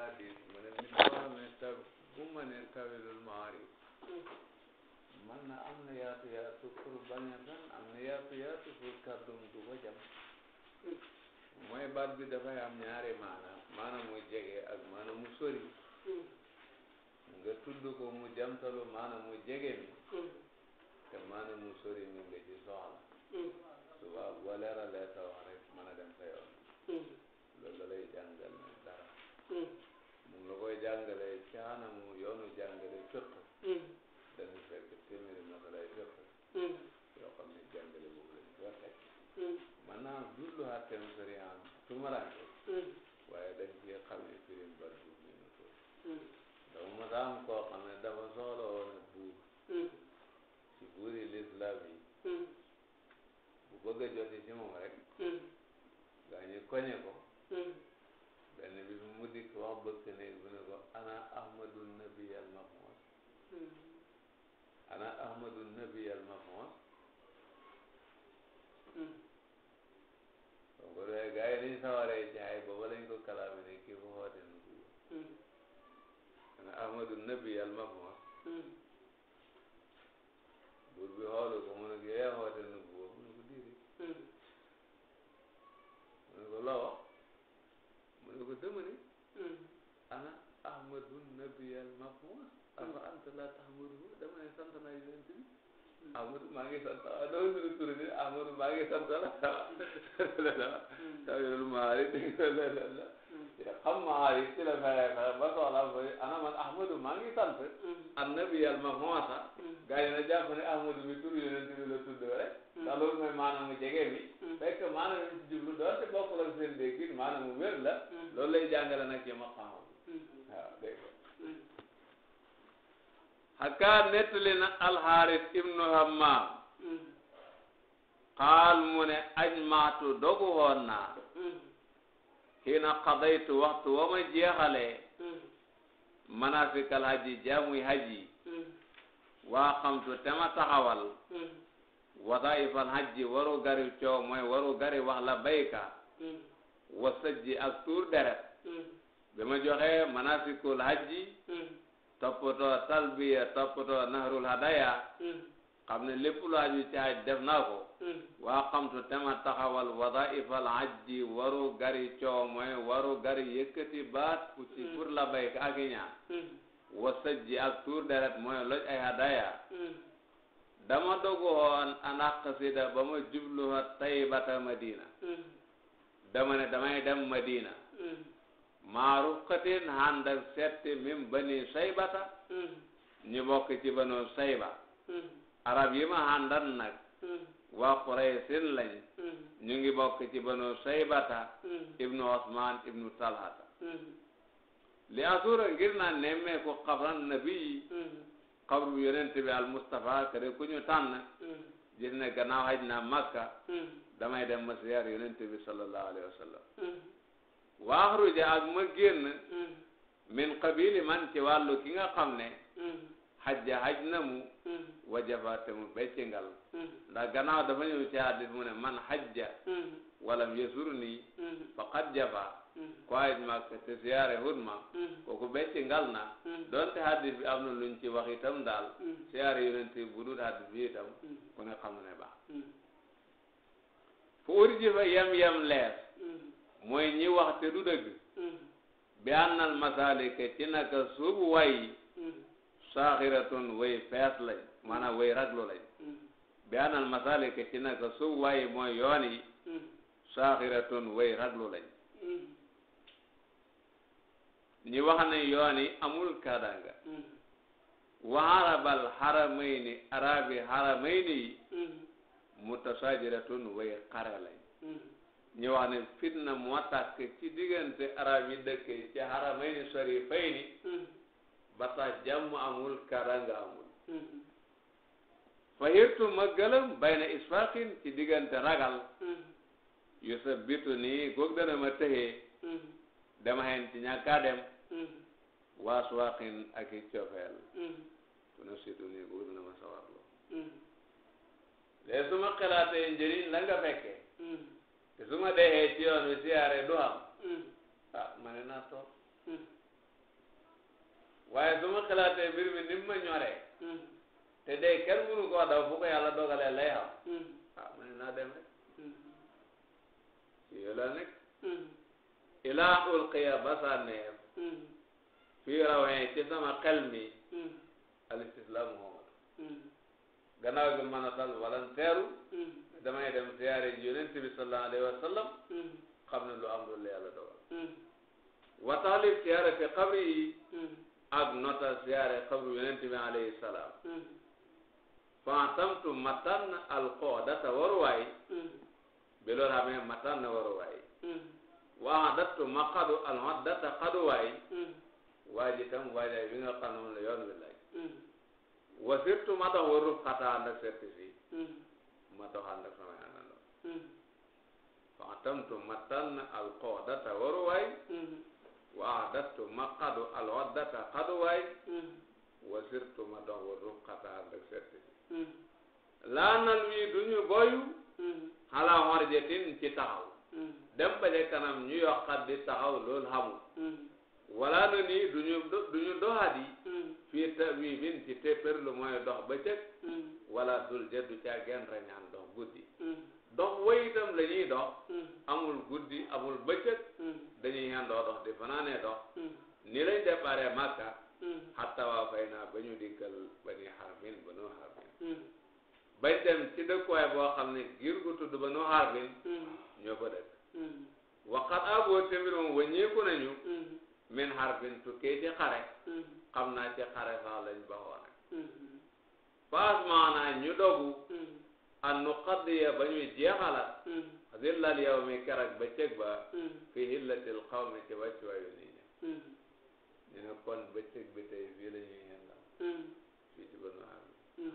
الأحاديث ma ne nit koo xam ne taw bu ma man na am na yaatu yaatu pour bañ am na yaatu yaatu pour kàddum du ko mooy baat bi dafay am ñaari maana maana mu jege ak maana mu sori nga tudd ko mu jamtalu maana mu jege mi te maana mu sori mi nga ci soxla suba boo leeralee sa wax rek mën a dem sa yoon loolu lay jàngal ne dara jàngale ci anamu yoonu jàngale fiq hmm. dana fekk téeméeri masalay fiq hmm. yoo xam ne jàngale boobu lañ ko teg hmm. maanaam jullu àtteem sariyan tumaranke waaye dañ ci xamee firim bar bu ñu ne ko dama ma daam koo xam ne dafa soxla woon a buur ci buuri lislaam yi bu bëgg a joti ci moom rek gaa ñu koñe ko mu dikk wax bëkk néeg ko ana ahmadu nabi al ana ahmadu nabi al mafons donc loolu gars yi dañu sawaree ci ay booba lañ ko kalaame ne kii bu xoote nu ana ahmadu nabi al mafons buur bi xoolu ko mu ne ko yaa xoote nu bu mu ne ko diiri mu ne ko loo mu ne ko dëmani al mafhum ama anta la tahmuduhu dama ne sant naa yonent bi Amadou maa ngi sant waaw dama tudd tur bi Amadou maa ngi sant la tawilul maari xam maa yi ci la fexe ana man Amadou maa ngi annabi al hmm. mafhum sa gaa yi na jàpp ne Amadou bi tur yonent bi la tudd rek ndax loolu hmm. mooy maanaam mu jege mi fekk maanaam mu jublu doonte bokkul ak seen dégg maanaam mu wér la loolu lay jàngale nag ci maqaam waaw dégg haka nettali na alxaaris ibnu hammaam xaal mm. mu ne ajmaatu dogu woon naa xiina mm. qadaytu waxtu wa ma jeexalee mm. manasikal haji jaamuy haji waa xamtu tema taxawal wadaifal haji waru gari coow mooy waru gari wax la bayka wasajji ak tuur deret bi ma joxee manasikul haji toppatoo talbiya toppatoo nahrul hadaya hmm. xam ne lépp lu aju ci aj def naa ko hmm. waa xamtu tema taxawal wadaifal ajji waru gari coow mooy waru gari yëkkati baat ku ci hmm. pour la bay ka ak ñaan wasajji ak tuur deret mooy loj ay hadaya dama dogu woon ana xasida ba ma jubluwa taybata madina dama ne damay dem madina maarufkatin ànd ak setti min bani saybata mm-hmm. ñu bokk ci banu sayba mm-hmm. arab yi ma àndal nag mm-hmm. waa quraysin lañ ñu ngi bokk ci banu saybata ibnu osman ibnu talhata li asura ngir naa nemmee ko xabran nabii xabru bu yonent al mustafa kare ku ñu tànn gis ne gannaaw haj naa makka damay dem ma siyaar yonent bi sallallahu alayhi wa sallam waaxruja ak ma génn mm. min qabili man ci wàllu ki nga xam ne mm. xajja xaj na mu mm. wajafa te mu beccingal ndax gannaaw dafa ñëw ci mu ne man xajja walam yasur nii faqad jafa ko aj mag te siyaare hut ma kooku beccingal na donte hadis bi am na luñ ci wax itam daal siyaare yonent bu dul hadis bi itam ku ne xam ne baax fu urji fa yem yem leer mooy ñi wax te du dëgg mm-hmm. bi annal masalika ci naka suubu way mm-hmm. saaxiratun way fees lañ maanaam way raglu lañ mm-hmm. bi annal masalika ci naka suubu way mooy yoon yi saaxiratun way raglu lañ ñi wax ne yoon yi amul kadanga wa arabal xaramayni arabi xaramayni yi mutasajiratun way xare lañ ñu wax ne fitna moo tàkk ci diggante arab yi dëkk ci haramayni sharifayni mm-hmm. ba tax jàmm amul karanga amul mm-hmm. fayirtu ma gëlëm bayna isfaqin ci diggante ragal mm-hmm. yusabitu nii goog dana ma tëxee dama hen ci ñàkkaa dem waaswaqin ak i cofeel tuna situ nii goog dana ma sawarloo léegi su ma xalaatee njëriñ la nga fekkee Mm. Ah, mm. te su ma dee ci yoon wi siyaare du am ah ma mm. ne naa toog waaye su ma xalaatee mbir mi ni mu ma ñoree te dee kenn mënu koo daw fu ko yàlla dogalee lay xam ah ma ne naa dem rek si yow laa nekk ilaa ulqiya basaaneem fii rawee ci sama xel mi al istislaam moomatu gannaaw gi mën a tal walanteeru damay dem siyaare ji yonent bi sallallahu alayhi wa sallam hmm. xam ne lu am lu la yàlla dogal hmm. wa taalib siyaare fi xabri yi hmm. ak nota siyaare xabru yonent bi alayhi salaam fantamtu matan alqoodata waruwaay bi loolu xamee matan waruwaay waa dattu ma xadu alhoddata xaduwaay waa ji tam waajaay bi nga xam ne moom la yoon wi laaj wasirtu ma dox waruf xataa ndak certifié ma doxal ak samay àndandoo waxtamtu hmm. ma tànn alqoodata waruwaay wa ahdattu hmm. ma qadu alwaddata qaduwaay wasirtu hmm. ma dox wa ruqata ànd ak sett laanal wii duñu boyu xalaa marjatin ci taxaw dem ba ca kanam ñu yokkat di taxaw loolu xamul wala nu nii du ñu du ñu doxaat hmm. yi fii ta wii min ci téppér lu mooy dox bëccëg wala hmm. dul jëddu caa genn rañaan dox guddi hmm. dox woy itam la dox amul guddi amul bëccëg dañuy yendoo dox di fanaanee dox ni lañ déparé Makka hatta waa fay naa ba ñu dikkal bani harbin banu harbin bañ dem ci dëkkuwaay boo xam ne giir gu tudd banu harbin ñoo ko dëkk waxat aboo tamit moom wàññeeku nañu min harbin tukkee ci xare mm-hmm. xam naa ci xare sax lañ baxoo nag mm-hmm. faas maanaa ñu dogu mm-hmm. an nu qaddiya ba ñu jeexalat zillal yawmi keroog ba cëg ba fi hillatil qawmi ci wàcc waayu nit ñi ñu ne kon ba cëg bi tey fii la ñuy yendal fii ci banu ami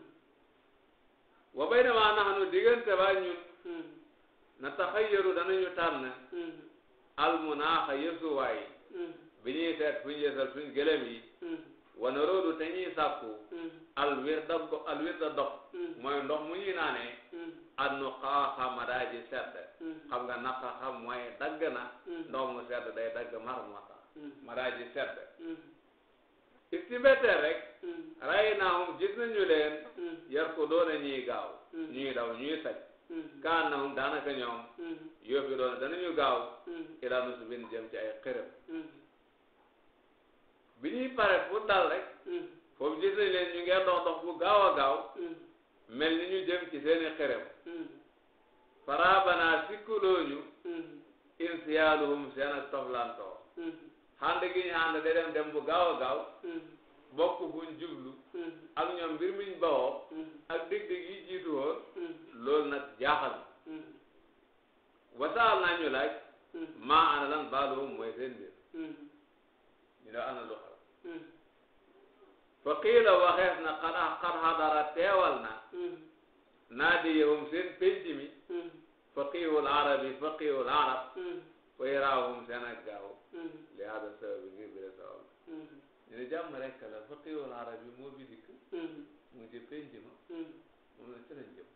wa baynama nahnu diggante ba ñun na taxayyaru danañu tànn almunaaxa yësuwaay bi ñuy seet fu ñu yeesal suñ gëlëm yi mm-hmm. wanaroodu te ñuy sàkku mm-hmm. alwirda alwirda dox mm-hmm. mooy ndox mu ñuy naanee annu xaaxa madaa ji sedd xam nga naqaxa mooy dagg na ndox mu sedd day dagg mar mata madaa ji sedd istibete rek ray naahum gis nañu leen yar ko doona ñuy gaaw ñuy daw ñuy saj kaan nahum daanaka ñoom yóbbi doona danañu gaaw ila nusubin jëm ci ay xërëm bi ñuy pare pour dal rek hmm. foofu gis nañ leen ñu ngeen dox dox bu gaaw a gaaw hmm. mel ni ñu jëm ci seeni xerem hmm. faraabana sikkulooñu insiyaaluhum seen ak gi ñu xànd de dem bu gaaw a gaaw bokk fuñ jublu ak ñoom mbir miñ bawoo ak dig-dig yi jiitu woon loolu nag jaaxal wasaal naa ñu laaj maa ana lan baaluhum mooy seen mbir ñu ana lu xew hmm. fa na xad xad ah, xadara teewal na hmm. naadiyahum seen penc mi hmm. faqihul arabi faqihul arab fa yaraahum seen ak gaaw li hada sababi ngir bi la sabab ñu ne jàmm mu ngi ci penc ma moom la ci lañ jëm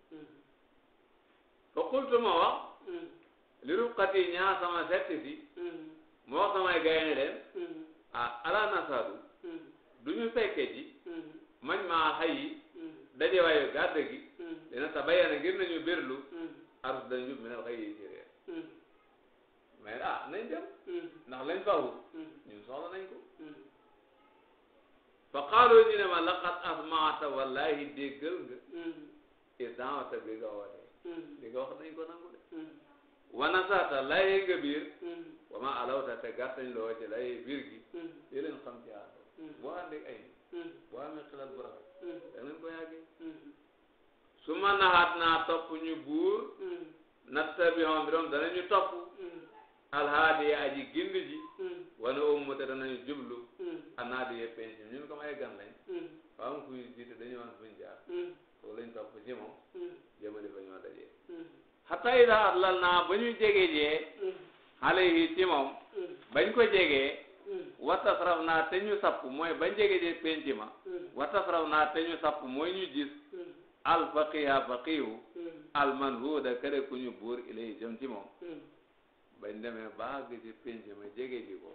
fa qultu ma wax li rubqati ñaa sama setti si moo samay gaye leen a ah, ala nasaru hmm. du ñu fekke ji hmm. mañ maa xayi hmm. daje waayu gàdd gi dina tabayana ngir nañu bérlu arus dañu jub minal xayi ci réer mais ah nañ dem ndax lañ fawu ñun soxla nañ ko fa xaaloo ñu ne ma laqat asmaata wallahi déggal nga idaawata bi nga wootee li nga wax nañ ko nangu de wanasaata layee nga biir mm. wama alawta te gàttañ loo ci layee biir gi mm. yi leen xam ci àll mm. boo àndee ay nit boo amee xalaat bu rafet da ngeen ko yàggee su ma naxaat naa topp ñu buur nattabihoon bi doom danañu topp alhaadi ya aji gindi ji wana ummu te danañu jublu anaadi ya penc ñun comme ay gan lañ waaw am kuy jiite dañu am fuñ jaar foofu lañ topp ci moom jëmale ba ñoo dajee hatta ida atlal naa ba ñu jege jee xale yi ci moom bañ ko jegee watas raw naa te ñu sapp mooy bañ jege jee penc ma watas raw naa te ñu sapp mooy ñu gis al faqiha faqihu al manhuda kere ku ñu buur ilay jëm ci moom bañ demee ba àgg ci penc ma jege ji ko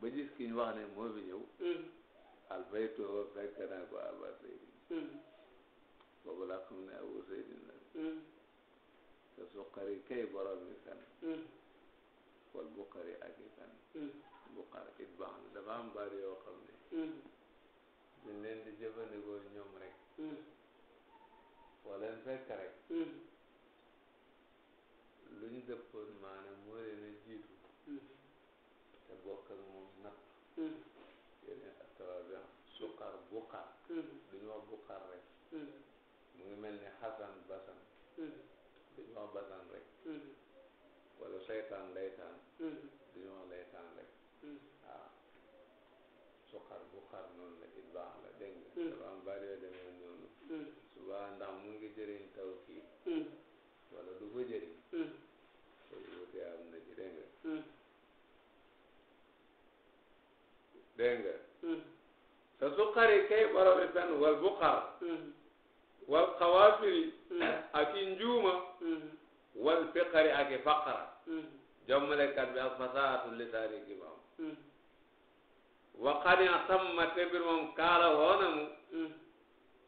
ba gis ki wax ne moo fi ñëw al baytu fekk naa ko abasay boobu laa xam ne abu saydin la te suqari kay borom bi fen wal mm. buqari ak i fen mm. buqar it baax na dafa am baat yoo ne mm. ñu leen di ñoom rek wala fekk rek lu ñu dëppoon maanaam moo leen a jiitu te bokk ak moom natt yeneen suqar buqar du ñu rek mu ngi mel ni xasan sama bakkan rek mm-hmm. wala seytaan leytaan mm-hmm. duñoo leytaan rek waaw su xar bu xar noonu la it mm-hmm. bari yoo demee noonu subaa ndax mu ngi jëriñ taw kii wala du ko kay boromi fen wal bu xar wal xawaafiri mm. ak njuuma mm. wal fiqari ak i faqara mm. jommalekat bi ak fasaatu lisaani gi moom wa qani atamma te bir moom kaala woona mu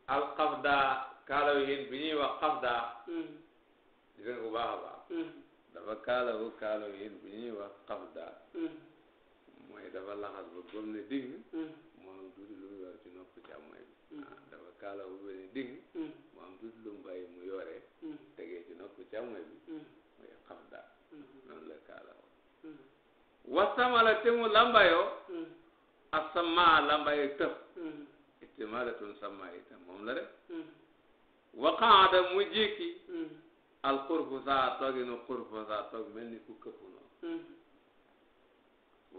al qafda kaala wi hin bi ñuy wax qafda gis nga bu dafa kaala wi hin bi ñuy wax qafda mooy dafa laxas ba gom ne ding moom duudi lu muy war ci nopp càmmoñ dafa kaala bu mel ni digg mm. mu am mu yore mm. tegee ci nopp càmmoñ bi muy mm. xam daal mm-hmm. noonu la kaala woon wasamala te mu lambayoo asama lambayo tëb istimalatun sama itam moom la rek waqaada mu jikki al qurfu saa tooginu qurfu saa toog mel ni ku këppu noonu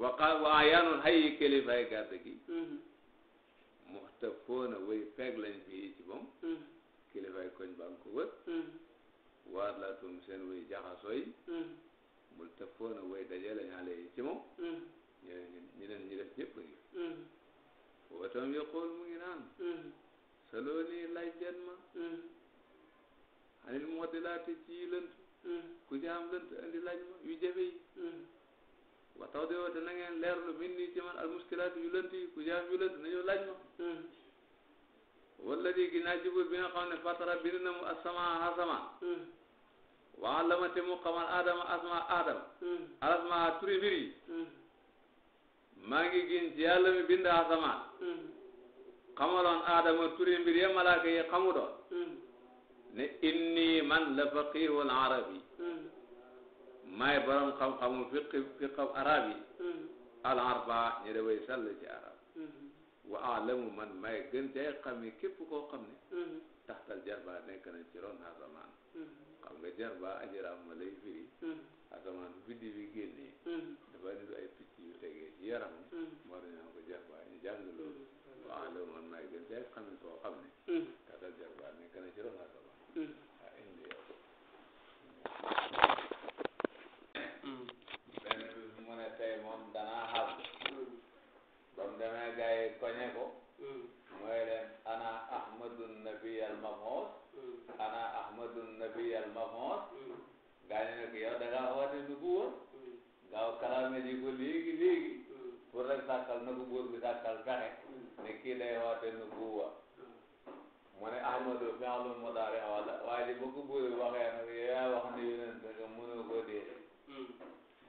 waqa waa yaanul xayi kilifaay gàdd gi mm-hmm. muxtafoona way peg lañ bii ci moom hmm. kilifay koñ bang ko wër hmm. waar la tum seen way jaxasoo yi hmm. multafoona way daje lañ xale yi ci moom ñu ne ñu def ñëpp ngi watam yaqul mu ngi naan saloo nii laaj jan ma xanil moo di laate ci lënt ku ci am lënt andi laaj ma yu jafe yi wa taw di woo te na ngeen leerlu min nii ci man al muskilaat yu lënt yi ku jaam yu lënt nañu laaj ma hmm. di ginnaaw ci buur bi nga xam ne fatara bind na mu asama asama hmm. waa la ma te mu xamal adama asma adama alasma hmm. turi maa ngi gin ci mi bind asamaan xamaloon adama turi mbir ya malaaka yi xamu doon inni man la faqihul arabi maay borom xam-xamu fiq fiqam arab yi mm-hmm. al arba way sàll ci arab mm-hmm. wa alamu man maay gën cay xam ni képp koo xam ne mm-hmm. taxtal jarba nekk na ci roon asamaan xam nga jarba ajiraam ma lay firi asamaan biddi bi génnee dafa nidu ay picc yu tegee ci yaram moo tax ñu ko jarba loolu wa alamu man maay gën cay xam yi koo xam ne taxtal jarba nekk na ci roon asamaan moom danaa xaw ba mu demee gaa yi koñe ko mooy leen ana ahmadu nabi al mabhos ana ahmadu nabi al mabhos gaa ñu ne ko yow da ngaa woote nu ko wóor gaaw ko léegi léegi pour rek sàkkal na ko buur bi sàkkal pexe ne kii day woote nu ko wóor mu ne ahmadu fi'lu mudaari wala waaye ji bu ko buur bi waxee nag yow yaa wax ne yonent nga mënoo ko dee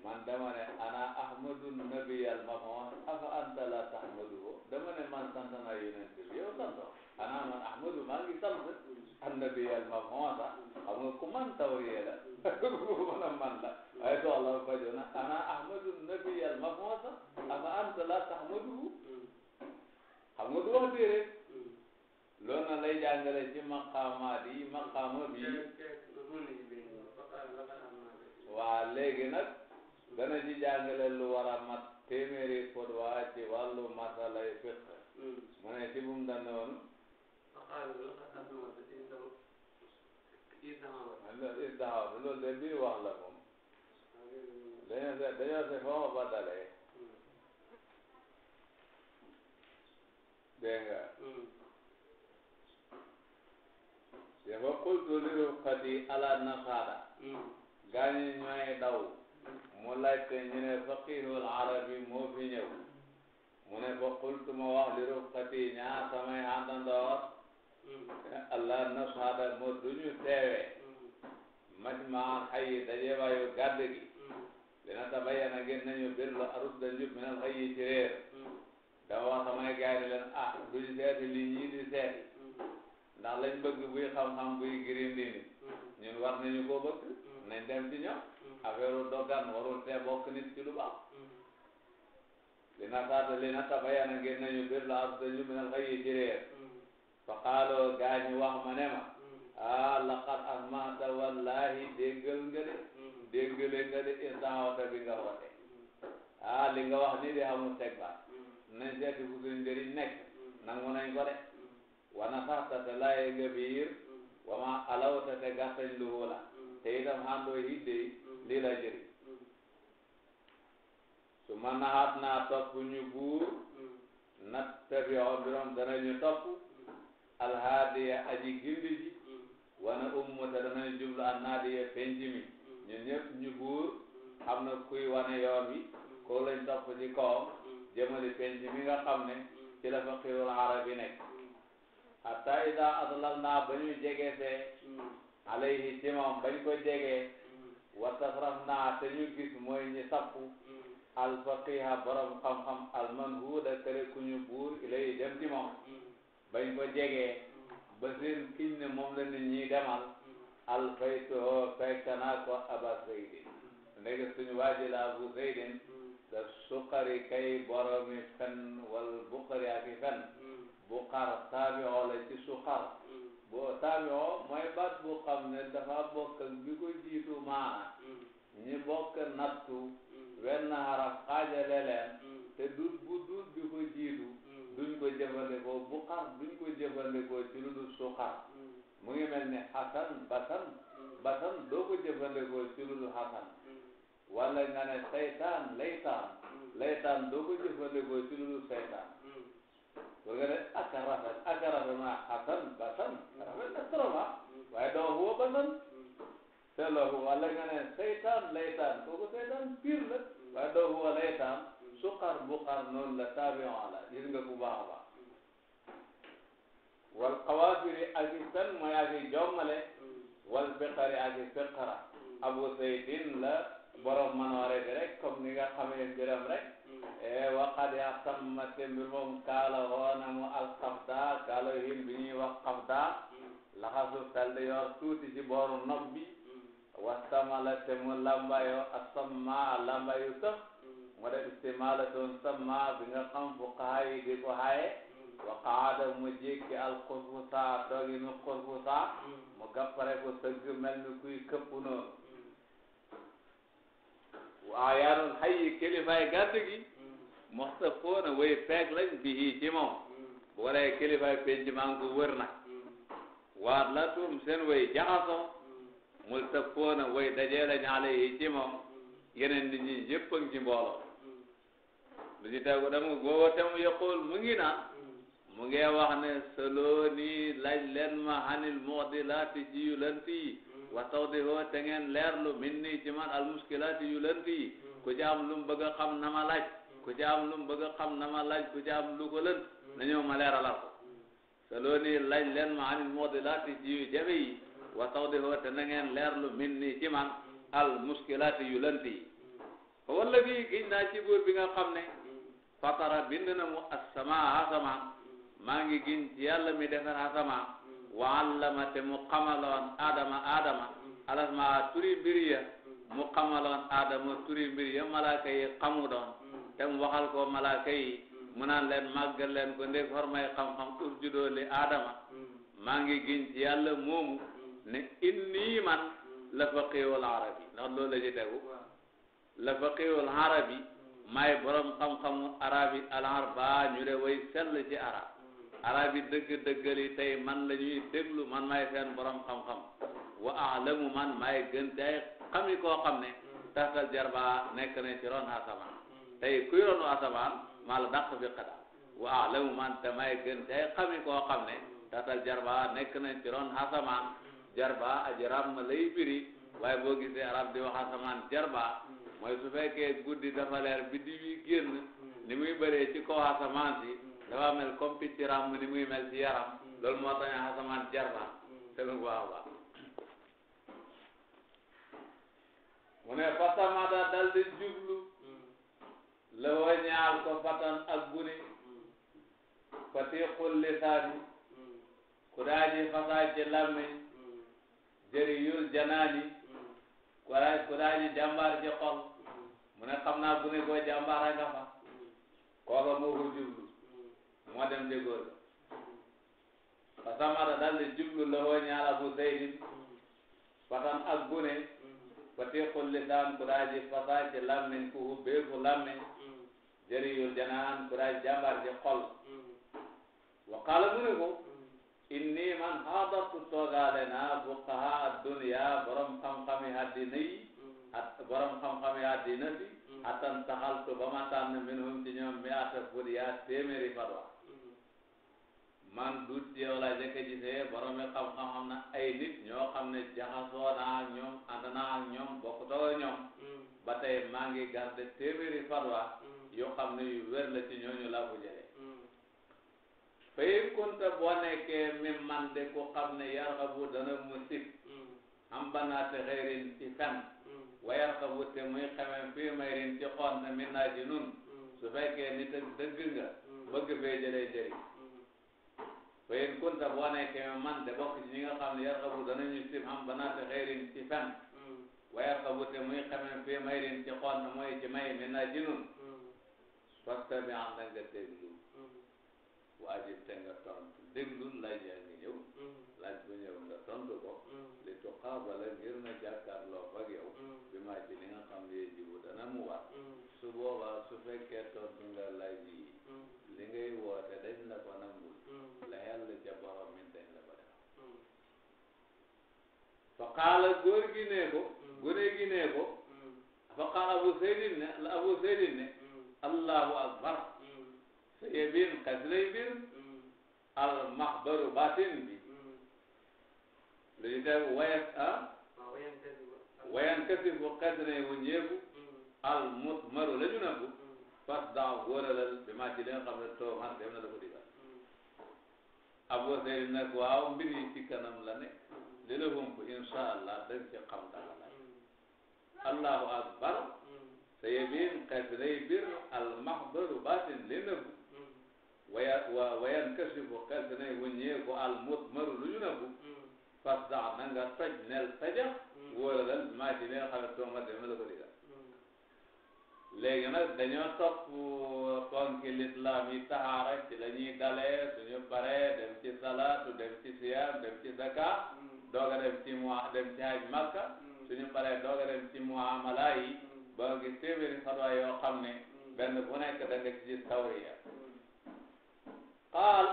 man dama ne ana ahmadu nabi al maf'ul afa anta la tahmadu dama man sant naa yonent bi yow ana man ahmadu maa ngi sant an nabi al maf'ul xam nga ku man tawriya la mën a man la waaye doo ko jox na ana ahmadu nabi al maf'ul afa anta la tahmadu xam nga du wax téere loolu na lay jàngale ci maqaamaat yi maqaama bi waaw léegi nag dana ci jàngale lu war a mat téeméeri fodwaa ci wàllu masalay fiq hmm. ma ne ci bu mu daan woon isdaxaw hmm. loolu de biir wax la moom dañoo se dañoo se foo ba dalee dégg nga hmm. dafa xultu liru xati ala nasaada gaañu ñooy daw mu laajte ñu ne faqihul arabi moo fi ñëw mu ne fa qultu ma wax li ruqati ñaar samay àndandoor allah nashhada mo duñu teewe majmaa xayi dajewaayu gàdd gi dina tabayyana ngeen nañu bir la arus da njub minal xayi ci réer dama wax samay gaay ne leen ah duñu seeti li ñii di seeti ndax lañ bëgg buy xam-xam buy girindi ni ñun war nañu koo bëgg nañ dem ci ñoom affaire doggan warul te bokk nit ci lu baax li na taata na tabayana ngeen nañu bir la ñu minal xëyi ci réer fa xaaloo gaañu wax ma ne ma ah laqad wallahi déggal nga de déggale nga de istaawata bi nga woote ah li nga wax ni de amul teg baat nañ seeti fu suñ njëriñ nekk nangu nañ ko de wana saxta te laaye nga biir wama alawta te gàttañ luhu la te itam xandoo lii la jëriñ su ma naxaat naa topp ñu buur nat tabio birom danañu topp alhaadiya aji gindi ji wana ummata danañu jublu annaadiya penc mi ñun ñëpp ñu buur xam na kuy wane yoon wi koo lañ topp ci kawam jëmali penc mi nga ne ci la faqirul arabi nekk hatta ida adlal naa ba ñuy jegee fee alayhi bañ ko jegee wa tasraf naa te ñu gis mooy ñi sappu mm. alfaqiha borom xam-xam almanhuda kere ku ñu buur ilay jëm ci moom mm. bañ ko jegee mm. ba seen kiñ ne moom la nit ñi demal alfaytuhoo fekk naa ko aba zeydin ndeke suñu waaji la abu zeydin da suqari kay boromi fen wal buqari ak buqar taabi la ci suqar boo taameewoo mooy baat bu xam ne dafa bokk ak bi ko jiitu maana mm. ñi bokk nattu mm. wenn xaraf xaajale leen mm. te duut bu duut bi ko jiitu duñ ko jëfandikoo bu xar duñ ko jëfandikoo ci lu dul su xar mu ngi mel ni xasan basan basan doo ko jëfandikoo ci lu dul xasan wala nga ne saytaan laytaan laytaan doo ko jëfandikoo ci lu dul boo ko defee ma xasan basan rafet na trop ah waaye doo huwa basan te wala nga ne seytaan laytaan kooku seytaan piir la waaye doo huwa laytaan suqar buqar noonu la taabion la gis nga bu baax a baax wal xawaafiri ak i fen mooy ak i wal fiqari ak i abu seydin la borom manoore bi rek comme ni nga xamee ee eh, waqad axtamma te moom kaala woona mu alxafda kaala hin bi ñuy wax xafda laxasuf tal di yor tuuti ci booru nopp bi wastamala te mu lambayoo mu def istimala toon samma bi nga xam fu xaayi di ko xaaye wa qaada mu jékki alxurfu saa tooginu xurfu saa mu gappare ko sëgg mel ni kuy këpp noonu waaw yaa doon xayyi kilifaay gàtt gi muxtafoona way feeg lañ bii ci bu ko defee kilifaay penc maa wër nag waat la tuum seen way jaxaso multafoona way dajee lañ alayhi ci moom yeneen ñi ñëpp a ngi ci mbooloo lu ci tegu dama te mu yaqul mu ngi naan mu ngi wax ne solo nii laaj leen ma xanil muxdilaati jiyu lanti wa tawdihu te ngeen leerlu min nii ci man al muskilaati yu lënt yi ku ci lu mu bëgg a na ma laaj ku ci lu mu bëgg xam na ma laaj ku ci am ko lënt na ñëw ma leeralal ko te loolu nii laaj leen ma anil yu jafe yi wa tawdihu te na ngeen leerlu min nii ci man al muskilaati yu lënt yi wala bii giñ naa ci buur bi nga xam ne fatara bind na mu asamaa asamaan maa ngi giñ ci yàlla mi defar asamaan wa allama te mu xamaloon Adama Adama alasmaa turi mbir ya mu xamaloon Adama turi mbir ya malaaka yi xamu doon te mu waxal ko malaaka yi mu naan leen màggal leen ko ndeg hormay xam-xam urjudoo li Adama maa ngi giñ ci yàlla moomu ne inni man la faqiihul yi ndax loolu la ci tegu la faqiihul arabi maay borom xam-xamu arabi al arbaa ñu de way sell ci arab arab yi dëgg dëggal yi tey man lañuy ñuy déglu man maay seen borom xam-xam wa alamu man maay gën te ay ko xam ne taxtal jarba nekk nañ ci ron asamaan tey kuy ronu asamaan maa la dàq fi xadam wa alamu man te maay gën te ay xami xam ne taxtal jarba nekk nañ ci ron asamaan jarbaa aji ràmm lay biri waaye boo gisee arab di wax asamaan jarbaa mooy su fekkee guddi dafa leer biddi wi génn ni muy bëree ci kaw asamaan si dafa mel comme picc ràmm ni muy mel yaram mm. loolu moo tax ñu asamaan jar na mm. te lu baax a baax mu ne fatamada dal di jublu mm. la wa ñaal ko fatan ak gune fatiqul lisaani ku daaji fasaa ci làmmiñ jëriyul janaani ku daaji ku daaji jàmbaar ci xol mu ne xam naa gune koo jàmbaar a nga fa kooka moo ko jublu moo dem déggoo fa samara dal di jublu loxo ñaar abu zaydin fatan ak gune fati xulli daan kuraaji fasaa ci làmmiñ ku hubbeeku làmmiñ jëriyul janaan kuraaji jàmbar ji xol wa qaala mu ne ko inni man haadatu toogaale naa fuqaha adduniya borom xam-xami addina yi at borom xam-xami addina si mm. atan taxaltu ba ma tànn minhum ci ñoom mi ata furiya téeméeri fatwa man duut ci yow laa jëkk a gisee borom yi xam na ay nit ñoo xam ne jaxasoo naa ñoom ànd naa ñoom bokkutoo ak ñoom mm. ba tey maa ngi garde téeméeri farwa mm. yoo xam ne yu wér ci ñooñu laa ko jëlee mm. fayim kunta boo nekkee mi man de ku xam ne yarxabu dana mu sib am banaate xëyrin ci fen wa yarxabu te muy xamee fii mayrin ci xoon na min naa ji nun su fekkee nit ak dëgg nga bëgg fee jëlee njëriñ wa in kunta boo nekkee man de bokk ci ñi nga xam ne yarxabu danañu sib xam banaati xayrin ci fen wa yarxabu te muy xamee fii mayrin ci xool na mooy ci may mi naa ci nun fasta bi am na nga déglu waajib te nga tontu déglu laaj yaa ngi ñëw laaj bu nga tontu ko li tuqaabala ngir ma jàkkaarloo ak yow bi maa ci li nga xam ne jibu dana mu war su boobaa su fekkee tontu nga laaj yi li ngay woote dañ la ko nangul la yàlla ca borom min dañ la ko defal fa qaala góor gi nee ko gune gi nee allahu akbar sa yebin xas lay bir al batin bi lu ñu teg ah. wayan kasi bu xasee wuññeeku. Mm. al mut maru la ñu nangu. Mm. fas daaw góoralal bi maa ci li nga xam too man dem na la ko digal. Mm. Abu Seydin nag waaw mbir yi ci kanam la ne. li la hump incha allah dañ ci xam dara la. allahu akbar. sa yebin xadray bir al maxbaru baatin li nëbbu. waya wayan kasi bu xasee wuññeeku al mut maru lu ñu nangu. fasda na nga toj nel tajax wóoralal bi maa ci li nga xam ne soo ma demee la ko digal léegi nag dañoo topp ponki lislaam yi taxaara ci la ñuy dalee suñu paree dem ci salaatu dem ci siyaam dem ci zaka dooga dem ci mu dem ci haj makka suñu paree dooga dem ci muamala yi ba ngi téeméeri fatwa yoo xam ne benn bu nekk da nga ci gis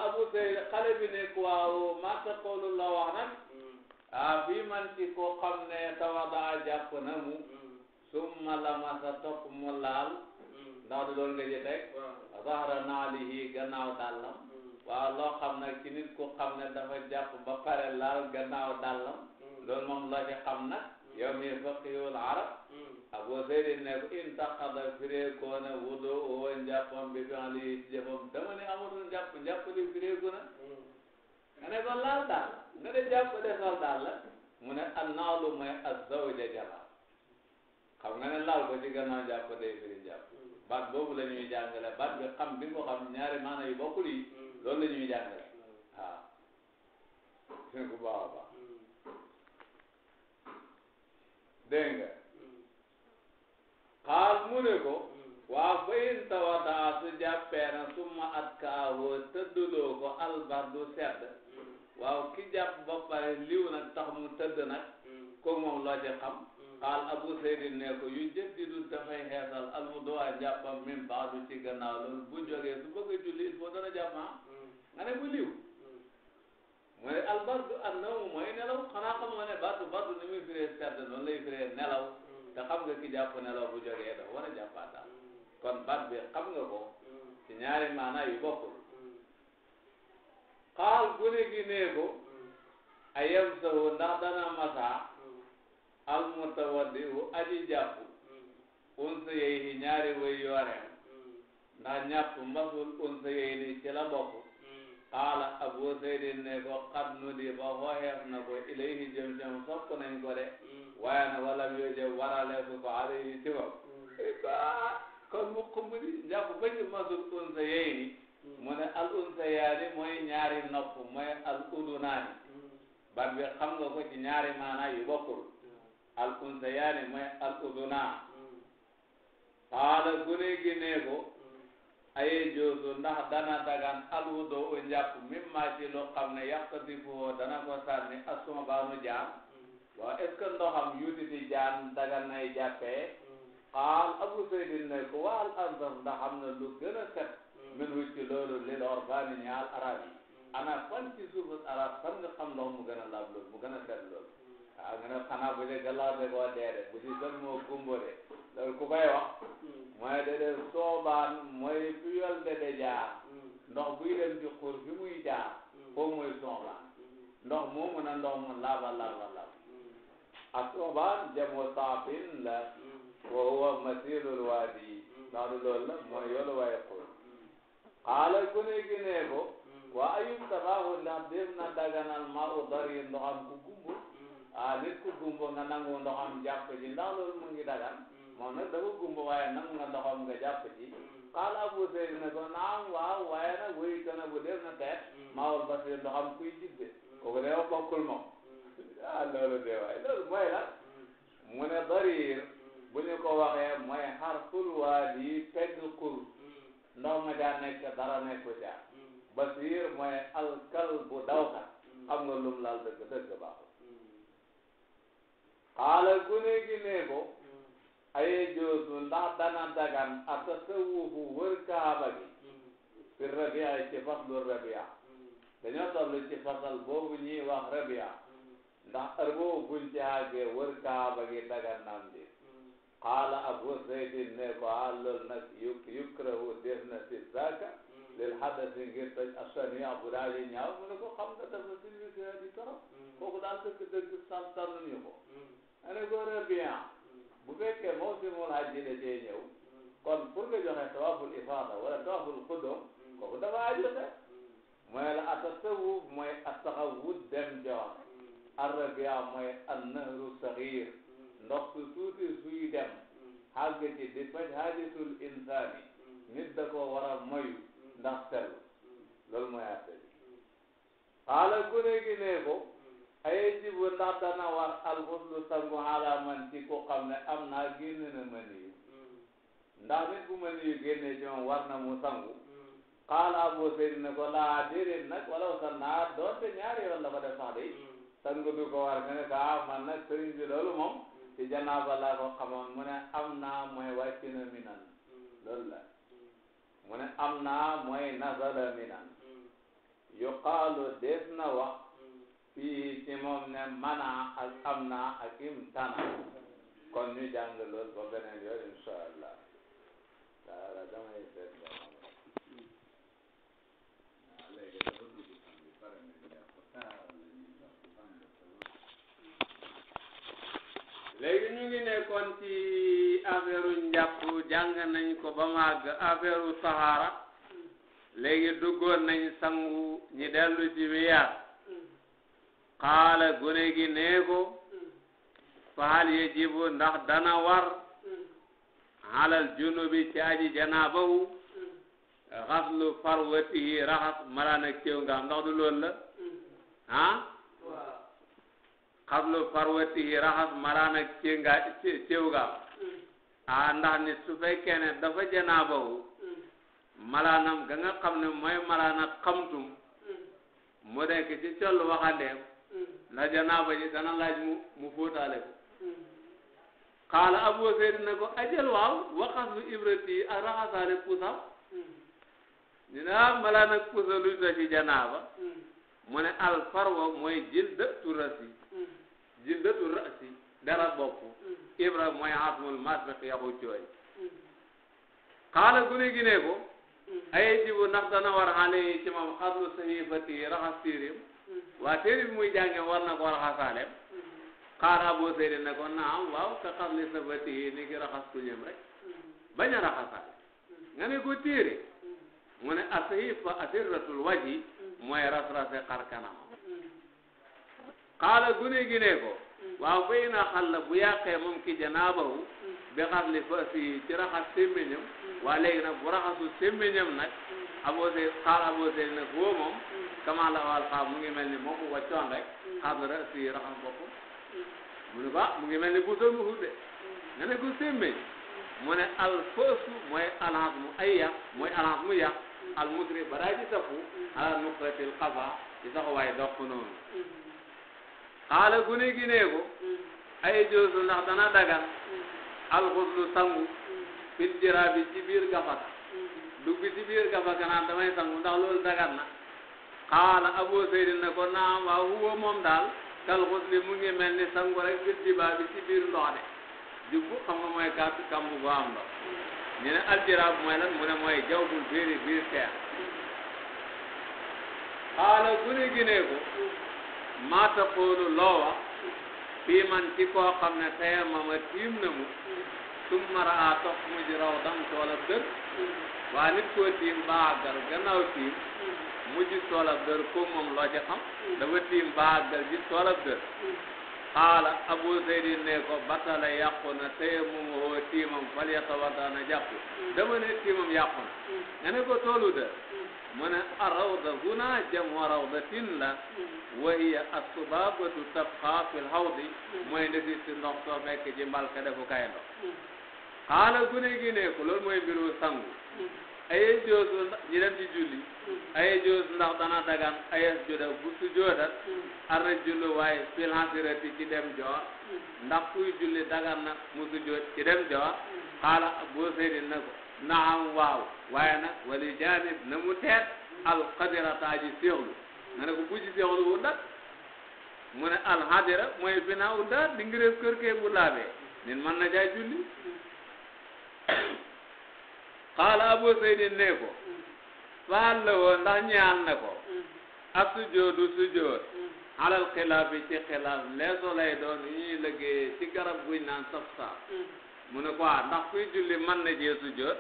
abu sayd xale bi ne waaw maa taqulu ah bii man ci koo xam ne tawada jàpp na mu summa lamasa topp mu laal ndax du loolu nga ji rek zahra naalihi gannaaw dàllam waaw loo xam nag ci nit ku xam ne dafa ba pare laal gannaaw dàllam loolu moom loo ci xam nag yow mi arab abu zeydin ne ko intaqada fireekoo na wudu woo njàppam bi li fireeku na nga ne ko laal daal nga ne jàppale sol daal la mu ne an naalu mooy azzawja jabar xam nga ne laal ko ci gannaaw jàpp day firi jàpp baat boobu la ñuy jàngale bi xam bi ko xam ñaari maana yu bokkul mm. loolu la ñuy jàngale mm. waaw seen ku baax a baax mm. dégg ko waa fayin tawataa su jàppee na summa at kaawoo tëdduloo ko albardu sedd waaw ki jàpp ba pare liw nag tax mu tëdd nag hmm. kooku moom loo ci xam xaal hmm. abu seydin ne ko yu jëddidu dafay xeesal alwuduwaa njàppam min baadu ci gannaaw loolu bu jógee su bëgg a julli il faut dana jàppan ah. hmm. nga ne bu liw mu ne albardu ak nawmu mooy nelaw xanaa xam nga ne bardu bardu ni muy firee sedd noonu lay firee nelaw te xam nga ki jàpp nelaw bu jógee dafa war a kon baat bi xam nga ko ci ñaari yu bokkul xaal gune gi nee ko ayam sahu ndax dana masa al mutawaddihu aji jàpp unsa yey ni ñaari way yoreem ndax ñàpp mbasul unsa yey ni ci la bokk xaala abu saydin ne ko xat nu di ba xooxeef na ko ilayhi jëm-jëm sopp nañ ko de hmm. waaye na wala yoo jë warale su ko alayhi ci ko kon mu xumb di njàpp ba ci masul unsa yey ni mu ne al unsayaani mooy ñaari nopp mooy al udunaani baat bi xam nga ko ci ñaari maana yu bokkul hmm. al unsayaani mooy al udunaa xaala gune gi nee ko hmm. aye joosu ndax dana dagan al wudu o njàpp mim maa ci loo xam ne yaqtadifoo dana ko sànni asuma baanu jaam hmm. waaw est ce que ndoxam yutiti jaan dagan nay jàppee xaal abu saydin ne ko waal ansaf ndax am na lu gën a set minhu ci loolu lil orbaani ñaal arab yi ana fan ci suufus arab fan nga xam ndox mu gën a laab loolu mu gën a set loolu waaw nga ne xanaa bu dee gàllankoor de koo dee de bu ci sën moo gumbo de loolu ku koy wax mooy de de soobaan mooy fi yoon de de jaar ndox buy dem ci xur fi muy jaar foofu mooy soobaan ndox moomu na ndox mu laaba laaba laaba ak soobaan jamu saafin la wa huwa masilul waadi ndax loolu la mooy yoolu waaye xur xaala ku ne gi nee ko waa ayum tafaaxu ndax na daganal maa u dari ndoxam ah nit ku gumba nga nangu ndoxam jàpp ji ndax loolu mu ngi dagan moom nga ndoxam nga jàpp ji xaala abu ko naam waaw waaye nag wéy kana bu def na teet maa u basir ndoxam kuy jibbe kooku dewa bokkul moom ah loolu de waay loolu mooy la mu ne dariir bu ñu ko waxee mooy xarful waa di pegg ndaw ma caa nekk dara nekku caa mm. basiir mooy alkal bu dawkat mm. xam nga lum laal dëgg dëgg baaxul mm. xaala gune gi ne ko aye joosu ndax dana dagan atasawufu wër kaaba gi fi rabia ci faslu rabia dañoo toll ci fasal boobu ñuy wax rabia ndax heure boobu buñ ci àggee wër kaaba gi dagan naam di qaala abu zaydin ne ko ah loolu nag yuk yukrahu def na si zaaka lil xadasi ngir toj asani bu daal di mu ne ko xam nga dafa silvisé di torop kooku daal dëgg ko ma ne ko bien bu fekkee moom si mool hajji da cee ñëw kon pour nga joxe tawaful ifaada dafa ajote mooy la atasawuf mooy astaxawut dem joxe arrabia mooy annahru saxiir dox tuuti suy dem mm. xàgg ji di faj xaajatul insaani mm. nit da war a mayu mm. ndax loolu mooy atte bi xaala gune gi ne ko ay jibu ndax dana war alxuslu sangu xaala man ci ku xam ne am naa génn na maniyu ndax nit bu maniyu génnee ci war na mu sangu xaala Abu ne ko laa déedéet wala sa naa doonte ñaari yoon la ko def sax sangu du ko war ne ko ah, man nag sëriñ bi loolu moom ci janaaba laa ko xamoon mu ne am naa mooy wàcc na minan la mu ne am naa mooy nazala minan yuqaalu des na wax fii ci moom ne mana ak am naa ak imtana kon ñu jàng loolu ba beneen yoon incha allah daara damay seet léegi ñu ngi nekkoon ci affaire njàpp jàng nañ ko ba màgg affaire sahara léegi duggoon nañu sangu ñi dellu ci wiyaar xaala gune gi nee ko fahal yajibu ndax dana war halal junubi ci aji janaabawu xaslu farwatihi raxas malaan ak céw nga xam ndax du loolu la ah xablu farwatihi raxas malaan ak cénga céwgaam hmm. a ndax nit su fekkee ne dafa janaabawu hmm. malaanam ga nga xam ne mooy malaan ak xamtum hmm. mu nekk ci collu waxandeem la janaaba ji dana laaj mu mu fóotaale ko xaala abu seydi ne ko ajal waaw waxaslu ibrati yi ak raxasaale puusam ñu ne ah malaan ak puusa luñ la janaaba mu ne al farwa mooy jil dë turasi jiddatu rasi dara bopp mm. ibra mooy atmul masbaq yaxu cooy mm. xaala gune gi ko mm. ay jibu ndax dana war xale ci moom xaslu sahifati raxas téeréem waa téere muy jànge war na ko raxasaaleem xaala Abu Sayd ko naam waaw ka xasli safatihi ni ki raxas tuñam rek bañ a raxasaale nga ne ko téere mu ne asahifa asirratul waji mooy ras rase xar kanamam xaala gune gi ne ko waaw fay na bu yàqee moom ki janaabahu bi xasli fasi ci raxas sémmiñam waa léegi nag bu raxasu sémmiñam nag abose xaal abose nag woo moom kaman la wal xaal mu ngi mel ni moo ko wàccoon rek xadra si raxas boppam mu ne ba mu ngi mel ni bu somuhu mu ne al fasu mooy alhas mu ay yàq mooy alhas mu yàq al mudri badaa ji safu ala nuqratil xafa ci sax waaye dox noonu xaala guni gi nee ko mm. ay joosu ndax dana dagan mm. alxuslu sangu mm. fil jiraabi ci biir gafaka dugg ci biir gafaka naan damay sangu ndax loolu dagan na xaala abu seydin ne ko naam waaw huwa moom daal kal xusli mu ngi mel sangu rek fil jibaabi ci biir ndox de jubbu xam nga mooy kàtt kàmb goo am ndox ñu mooy lan mu mooy jaww bul biiri biir teer xaala guni gi nee ko maa taqulu loo wax fii ci koo xam ne tayamama tiim na mu summa raa topp mu ji raw dam toolab dër waa nit koo tiim baa àggal gannaaw tiim mu ji toolab dër ko moom loo ci xam dafa tiim baa àggal ji toolab dër xaala abu zeydi ne ko batala yàqu na tayamumu hoo tiimam fal yatawadda na jàpp dama ne tiimam yàqu na nga ko toolu dër mu ne arawda huna jamu rawdatin la wa hiya asubabatu tabqa fil hawdi mooy ndesi si ndox soo fekk ci mbalka defu kay ndox xaala gune gi ne ko loolu mooy mbiru sangu aye joosu ñi dem ci julli aye joosu ndax dana dagan ayes joda bu su joodat arra julli waaye fil hasirati ci dem joor ndax kuy julli dagan na mu su joot ci dem joor xaala boo seedi na ko naam waaw waaye nag wali janib na mu teet alxadira taa ji seexlu nga ne ko bu ci seexlu wu dat mu ne alxadira mooy binaa wu dat di ngiréef kër kee bu laabee nit mën na jaay julli xaala abu saydin ne ko faal la woo ndax ñaan na ko ak sujoodu sujood alal xilaaf yi ci xilaaf leeso lay doon yu ñuy liggéey ci garab guñ naan saf mu ne ko ah ndax kuy julli man na jee sujjóot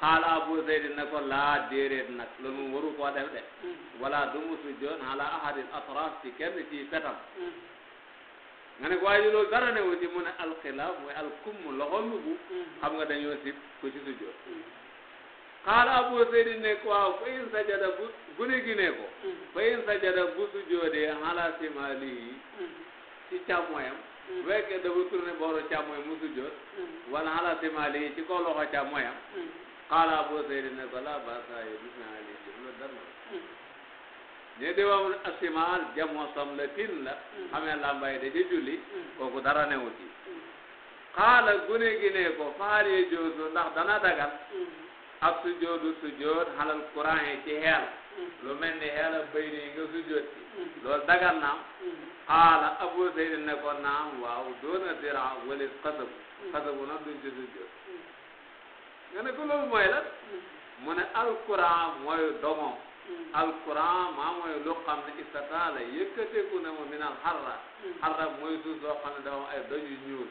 xaala mm. abu zeydi ne ko laa déeréet nag loolu moom waru koo def de mm. wala du mu sujjóot ala ahadil atraf ci kenn ci mm. nga ne ko waaye loolu dara wu ci mu ne alxilaaf mooy alkumm loxo lugu xam nga dañoo sib ko ci sujjóot xaala abu zeydi ne ko waaw in sajada bu gune gi ko fa in sajada bu sujjóotee ala simalihi ci càmmoyam bu fekkee dafa tourné booru càmmoñ mu sujjoot wala ala simaali yi ci kaw loxo càmmoñam mm. xaala boo seydi ne ko laa baasa yi gis naa lii jëm la dara mm. ñu di wax la tin mm. la xamee làmbaay da ci julli kooku dara newu ci gune gi ne ko faal yi joosu ndax dana dagal ak sujjoodu sujjoot xalal courant yi ci xeel lu mel ni xeela béy nii nga sujjoot ci loolu xaala Abu Zayd ne ko naam waaw doona dira walis xasabu xasabu nag duñ ci duñ jot nga ne ko loolu mooy lan mu ne alquran mooy domoom alquran maa mooy lu xam ne istataala yëkkateeku na mu minal xarra xarra mooy suuf soo xam ne dafa am ay doj yu ñuul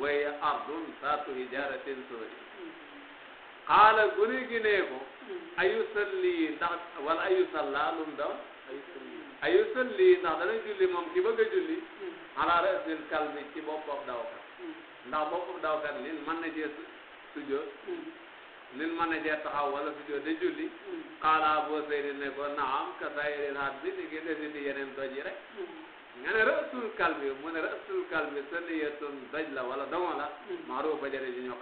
waaye ardun saatu hijaaratin soori xaala gune gi ne ko ayu salli ndax wala ayu salla lum daw ayu salli ayu solli ndax dana julli moom ki bëgg a julli hmm. ala rasil kalbi ci boppam dawkat hmm. ndax boppam dawkat lin mën na jee sujjo hmm. lin mën na jee taxaw wala sujjo de julli xaala boo seydi ne ko naam ka sayiri naat bi ni ngi defi di yeneen doj rek nga ne rasul kalbi mu ne rasul kalbi solliyatun doj la wala domo la maarufa jëre ji ñu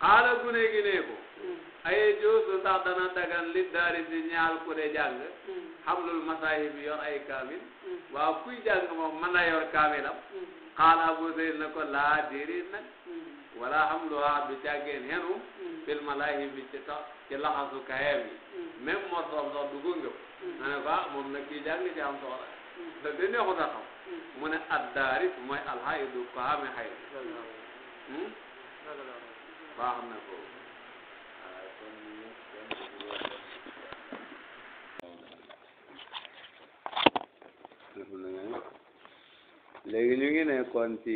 xaala gune gi ne ko hmm. aye joosu ndax dana dagan li daari si ñaal ku de jàng hmm. xamlul masaahib yor ay kaamil hmm. waaw kuy jàng moom mën yor kaamilam xaala abu zeyd na ko laa diri nag wala xamluha du càggeen xenu fil malaahib bi ci tax ci laxasu kayam yi même mor soom sax du ko ngëb ma ne ko ah moom nag kii jàng mu ne ad daaris mooy alxayidu ko xame xayid baax na ko ah, léegi ñu ngi nekkoon ci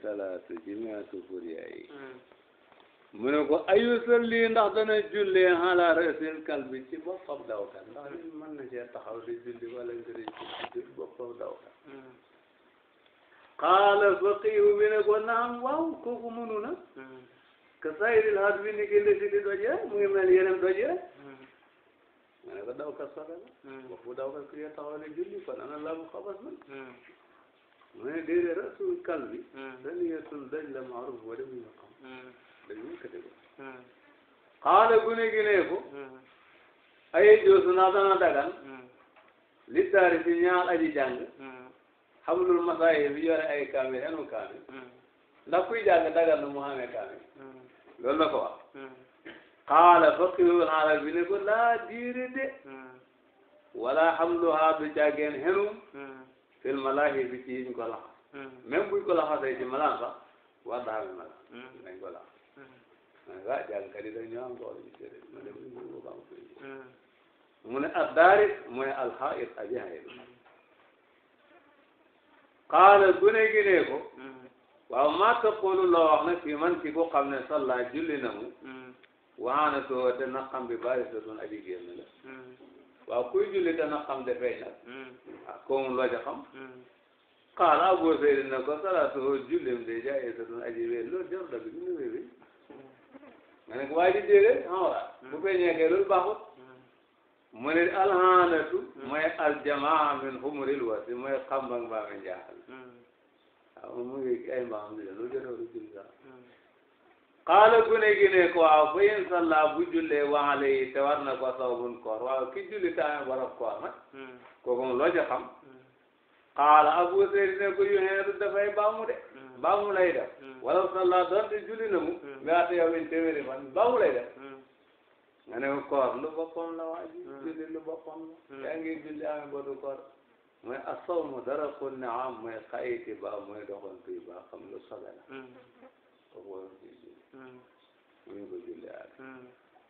salaatu jimaatu yi hmm. mu ne ko ayu salli ndax dana julli ala rasil kalbi ci boppam dawkat ndax nit mën na cee taxaw di julli wala nga di julli boppam dawkat hmm. qaala faqiihu bi ne ko naam waaw kooku mënu na hmm. kasaayiril xar bi ni ki si di doj rek mu ngi mel yeneen doj rek ma ne ko daw kas soxla la daw kas ku ne julli kon ana laa bu xabas man mu rasul kal bi saniyatul daj la maaruf wa dem ñu xam dañ ñu ko déglu xaala gune gi ne ko ay joosu naa dana dagan li taari fi ñaar aji jàng xamlul masaayib bi yore ay kaamil enu kaamil ndax kuy jàng dagal na mu xamee kaamil loolu la ko wax qaala faqihul arabi ne ko laa diire de wala hamluha du jàggeen xenu fil malaahi bi ci yiñ ko lax même buñ ko laxasee ci malaan sax war daa amee malaan dañ ko lax ah jàngkat yi dañu am tool yi ci ma dem ñu ko ba mu ne addaari mooy alxaayit aji xayit qaala gune gi ne ko waaw maa taqulu loo wax ne fii man ki ko xam ne salla julli na mu hmm. waxaana too te naqam bi bari sa doon aji génn la hmm. waaw kuy julli te naqam dafay nag hmm. ah koomu loo ca xam qaala Abu Zayd ne ko salaatuhu jullim de jaay sa doon aji wér loolu jar dagg ñu ne wér nga ne ko ji déedéet xam ah nga bu feeñee kay loolu baaxut mu ne alhaanatu mooy aljamaa min humuril wasi mooy xam mbag mbaa mi mu ngi ay mbaam bi lu jotoon julli sax xaala gune gi ne ko waaw fa in salla bu jullee wa alayhi te war na ko sawbun koor waaw ki julli taame borom koor nag kooku mu loo ca xam xaala abu seydi ne ko yuheen du dafay baamu de baamu lay def wala salla donte julli na mu ngaata yow in téeméeri fan baamu lay def nga ne ko koor lu boppam la waa ji julli lu boppam la yaa ngi julli ame bodu koor mooy asawmu dara ko ne am mooy xayiti ba mooy doxantu yi ba xam lu sobe la mm. mm. muñu ko julli aat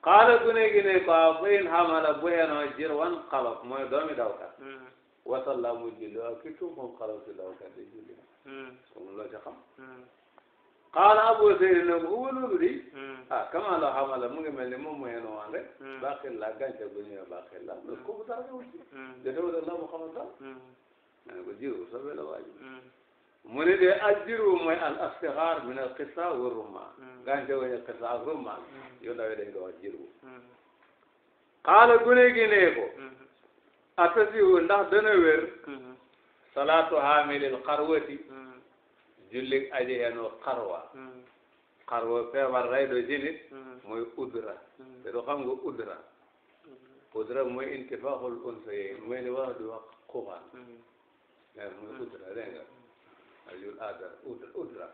xaala mm. gune gi ne ko bu in xamala bu yenoo jir wan xalaf mooy doomi dawkat wasalla mu julli waaw ki tuum moom xalaf si dawkat di julli moom loo ci xam qaala Abu Zayd ne huwa loolu di ah kama la xamala mu ngi mel ni moom mooy noonu rek baaxil la gàncax gu ñëwee baaxil la loolu kooku dara ñëwul ci jotewul la mu ne ko jiru sobe la waaji mu ne de ajiru mooy al astixaar min al qissa wa rumma gàncax gu ñu qissa ak rumma yow dawee dañ ko wax jiru qaala gune gi ne ko atasihu ndax dana wér salaatu haamilil julli aji henu xarwa mm. xarwa feebar rey do jilit mm. mooy udra mm. te du xam nga udra udra mooy intifaaxul unsa yi mooy li wax di wax xuxaan mais mooy udra dégg nga ajul aada udra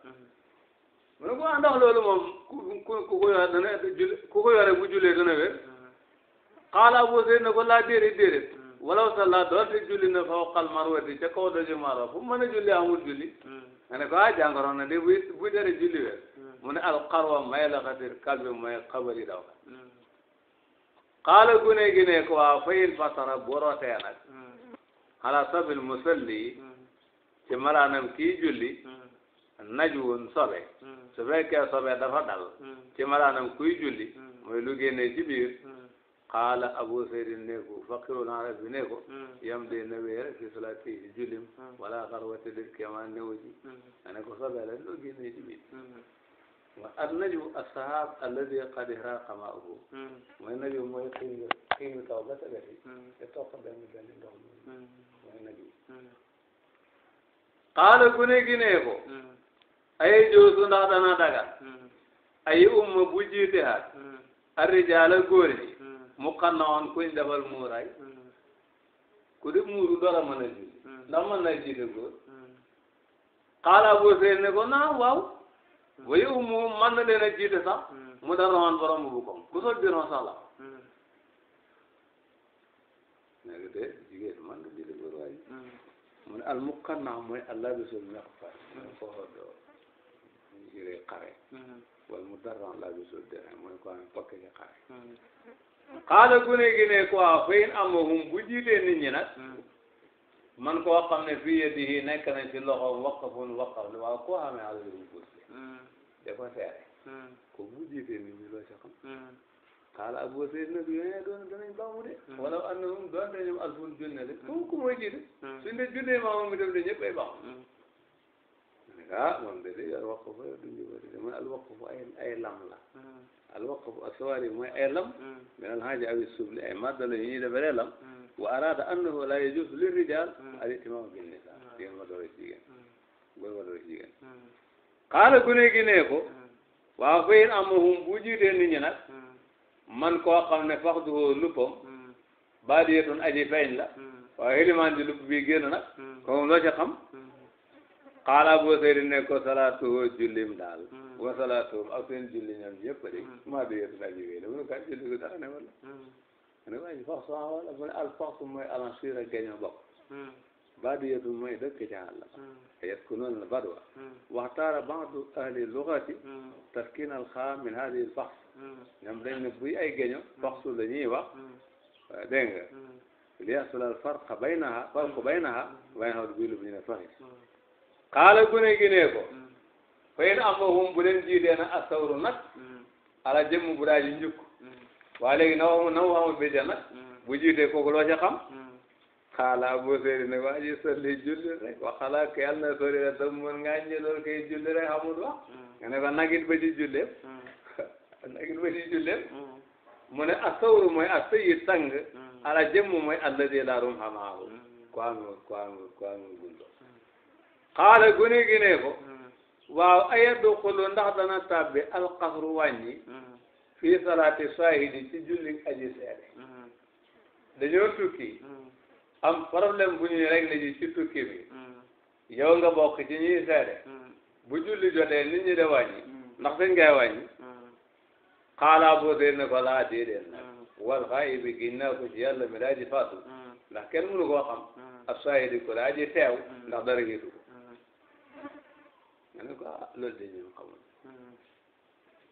mu ne ko ah ndax loolu moom ku ku ku ko yore dana julli ku ko yore bu jullee dana wér xaala boo sëy ne ko laa déedéet déedéet walaw salla doonte julli na faw xal marwati ca kaw doju mara fu mën a julli amul julli ma ne ko a jàngoro na de buy buy dara julli weer hmm. mu ne alxarwa may la xatir kalbi may xabari daw xaala hmm. gune gi ne ko waa fayin fasara borotee nag xala hmm. sabil musalli ci malaanam kii julli najwun sobe su sobe dafa dal ci malaanam kuy julli mooy lu génne ci biir qaala abu zaydin ne ko faqirul arabi ne ko hmm. yam de na wéer fi salaati ci jullim hmm. wala xarwata dit kema newu ji hmm. ane ko sobela loo génne ci bit wa al najmu asahab alladi qad raqamahu mooy najmu mooy xiim xiim taw ba tagati te topp benn benn ndox moom mooy najmu qaala gune gi ne ko ay joosu ndax dana dagal ay umma bu jiite hat arrijaala góor ñi muqannawoon kuñ defal muuraay ku di muuru dara mën a julli ndax mën naa jiite góor xaala boo seen ne ko naa waaw wayu mu mën na leen a jiite sax mu dara woon borom bu ko ku sol biroon sax la nekk de jigéen mën na jiite góor waaye mu ne al muqanna mooy allah bi sul meqfar foofa doo jiree xare mm-hmm. wala mu dara woon laa bi sul dere mooy ko am pakk ci xare xaala gune gi ne ko waaw ah, fa in amahum bu jiitee ñi nag hmm. man ko xam ne fii yadihi nekk nañ ci loxo waqafun waqaf la waaw koo xamee alal bu bursi da ko seere hmm. ko bu jiitee nit ñi loo ci xam hmm. xaala Abu Sayd nag yooyu doon danañ baamu de wala annahum doon dañu alfun junne de ku mooy jiite suñ de junnee maamu mi def de ñëpp ne ko ah moom de de mooy alwaqfu ay ay lam la. Hmm. alwaqfu aswaar yi mooy ay lam. Hmm. min alhaaji awi subli ay maddala yu ñuy defaree lam. Hmm. wa araada annahu la yajuuzu lirrijaal al ihtimaamu bin nisaa. jigéen ma door a jigéen. góor ma door a jigéen. gune gi ne ko. waaw fa in amahum bu jiitee nit ñi nag. man koo xam ne faxduhu luppam. baadiyatun aji feeñ la. waaye limaan ji lupp bi génn nag. kon loo ca xam. xaala Abu Zayd ne ko salaatu woo jullim daal hmm. wa salaatu ak seen julli ñoom yëpp rek hmm. maa bi yëpp naa jógee dafa kaa julli ko dara ne wala hmm. ne waaye fox sama wala mu ne al fox mooy avancir ak gaño bokk baadiyatu mooy dëkk ca àll ba yaskunuuna al badwa waxtaara baadu ahli lugati taskin al min hadi al fax ñoom ne buy ay gaño foxsu la ñuy wax dégg nga li yasul al farqa baynaha farqu baynaha waaye xawt buy lu ñu ne faxi xaala gune gi ne ko mm. fayin amma hum bu leen jiitee na asawru nag mm. ala jëmm bu daa ji njukk mm. waa léegi na waxuma na waxuma bija nag bu jiitee kooku loo ca xam xaala boo seeri ne waa ji solli julli rek waxala ke yàlla na sori la dam mën ngaa ñi loolu kay julli rek xamul wax nga ne ko ba ci julleem nagit ba ci julleem mu ne asawru mooy asayi sang ala jëmm mooy alladi laa rum xamaabu ko amul ko amul ko amul gundo xaala gune ko hmm. waaw ayadu xulu ndax dana tàbbi alqasru wàññi hmm. fii salaati saahidi ci julli aji seede hmm. dañoo tukki am problème bu ñuy réglé ji ci tukki bi yow nga bokk ci ñuy bu julli jotee nit ñi de wàññi ndax dañ ngay wàññi xaala boo ko laa déedéet nag wal xaayi bi giñ ko ci yàlla mi daa ji fàttu ndax kenn mënu koo xam ab saahidi ko daa ji teew ndax dara ngi dugg ma ne ko ah loolu de mm-hmm.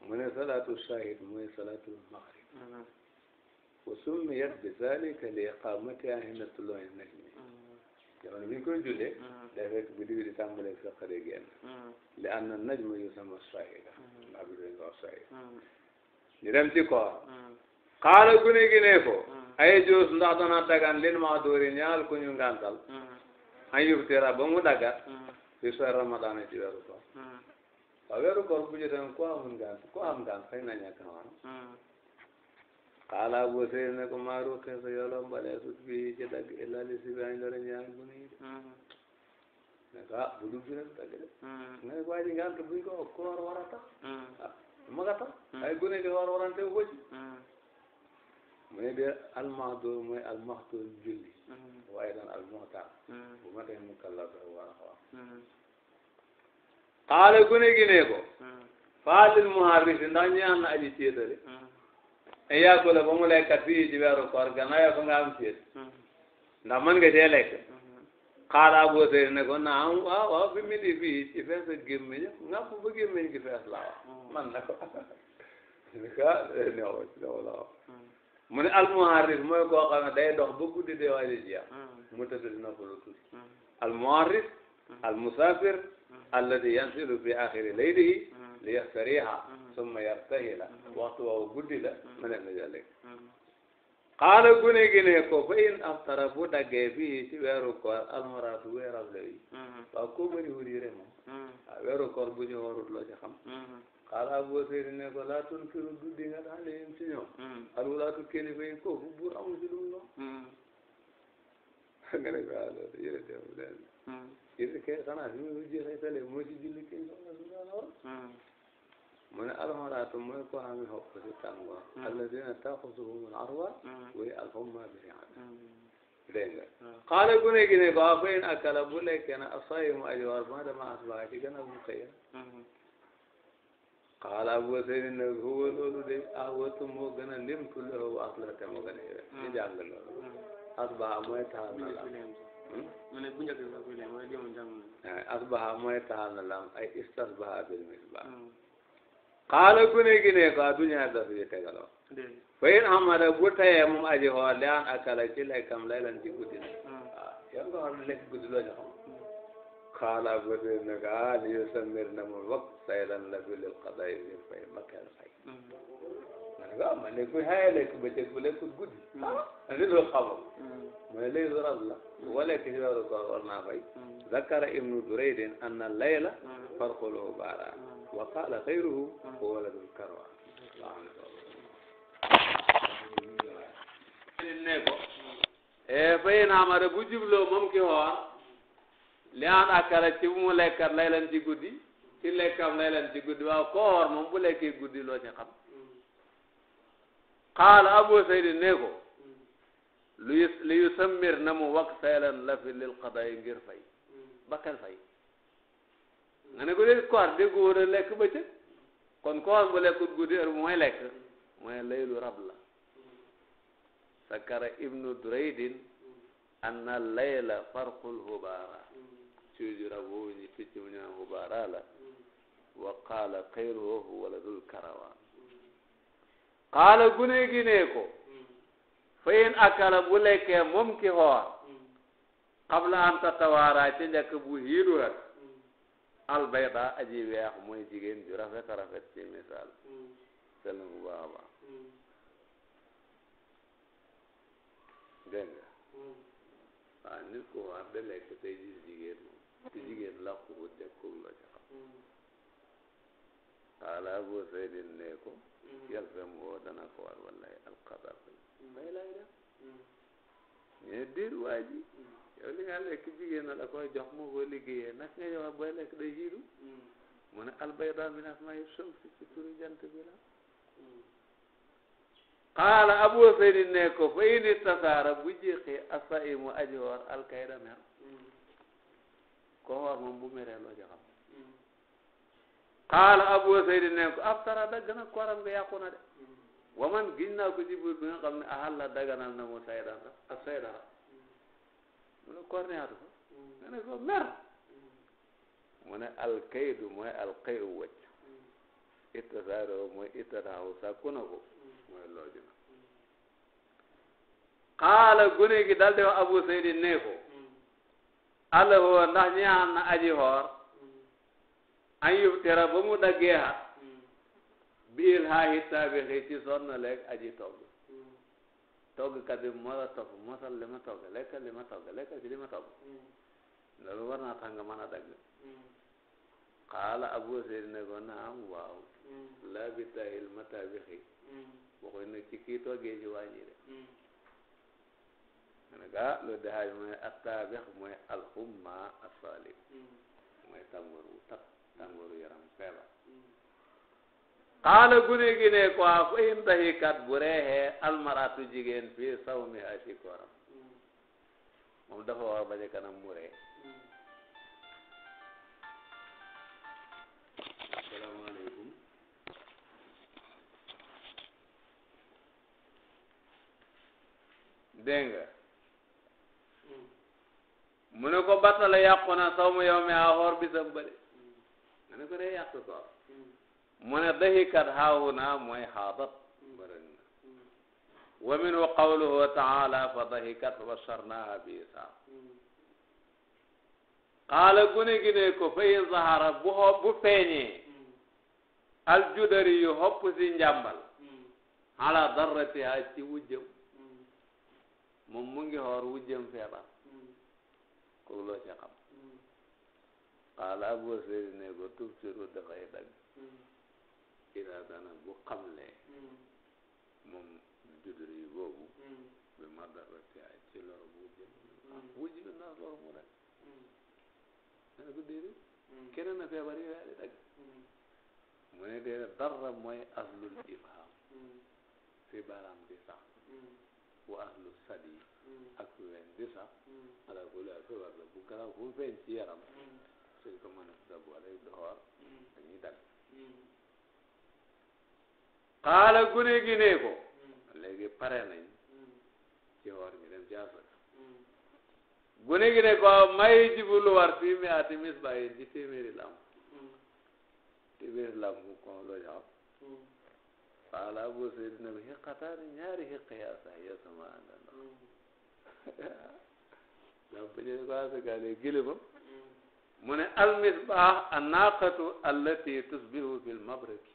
mu ne salaatu shahid mooy salaatu maghrib mm-hmm. wa summiyat bi zalika li iqamatiha hina tulu'i najmi mm-hmm. jamono bi ñu koy jullee day fekk guddi gi di tàmbalee sa xëre génn li anna najma yusamma shahida ndax bi dañ ko wax shahid ñu dem ci koor xaala gune gi ne ko ay joos ndax dana dagan lin ma dóori ñaal ku ñu ngàntal an yuftira ba mu dagat fii soo ramadaan ci weeru koor waaw weeru koor bu jotee ku amul ngant ku am ngant xëy na ñàkk maanaam xaala bu sëy ne ko maaru xeesa yooloo mbalee sut bi ci dagg illa li si bañ lore ñaan bu nii ne ko ah bu dul bi nag dagg de nga ne ko waa ji ngant buñ ko koor war a tax ah maga tax ay gune di war warante ko ci mu ne de almaxdur mooy almaxdur julli mm-hmm. waaye daan almuxtaar mm-hmm. bu ma tey mu kallaf rek war a xool xaale gune gi ne ko mm-hmm. faalil muharrisi ndax ñaan na aji céetale e yàggu la ba mu lekkat fii ci weeru koor gannaaw ya fa nga am céet ndax mën nga cee lekk xaala Abu Zayd ne ko naam waaw waaw bi midi fii ci fees ak nga ko ba gémmiñ gi fees laa man na ko ne ko ah eh, néew la wax mu ne almuharris mooy koo xam ne day dox ba guddi dee waaj a jeex hmm. mu tëdd dina ko lu tuuti hmm. almuharris hmm. almusafir alladi yansilu fi axiri laylihi li yastariha summa yartahila waxtu waaw guddi la ma nekk na jàlleg gune gi ko fa in aftara bu daggee fii ci weeru koor almoratu weerable yi waaw koo bëri wuri rek moom waaw weeru koor bu ñu warut loo ci xam xaala Abu Seydi ne ko laa tunkiru du di nga daal leen ci ñoom. Hmm. alwulaatu kilifa yi kooku buur amul ci lu mu doon. Hmm. nga ne ko ah loolu yële te mu leen. yële kay xanaa fi mu jëlee tale moo ci julli kay soxna su hmm. mu ne alxoraatu mooy ko xam ne xob si tàngoor. alladina taxusuhum al-arwa. way alxumma bi dégg nga xaala gune gi ne ko ah fayin akala bu lekkee na asaayimu aji war ma dama asbaa ci gannaaw xaala Abu Seyni nag huwa loolu de ahwatu moo gën a limtu la wax la te moo gën a yore di jàng loolu asbaha mooy taxal na lam mu ne bu njëkk la mooy limu jàng asbaha mooy taxal na lam ay istasbaha bil misbah xaala ku ne gi ne ko aduñaa daf yi tegaloo fa in xamada bu tayee moom aji xool li an akala ci lekkam laylan ci guddi na waaw yow nga xam ne lekk guddi loo ñu qaala Goudiri ne ko ah lii samir na ma wax saylan la fi lil qadaa yi fay makkal fay. ma ne ko ah ma ne ko xëy na ku bëccëg bu nekk guddi. ah li loo xamoon. ma ne léegi rab la. wala ki ci weeru koor war naa fay. zakara ibnu duraydin anna layla farqulu baara wa qaala xayruhu waladul karwa ne ko. eh fay naa ma de bu jubloo moom ki xoor. li an akala ci bu mu lekkat lay lan ci guddi ci lekkam lay lan ci guddi waaw koor moom bu lekkee guddi loo ci xam qaala abu saydi ko luyu li yu sammir na mu wax saylan lafi lil qadayi ngir fay bakkan fay nga ne ko dee koor déggu war a lekk bëccëg kon koor bu lekkut guddi heure bu mooy lekk mooy laylu rab la sakara ibnu duraydin anna layla farqul hubaara cuuju rabu ñi picc mu ñu naan xubaara la wa qaala xayruhu huwa waladul karawa qaala gune gi ne ko fa in akala bu lekkee moom ki qabla an tatawaara ca njëkk bu hiiru rek albayda aji weex mooy jigéen ju rafet rafet ci misaal sell bu baax a baax dégg nga waaw nit ko war ji ci jigéen la ko wute kum hmm. Abu Saydin ne ko hmm. yalzam woo dana ko war wallahi alqadar bay hmm. lay def ñee diir waa ji yow li nga lekk jigéen na la koy jox moo ko liggéeyee nag nga jox bay lekk day jiitu mu ne albayda min asmaa'i shamsi ci turu jant bi la xaala Abu Saydin ne ko fa ini tasaara bu jeexee asaimu aji woor alkayda mer koo war moom bu meree loo ci xam mm. abu saydi ne aftara dagg na kooram nga yàqu de mm. waman giñ naa ko ci buur bi nga ne ahalla daganal na mu saydan ak saydara mm. mu ne koor neatu ko nga ne ko mu ne alkaydu mooy alkay u wëcc ittasaaroo mooy ittataawu sàkku na ko mooy looju na gune gi dal di abu saydi ne alla woo ndax ñaan na aji xoor an yuftira ba mu daggee hat bi ilhaahi taabixi ci sonn leeg aji togg toggkat bi moo la togg mosal li ma togg lekkal li ma togg lekkal ci li ma togg loolu war naa tax nga mën a dagg qaala abu seyd ne ko naam waaw laa bi taahil ma taabixi waxuñ nag ci kii toggee ci wàññi de ma ne gaa loolu de xaaj mooy attaabex mooy alxumma asaalib mm. mooy tàngooru yaram feebar mm. xaala gune gi ko a fa in dahikat bu almaratu jigéen fii saw mi a ci kooram mm. moom dafa war ba ca kanam mu mu ne ko batna la na saw mu a xoor bisam bële mu ne ko day yàq koor mu ne dahikat haahuna mooy xaadat bërëg na wa minhu qawluhu taala fa dahikat fa basharnaha bi isaaq xaala gune gi ko fa in zahara bu xob bu feeñee aljudari yu hopp si njàmbal ala darratiha ci wujjëm moom mu ngi xoor wujjëm feebar kooku loo ca xam xaala boo seeri ne ko tub siru dafay dagg boobu bi madarati ay ci lor bu jëm ah, wuj bi naa lor mu rek ne na feebar yi di dagg mu ne déedéet dara mooy aslul ifham fi di sax wa aslu ak wendi sax ala kulli haal feebar la bu garaaw bu feeñ ci yaram suñ ko mën a boole doxoor dañuy dagg ko léegi pare nañ ci hmm. woor ñu ci asaka hmm. gune gi ne ko may jibu lu war fii mi ati mis bàyyi ji téeméeri lam hmm. téeméeri lam mu kon loo ñaaw xaala bu seydina bi xiqataani ñaari xiq yaa sax ya sama àndandoo waaw bu ñu ko asagalee gilimam mu ne almisbaax annaqatu allati tusbihu fil mabraki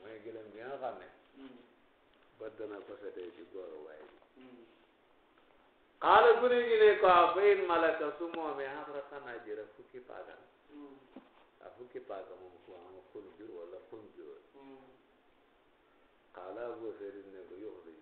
mooy gilam gi nga xam ne ba dana ko setee ci góoru waay bi xaala gune gi ne ko a fayin malaka su moomee xasratan ajira fukki paagan a fukki paaga moom ko am xunjur wala xunjur xaala boo seerin ne ko yuxri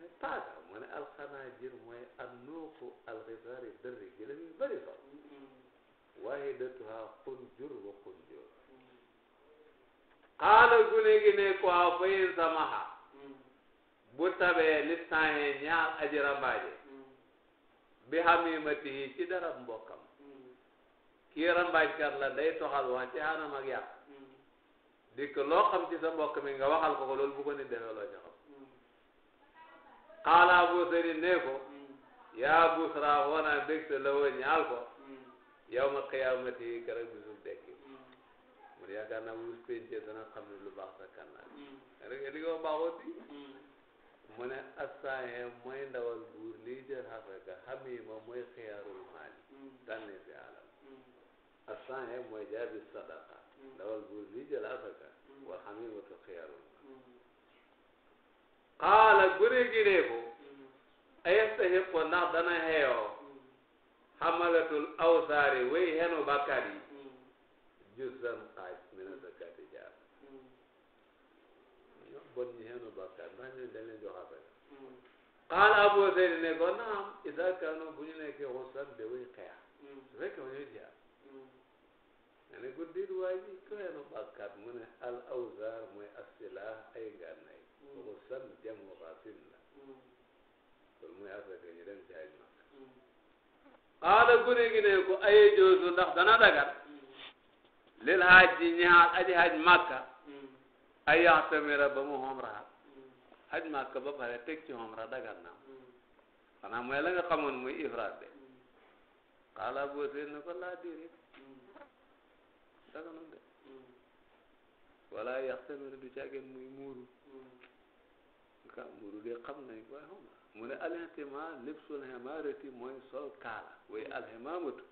ne paaga mu ne alxanaajir mooy annuuqu alxisaari dërri gëlëm yu bëri sax mm-hmm. waahidatuha xunjur wa xunjur xaala gune gi ne ko fa in samaha mm-hmm. bu tabee li tàngee ñaar aji rambaaje mm-hmm. bi xamimati yi ci dara mbokkam kii rambaajkat la day toxal wax ci xanam ak yàq dikk loo xam ci sa mbokk mi nga waxal ko ko loolu bu ko ni demee loo xaala Abu Sari ne ko yaa Busra woona mbégte la woo ñaal ko yow ma xiyaamati keroog bisu dekki mu ne yaakaar naa bu péncee dana xam ne lu baax sa kannaan rek li ko mu ne asaaye mooy ndawal buur lii jël xafeka xamima mooy xiyaarul maali tànne si alal asaaye mooy jaabi sadaqa ndawal buur lii jël xafeka wa xamimatu xiyaarul xaala gune gi ne ko ayastahiqu ndax dana xeeyoo xamalatul awsaari wéy xenu bàkkaar yi juzan xaaj mina zakati jaar ñoo bon ñi xenu bàkkaar ndax ñun dañ leen jox affaire xaala abu seydi ne ko naam isa kano bu ñu nekkee xusan de wéy xeex su fekkee ma ñu jaar nga ne ko déet waa ko xenu bàkkaar mu ne al awsaar mooy asilah ay gànnaay muxsan jëm muxasin la loolu mooy asaka ñu dem jaay mag xaala gune gi ne ko aye joosu ndax dana dagat ji ñaar ay yaxtamira ba mu xomra haaj màkka ba pare teg ci xomra dagat na xanaa mooy la nga xamoon muy ifraat de xaala boo seen na ko laa diri daganul de wala yaxtamira du caageen muy muuru kàmburu de xam nañ ko waaye xam mu ne alihtimaam libsul himaarati mooy sol kaala way alhimaamatu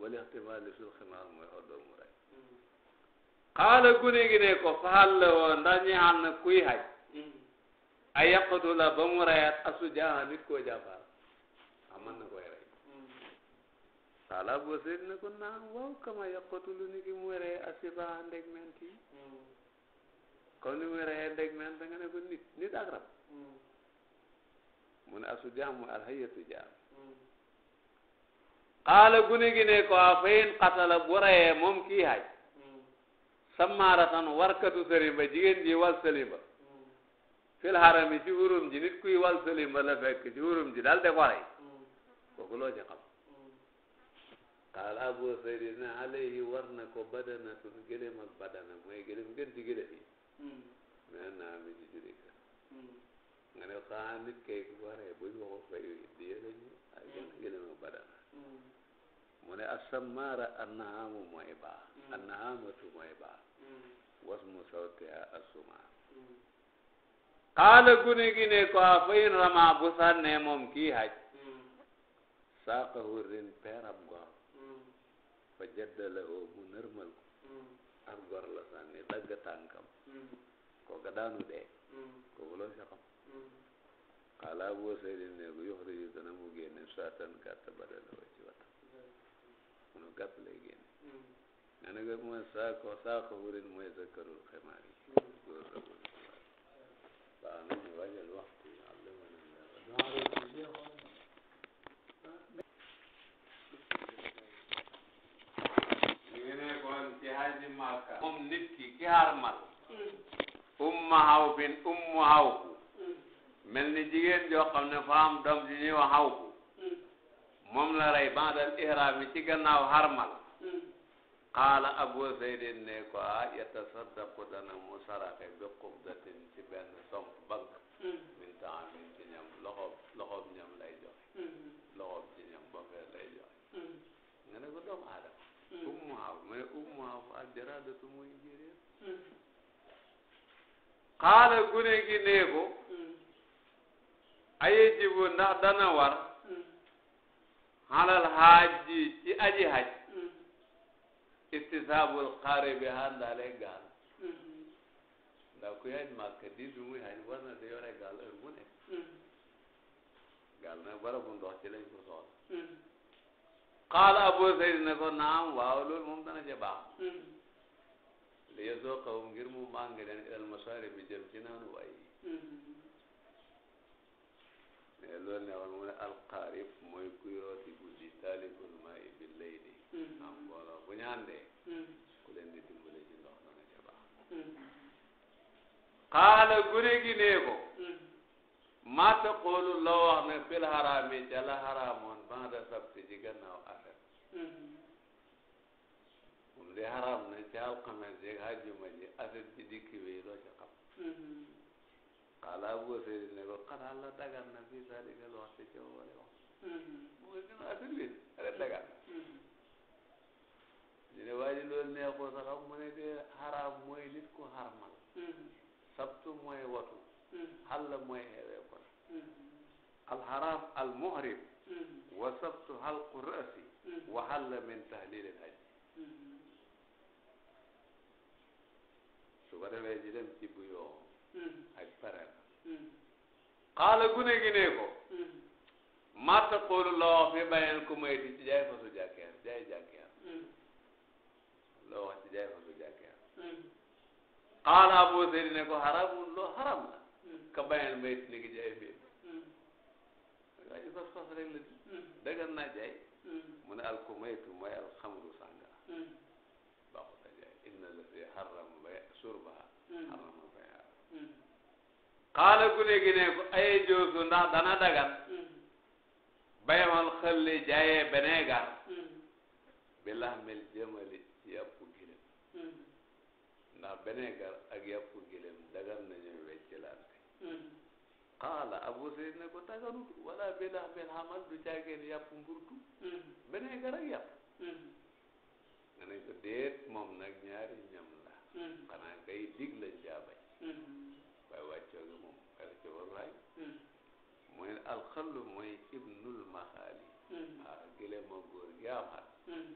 wal ihtimaam libsul himaar mooy oddoo mu rey xaala gune gi ko faxal la woo ndax ñeexal na kuy haj ay yaqatu la ba mu reyaat asu jaaha nit koo jàppaar xam ah, mën ne ko naam waaw kama yaqatu ni ki mu reye asibaa menti comme ni mu reye ndeg ment da Mm. mu mm. ne asu jaam mu alhayatu jaam gune gi ko a fayin xatala moom kii haj mm. sammaaratan warkatu sërimba jigéen ji wal sëlimba fil harami ci wurum ji nit kuy wal sëlimba la fekk ci wurum ji daal de ko rey ci xam xaala abu saydi ne alayhi war ko badanatun gëlem ak badana mooy gëlem gën ci gëlem yi mais naa mi ci jurika nga ne xanaa ah, nit kay bu waree buñ waxu fayu iddiya la ñu ak mm. gën a gën a badal mu ne asamaara annahaamu mooy baa mm. annahaamatu mooy baa mm. was mu sawtiha asuma xaala gune gi ne ko a ah, fayin rama bu sànnee moom kii haj saaka hurrin peerab gor fa jaddalahu mu nërmal ko ak gor la sànni dagg tànkam kooka daanu dee ko buloo sa xam xaala Abu Sayd ne ko yuxriju dana mu génne saatan gàtt badala wa ci wata mu ne gàtt lay génne nga ne ko mooy saako saako wurin mooy zakarul ximaar yi góor la bu baax na ñu waajal waxtu moom nit ki ki harmal umma haw bin ummu haw mel ni jigéen joo xam ne fa am doom ji ñuy wax xawku mm. moom la rey bandal ihram yi ci gannaaw harmal mm. qaala abu zaydin ne ko ah, yatasaddaqu dana mu saraxe bi qubdatin ci benn somp bank mm. min taamin ci ñam loxob loxob ñam lay joxe loxob ci ñam ba fee lay joxe nga ne ko doom aadama ummu haw mu ne ummu haw al jaradatu muy njëréer qaala gune gi ko aye jibu ndax dana war xalal mm. xaaj ji ci aji xaj mm. istisaabul xaare bi àndaale gaal mm-hmm. ndax kuy xaj di du muy xaj na di yore gaal heure bu nekk mm. gaal nag barabu ndox ci lañ ko soxla qaala abu ne ko naam waaw loolu moom dana ca baax li mu màng leen ilal masaari bi jëm ci naanu te loolu ne woon mu ne alqaarib mooy kuy rooti guddi taalikul maa i bil layli mm-hmm. am mbooloo bu ñu àndee mm-hmm. ku leen di dimbale ci ndox dana ca baax mm-hmm. xaala gune gi nee ko maa taqoolu loo wax ne fil xaraami ca la xaraamoon banda sabti ci gannaaw afet moom di xaraam na ca alxames yeeg àjjuma ji afet ci dikk bi loo ca xam xanaa Abu Seydi ne ko xanaa la dagan na fii zaalikal waxtu ca wala wax. mu mm-hmm. ngi gën a affaire bi rek dagan mm-hmm. ñu ne waa ji loolu neexoo sax xam mu ne de xaraam mooy nit ku xarmal. Mm-hmm. sabtu mooy watu. xalla mooy xewee kon. alxaraam almuhrim. wa sabtu xalqu rasi. wa xalla min tahlil al hajj. su ko defee ci dem ci bu Hmm. xaala gune gi ne ko hmm. maa taqulu loo wax fi bàyyeen ku may di ci jaay fasu jàkkeer jaay hmm. loo wax ci jaay fasu jàkkeer xaala Abu Zayd ne loo xaram la ka bàyyeen may ni ki jaay fii waa ji fas fas rek la di dagan naa jaay mu ne al kumaytu mooy al xamru sànga baaxut a jaay inna la fi xaram bay xaala gune gi ne ko aye joosu ndax dana dagat bayamal xëlli jaayee beneegar bi laxmel jëmali ci yàppu gilem ndax beneegar ak yàppu gilem dagan nañuy weccelante xaala abu seyd ne ko daganut wala bi laxmel xamal du caageen yàpp mburtu beneegar ak yàpp nga ne ko déet moom nag ñaari la xanaa kay dig lañ caa waaye wàccoo gi moom xel ci war laaj mu ne alxallu mooy ibnul maxaali ah gëlëm ma góor gi am xat hmm.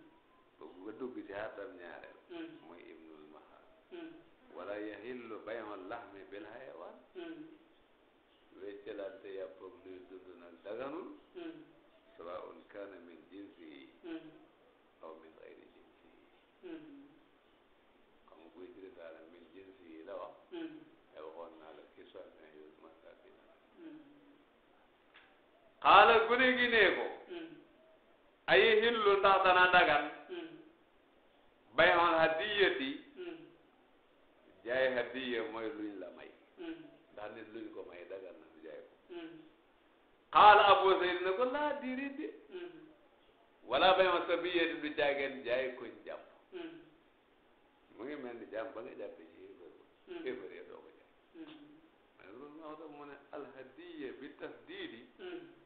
boobu nga dugg ci xatam ñaareel hmm. mooy ibnul maxaali hmm. wala yaxillu bayul laxmi bil xayawaan weccalante yàppam luy dund nag daganul sawaun kaana min jinsi yi aw min xayri jinsi yi xaala gune gi nee ko hmm. ay hillu ndax dana dagan hmm. bay on hadiyati hmm. jaay hadiya mooy luñ la may ndax ko may dagan na mu jaay ko xaala abu zayd ne wala bay on sabiyati du jaageen jaay ko jàpp mu ngi mel ni jàmm ba nga jàppe ci xéefar ya doo ko jaay ma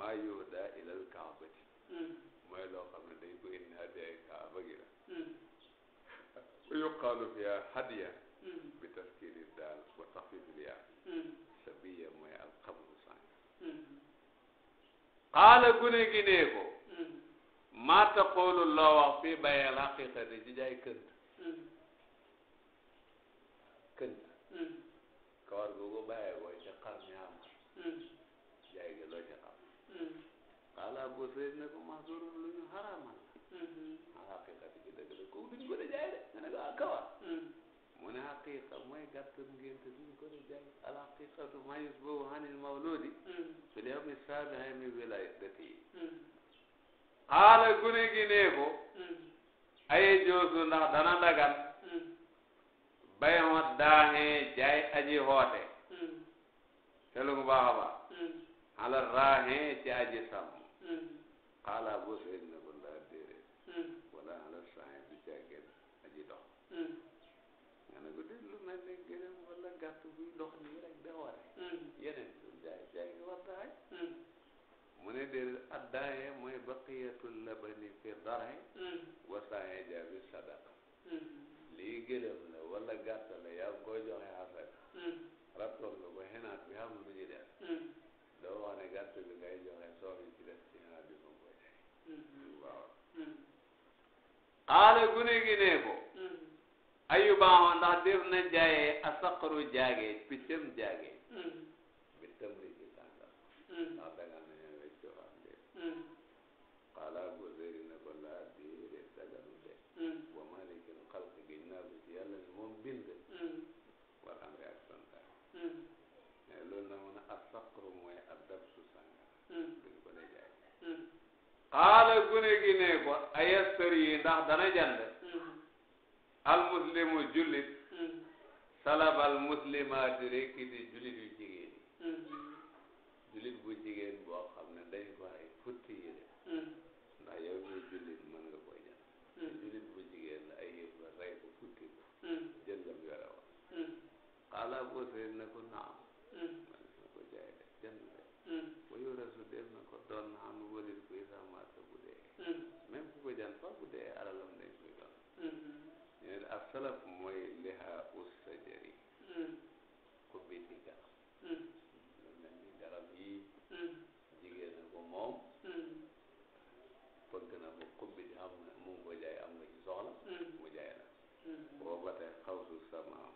maa yuuda ilal kaabati hmm. mooy loo xam ne dañ koy indi hadiyay kaaba gi la hmm. wa yuqaalu fiha hadiya hmm. bi taskini daal wa taxfifil yaa sabiya mooy alxamru sànq xaala gune gi ne ko maa taqoolu loo wax fii bayal xaqiqati ci jaay kënt wala Abu Sayyid ne ko Mansour lu ñu xaraamal mm-hmm. a ah, xaqiqa bi ci dëgg la ko duñ ko de jaay de nga ne ko a ah, kawar mm-hmm. mu ne xaqiqa mooy gàttal ngénte duñ ko de jaay al xaqiqatu ma yusbahu anil mawludi mm-hmm. fi lyawmi saabi'i min wiladatihi xaala gune gi ne ko aye joosu ndax dana dagan bayoon daaxee jaay aji hoote te lu baax a baax ala raaxee ci aji sàmm xaala boo seen ne ko laa déedéet wala ala saxin du caageen aji dox nga ne ko dégg lu mel ne gëlëm wala gàtt buy dox nii rek da ware yeneen du jaay jaay nga war daay mu ne déedéet addaaye mooy baqiyatul labani fi daraay wasaaye jaabi sadaqa lii gëlëm la wala gàtt la yaa ngi koy joxe asaka rattoon nga ko xenaat bi xam lu ñu def doo wax ne gàtt bi ngay joxe soofi ci def xaala gune gi ne ko mm. ayu baaxoon ndax def na jaayee asaqaru jaage piccam jaage mm. bi tamri mm. gu xaala gune gi ne ko ayastari yi ndax dana jànd mm-hmm. al muslimu jullit mm-hmm. salabal muslimaati rekki di jullit yu jigéen mm-hmm. jullit bu jigéen boo xam ne dañ ko ay futti yi de ndax yow mi jullit mën nga koy jànd jullit bu jigéen la ay yëf la rey ko futti ko jël lam yore wa xaala boo seen ne ko naam man na ko jaay de jënd de wayu rasu dem na ko doon na am wëlil jël fa bu dee alalam dañ koy doon ñu ne ak salaf mooy liha ussajari mm. ku biti garab mm. lu mel ni garab yi mm. jigéen na ko moom bëgg na ko ku biti am na mu ngi ko jaay am nga ci soxla mu jaay la boo ba tey xawsu samaam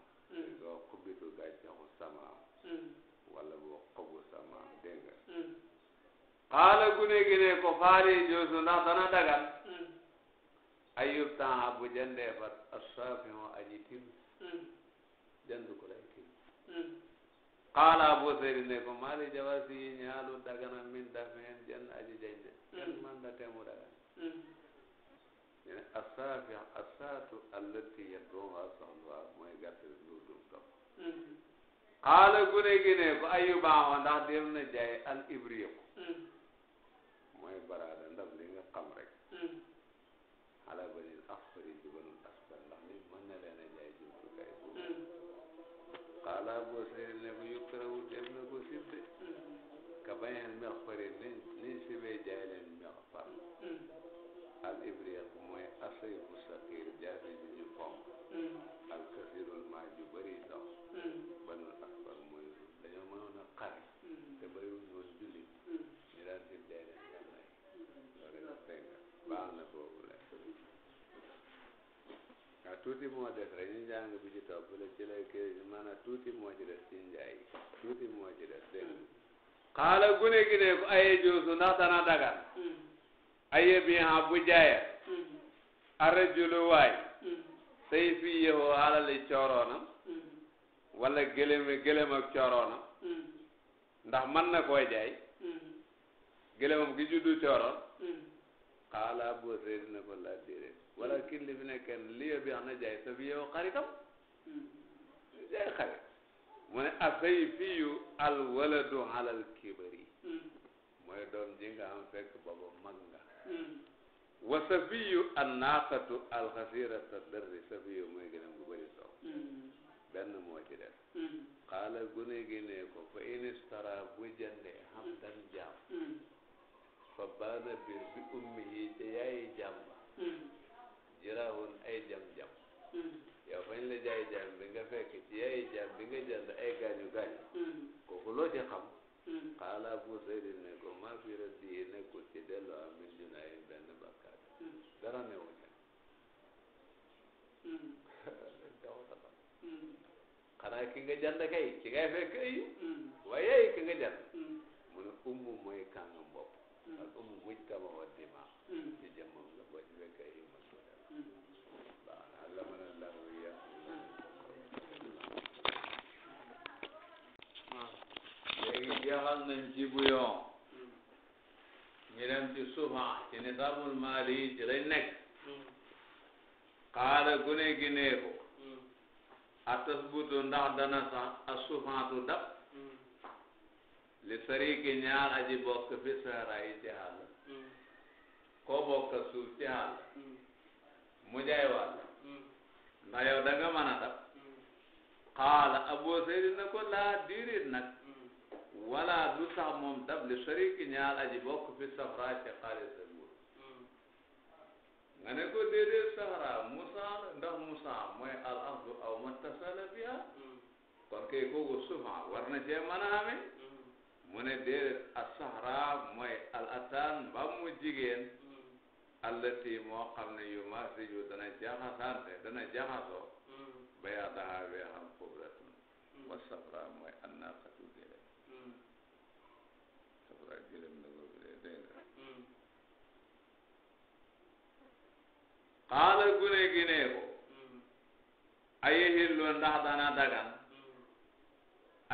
doo xubbitu gàncaxu samaam wala boo xobu samaam dégg nga xaala gune gi ne ko faari joosu ndax dana dagal ayub temps bu jëndee fat assafion aji tim hmm. jënd ko lay tim xaala hmm. Abu Seydi ne ko mali jawa si ñaalu dagana min dafeen jënd aji jënde hmm. en man da temu dagana ñene assafion assaatu allati yadduha soxluwa mooy gàttal lu dum topp xaala gune gi ne ko ayuba ma ndax dem na jaay al ibriq mooy baraada ndab li nga xam rek ala banin axfarin jubanul asfar ndax nit mën na leen a jaay jumtukaay boobu hmm. xaala boo ne bu yukrahu dem na ko sib de hmm. ka bañeen mex fari niñ niñ sibee jaay leen mex far hmm. al ibriq mooy asay bu saqiir jaasi ji ñu fonk al kasirul maa ju bëri dox banul asfar mooy dañoo mënoon a xare te bëriwuñ woon jullit ñu daan sib jaay leen gànnaay loolu la fekk baax na boobu tuuti moo des rek ñu njàng topp la ci la kii maanaam tuuti des ci njaay tuuti des dégg xaala gune ko aye joosu ndax dana dagan aye bi ha bu jaaya arrajulu waay say fii yow xaalali cooroonam wala gëlëm gëlëm ak cooroonam ndax man na koo jaay gëlëmam gi juddu cooroon xaala boo seedi na ko laa déedéet wala kin li fi nekkee li yóbbu sa fi yow xaritam jaay xarit mu ne asay fiyu al waladu alal kibari mooy doom ji nga fekk booba mag nga fiyu an naaqatu al xasirata sa fiyu mooy gënam gu bëri soow benn moo ci def xaala gune gi ne ko fa inistara bu jëndee xam dan jaam fa baana bir bi ummi yaraawun ay jam-jam hmm. yow fañ la jaay jam bi nga fekk ci yaay jam bi nga jënd ay gaañu gaañu hmm. kooku loo ci xam hmm. xaala bu seydi ne ko maa fi raddi yi nekkul ci delloo am min junaayin benn bakkaat dara newu ca xanaa ki nga jënd kay ci ngay fekk ay waaye léegi jeexal nañ ci bouillon ñu ci souvent ci nisaabul maali yi ci lañ nekk xaala gi nee ko a tasbutu ndax dana sax a li sariki ñaar aji bokk fi saara yi ci àll koo bokk suuf ci àll mu jaay wàll ndax yow da nga mën a dab xaala aboo ko laa diirit nag wala du moom dab li shariki ñaar aji bokk fi safra ci xaalis ak nga ne ko déedéet safra musaa ndax musaa mooy al ardu aw mattasala biha hmm. kon kay kooku sufa war na cee mën a hmm. mu ne déedéet as safra mooy al ataan mbam mu jigéen hmm. allati moo xam ne yu masiju dana jaxasante dana jaxasoo bayaataha weexam xubratun wa safra mooy annaqa xaala gune gi ne ko hmm. aye hillu ndax dana dagan hmm.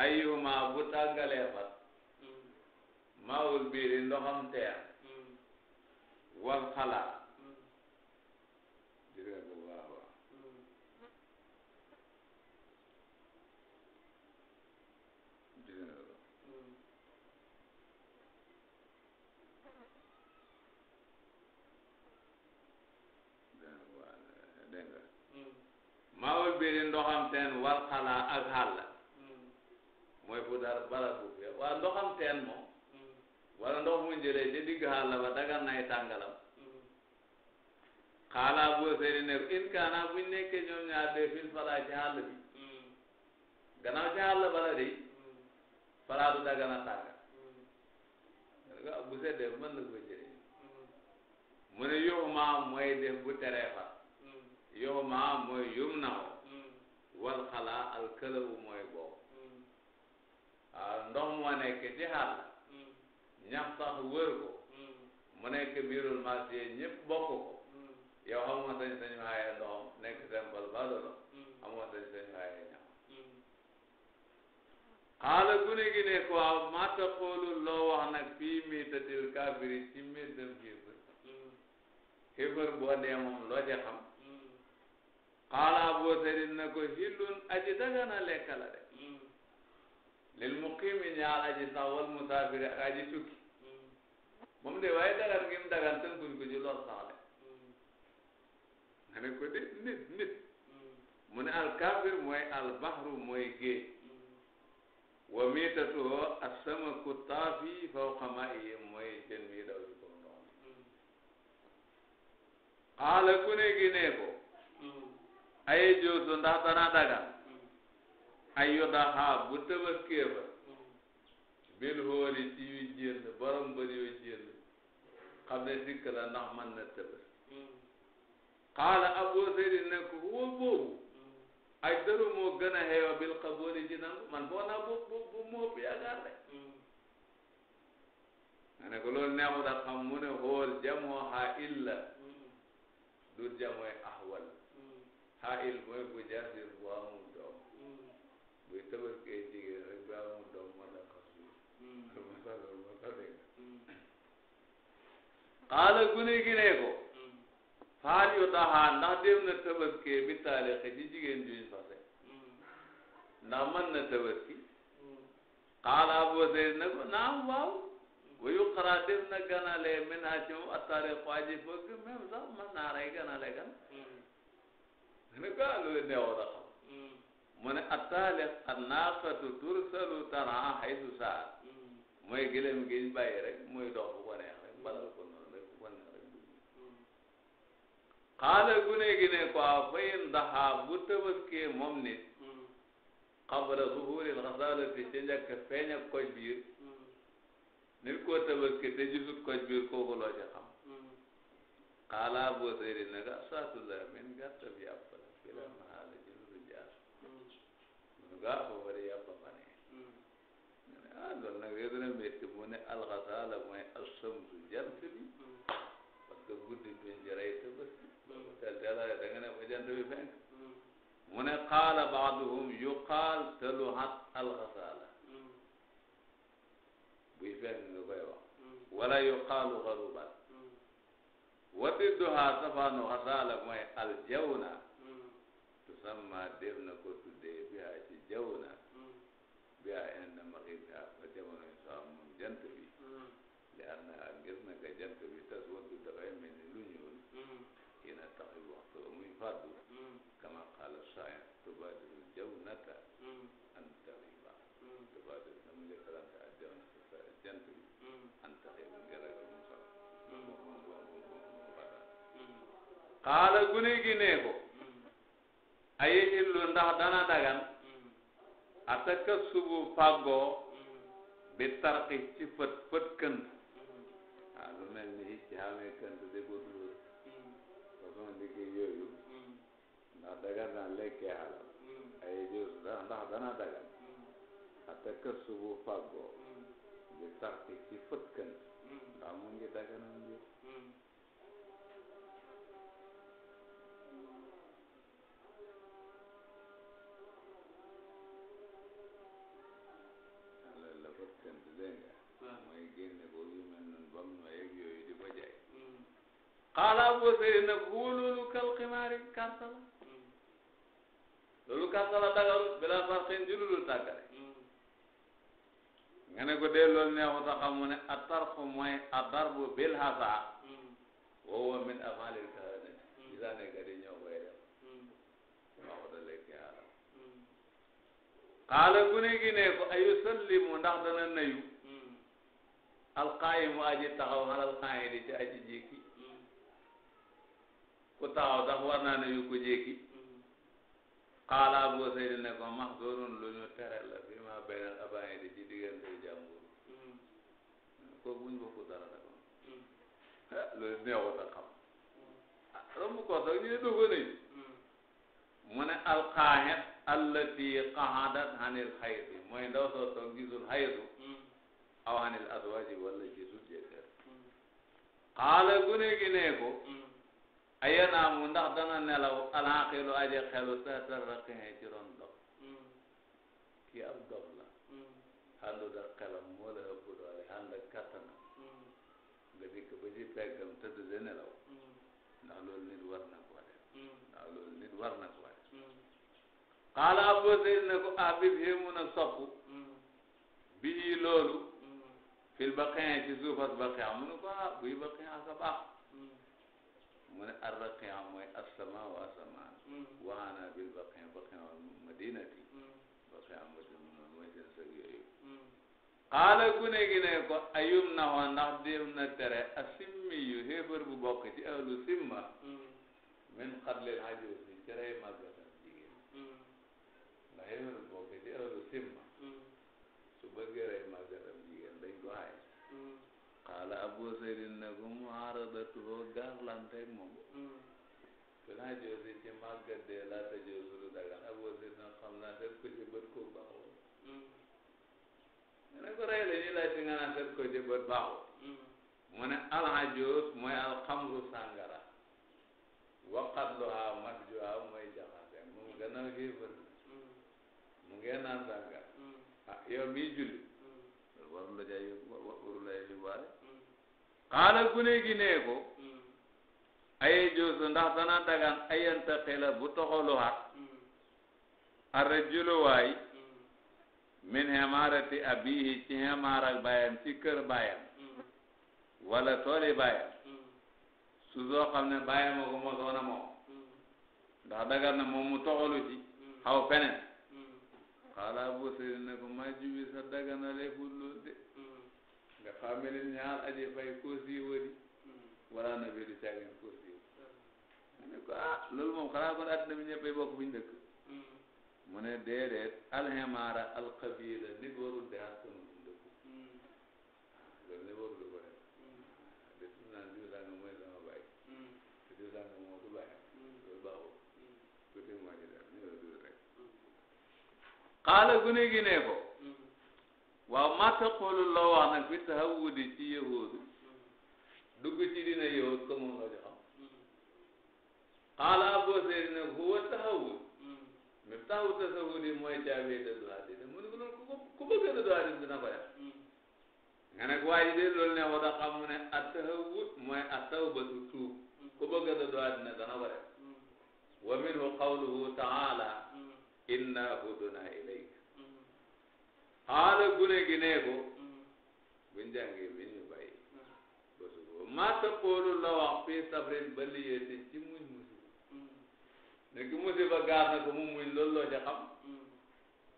ayuma bu tàggalee fat hmm. maawul biiri ndoxam teer wal wal xalaa ak xàll mm. mooy fu dara bala suuf ya waa ndoxam teen moom mm. wala ndox mu jëlee ci digg xàll ba dagan nay tàngalam mm. xaalaa boo seeni ne in kaana buñ nekkee ñoom ñaar de fil falaa ci xàll bi gannaaw ci xàll bala de falaa du dagan a tàngal bu seddee mën na ko jëlee mu ne yow maa mooy def bu teree fa yow maa mooy yum na woo wal xalaa al këlawu mooy boobu waaw hmm. ah, ndox moo nekk ci xàll hmm. ñax sax wër ko hmm. mu nekk biirul marché ñëpp bokk ko yow xamoo sañ sañ xaaye ndoxam nekk sembal badolo xamoo sañ sañ xaaye ñax xaala gune gi ne ko waaw maa taqoolu loo wax nag fii miitatil kaafiri ci mbir dem xiifar xiifar boo dee moom loo ca xam xaala Abu Zaydin na ko hillun aji dagana lekk la de lil muqimi ñaal aji sax wal aji tukki moom waaye dagan ngim dagan tënkuñ ko ci lor sax de de nit nit mu ne alkafir mooy albahru mooy géej wa miitatuhu assamaku taafi fawqa maa'ihi mooy jën mi daw ci kaw ndox mi xaala ku ne gi ne ko ay juusu ndax dana dagan ay yu daxaa bu ba bil hóori ci yu jénn borom bëri yu jénn xam ne sikk la na tëbas xaala abu seydi ne ko huwa boobu ay dëru moo gën a xeewa bil xabooli ci man boo naa bu bu bu mu ëpp yaakaar rek nga ne ko da xam mu ne hóor jamoo illa du jamooy ahwal xaayil mooy bu jaasir bu amul doom buy tabaskee jigéen rek bu amul doom moo ko suur ma sa loolu ma sa dégg xaala gune gi ne ko faal yu taxaa ndax dem na tabaskee bi taalixe ci jigéen juñ fase ndax mën na tabaski xaala boo sey ne ko naam waaw wayu xaraa dem na ganale ménage moom attaare xaaji fëgg même sax ne ko ah loolu neexoon a xam mu ne attaalix annaaqatu tursalu taraa haysu saar mooy gëlëm gi ñu bàyyi rek muy dox bu ko neex rek balal ko noonu rek bu ko neex rek xaala gune gi ne ko fayin ndaxaa bu tëbaskee moom nit xabala zuhuril xasaalati ca njëkk feeñ ak koj biir nit koo tabaski te gisut koj biir kooku loo ca xam xaala boo sëri na ga saatu la min gàttab yàpp gaa ko bari yaa ko mane ah loolu nag réer dana métti mu ne alxasaala mooy asamsu jant bi parce que guddi duñ ci rey te bët tel tel a da nga ne ba jant bi fenk mu ne qaala baaduhum yuqaal taluhat alxasaala buy fenk nga koy wax wala yuqaalu xarubat wati duhaa safaanu xasaala mooy aljawna yusamma def na ko tuddee bi haa ci jaww na bi haa inda maxibi haa fa jamono yi soo am moom jant bi li am na ak ngir naka jant bi tas wontu dafay mel ni lu ñuul ina taxi waxtu muy fàddu kama xaala sayen tubaadiru jaw nata an taxiba tubaadiru na mu jëkkalante ak jaw nata bi an taxiba ngir ak mu sax xaala gune gi ay illu ndax dana dagan ataka subu fàggoo bi tarki ci fët fët kënt ah lu mel ni hic ci xamee kënt di ko dóor façon liggéey dagan na lekkee xalal ay jus ndax dana dagan ataka subu fàggoo bi tarki ci fët kënt ndax mu ngi daganam bi dégg nga mooy génne ko yu mel noonu ba mu nooy ak yooyu ko jaay xaala Abu Seyri nag wu loolu kal ximaari karta la loolu karta la dagarut bila farxin ji dudul tàggale nga ne ko dee loolu neexut a xam mu ne a tarxu mooy a darbu bil hasa mm. wa huwa xaala gune gi ne ko ayu sallimu ndax dana nayu hmm. alqaayimu aji taxaw xalal qaayidi ci aji jékki hmm. ku taxaw ndax war naa nayu ko jékki xaala hmm. Abu Sayd ne ko mahzurun lu ñu tere la fi ma baynal abaayidi ci diggante jàmbur ko buñ bokku dara la ko ah, loolu neexut a xam ah, romb ko sax ñu ne doo ko nayu mu ne alqaayet allati qahadat hanil haydi mooy ndaw soo toog gisul haydu aw hanil azwaji walla gisul jëkkër xaala gune gi nee ko ayanaamu ndax dana nelaw alxaqilu aje xelu tahtal raqihi ci ron dox kii ab dox la xandu da xelam moo la ëpp doole xànd ak kattanam nga dikk ba ci peggam nelaw ndax loolu nit na ko def ndax loolu na ko xaala Abu Zayd ko ah bi fi mun a soppu bii loolu fil baqin ci suufas baqin mu ne ko ah buy baqin asa baax mu ne ar raqin mooy asama wa asamaan waxaana bil baqin baqin wal madinati baqin madina mooy seen sëg yooyu xaala gune gi ne ko ayum na xoo ndax dem na tere asimmi yu xéefar bu bokk ci ahlu simma min xadlil xajoos yi ci rey xemeem bokk ci ahlu simma su bëggee rey magaram jigéen dañ ko xaye xaala abu seydin ne ko mu aaradatuhoo gaarlanteeg moom dinaa joosi ci màggat dee laata joosu lu dagan abu seydin xam naa seet ko ci bët ko baaxul ne ko rey la ñuy laaj ci nga naan seet ko ci bët baaxul mu ne alxajoos mooy alxamru sàngara waqat luhaa mat juhaa mooy jaxase moom gannaaw kii bët mu ngi naan sàngara hmm. ah yow mii julli waru la jaay waru aye joosu ndax dana dagan ayanta xila bu toxalu xat arrajuluwaay ci xemaar ak bàyyam ci kër bàyyam hmm. wala tooli bàyyam hmm. su soo xam ne bàyyam a ko mosoon a moom ndax dagan na xaala Abu Seydi ne ko maa jubi sa daganale pour loolu de nga xaamele ñaar aji fay koo siiwali wala na bi du caagin koo siiw mu ne ko ah loolu moom xanaa kon àddina bi ñëppay bokk buñ dëkk mu ne déedéet alhemaara alxabila ni góoru de xaala gune gi ne ko hmm. waaw maa taqulu loo wax nag fi tahawudi ci yahuudu dugg ci dina yahud ko moom la ñu xam hmm. xaala Abu Zayd ne huwa tahawud mi hmm. taxu tasawudi mooy caabi dëddu hadis mu ne ko loolu ku bëgg a dëddu hadis dina ko def nga ne ko waa ji de loolu ne wada xam mu ne attahawud mooy attawbatu tuub ku bëgg a dëddu hadis ne dana ko def wa minhu qawluhu taala inna huduna ilayk xaala gune gi nee ko buñ jàngee bi ñu bàyyi ba suba maa taqoolu la wax fii sabrin ba liyeeti ci muñ ne ki musiba na ko mu muñ loolu loo ca xam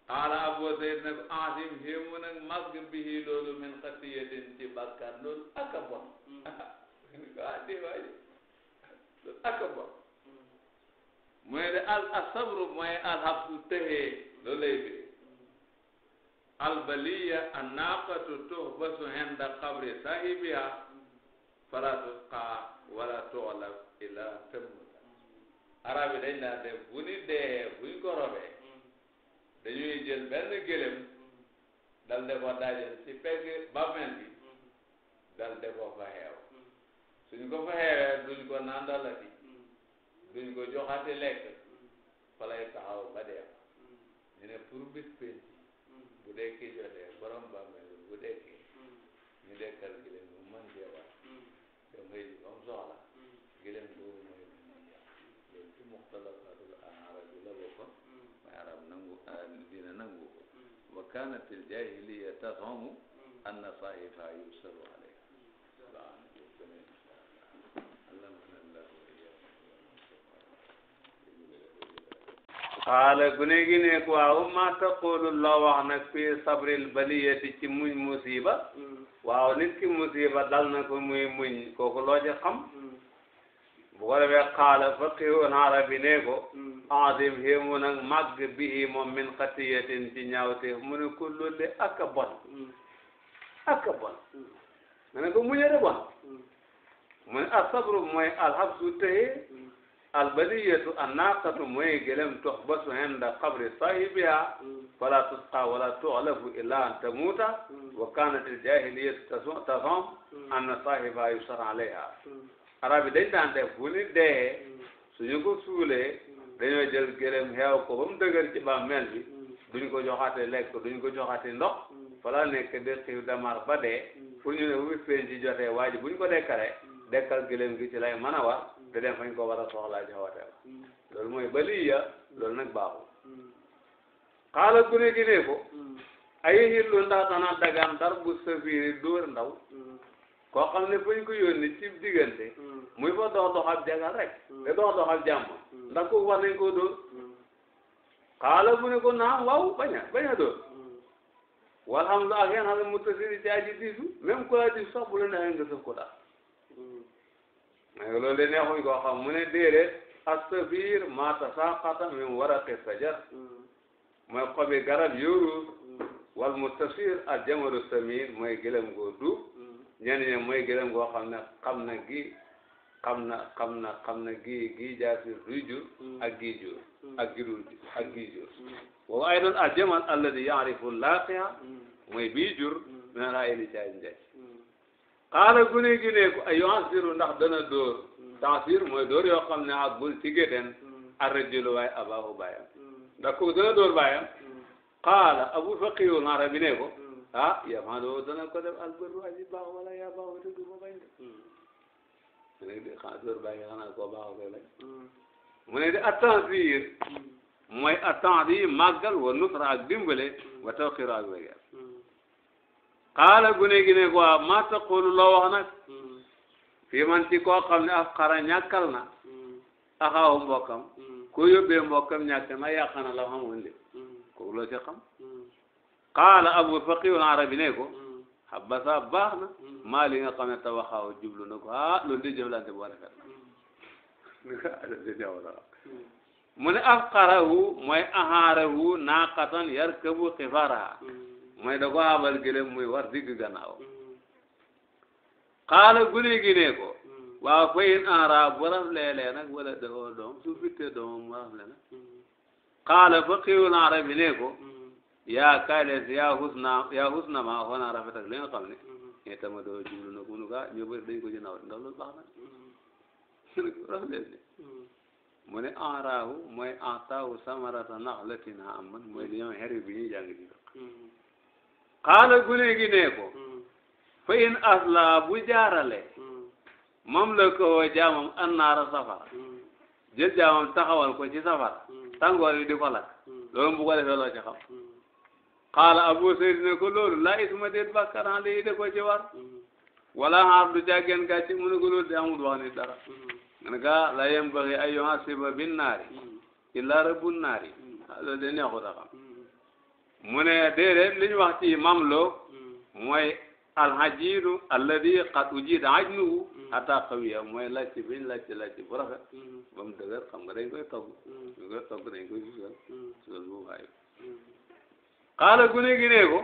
xaala Abu Zayd ne ko asim xéemu nag màgg bihi loolu min xatiyatin ci bàkkaar loolu aka bon ni ko addi waaji loolu aka bon mu ne de al asabru mooy alhabsu tëxee loolu lay firi albaliya annaqatu tuhbasu henda qabri sahibiha fala tusqa wala tu'lab ila tamuta arabi dañ daan def bu ni dee buñ ko robee dañuy jël benn gëlëm dal de ko daajal ci pegg bàmmeel bi dal de ko fa xeew fa xeewee duñ ko nandalati duñ ko joxati lekk fa ba dee ñu ne bis pénc bu dekki jotee borom bàmmeel bi bu dekki hmm. ñu dekkal gileem mu mën cee waat dem hmm. xëy ji bam soxla hmm. gileem boobu mooy lu mu jàpp loolu ci muxtalafaatul arab la bokkoon mooy arab nangu euh, dina nangu ko wa kaanat al jaahiliya tazumu anna saahibaha yusalu qaala gune gi ne ko waaw ma taqulu loo wax nag fi sabril baliyati ci muñ musiba mm. waaw nit ki musiba dal na ko muy muñ kooku loo ci xam mm. bu ko defee qaala faqihun arabi ne ko mm. azim xéemu nag màgg bihi moom min xatiyatin ci ñaawteef mu ne ko loolu ak a bon ak a bon nga ne ko muñe de bon mu ne asabru mooy alxabsu tëye albadiyatu annaqatu mooy gëlëm tox ba su inda qabri sahibiha wala tusqa wala tuxlafu illa an tamuuta wa kanat aljahiliyatu tasum anna sahibaha yusar alayha arab yi dañ daan def bu nit dee suñu ko suule dañoo jël gëlëm xeew ko ba mu dëgër ci bàmmeel bi duñ ko joxaate lekk duñ ko joxaate ndox fala nekk de xiw damar ba dee pour ñu ne bu fi feeñ ci jotee waa ji ko dekkale dekkal gëlëm gi ci lay mën a war di dem fañ ko war a soxlaa ci hôtel hmm. loolu mooy baliya loolu nag baaxul hmm. xaala gune gi ko hmm. ay xillu ndax dana dagaan dar bu safiri dóor ndaw koo xam ne fañ ko yónni ci diggante muy fa dox doxal jagal rek te dox doxal jàmm ndax ko war nañ koo dóor xaala mu ne ko naam waaw baña baña dóor walhamdu ak yéen ne mu tasiri ci aji diisu même ku la diis sax bu la neexee nga sëf ko daal mais loolu de neexuñ koo xam mu ne déedéet astabir ma tasaqata min waraqi sajar mooy xobi garab yóoru wal mustasir al jamaru samir mooy gëlëm goo duub ñenn ñi mooy gëlëm goo xam ne xam na gi xam na xam na xam na gi gi jaasir duy jur ak gi jur ak gi jur wa aydan al jamal alladi yaarifu laaqiha mooy bii jur mina laa ini caay njaay xaala gune gi ne ko ayu asiru ndax dana dóor mm. taasir mooy dóor yoo xam ne ak bun si géden mm. arrajulu waay abahu baayam mm. ndax kooku dana dóor baayam xaala abu faqiwul arabi ne ko ah yamaalo dana ko def albër waaji baax wala yaa baaxu dëgg ma bañ de mu ne de xanaa dóor baay xanaa mu ne de attendir mooy attendir màggal wa nusra ak dimbale wa tawxiir ak wegeel xaala gune gi ne ko ah, maa taqulu loo wax nag fii man ci koo xam ne af xara ñàkkal na axaawu mbokkam koo yóbbee mbokkam ñàkk na yàq na la xamoon de kooku loo ci xam xaala abu faqiihul arabi ne ko habasa baax na maa li nga xam ne na ko ah loolu de jëflante bu rafet la mu ne af xarahu mooy ahaarahu naaqatan yarkabu xifaaraha mooy da ko abal gëlëm muy war digg gannaaw mm. xaala gune gi ne ko mm. waaw fa in enra bu raf leelee nag wala dawoo doom su fittee doomam mu raf le nag mm. xaala fa xiiwul arab ko yaa kaay leen yaa hus yaa hus na maa xoonaa rafet ak li nga xam ne ñe eh, tama doo jublu na kunu kaa ñu bëri dañ ko ci naw ndax loolu baax na raf leen de mu ne enraahu mooy entaahu samarata naxlatin aman mooy li ñoom xeri bi ñuy jàng ci xaala gune gi ne ko hmm. fa asla bu jaarale hmm. moom la ko woo jaamam annaara safara hmm. jël jaamam taxawal ko ci safara tàngoor yi di ko lakk loolu bu ko defee loo abu sayd ne ko loolu laa isma déet bàkkar an ko ci war wala xaar du jàggeen gàcce mu ne ko loolu de amul wax ni dara nga gaa la yem baxi ay yohan siba bin naari illa rabbun naari loolu de neexut a xam mu ne déedéet li ñu wax ci imam loo mooy alhajiru alladi qad ujida ajnuhu hatta qawiya mooy lacc biñ lacc lacc bu rafet mm-hmm. ba mu dëgër xam nga dañ koy togg mm-hmm. dañ koy togg dañ koy suusal mm-hmm. suusal bu baax xaala gune gi ne ko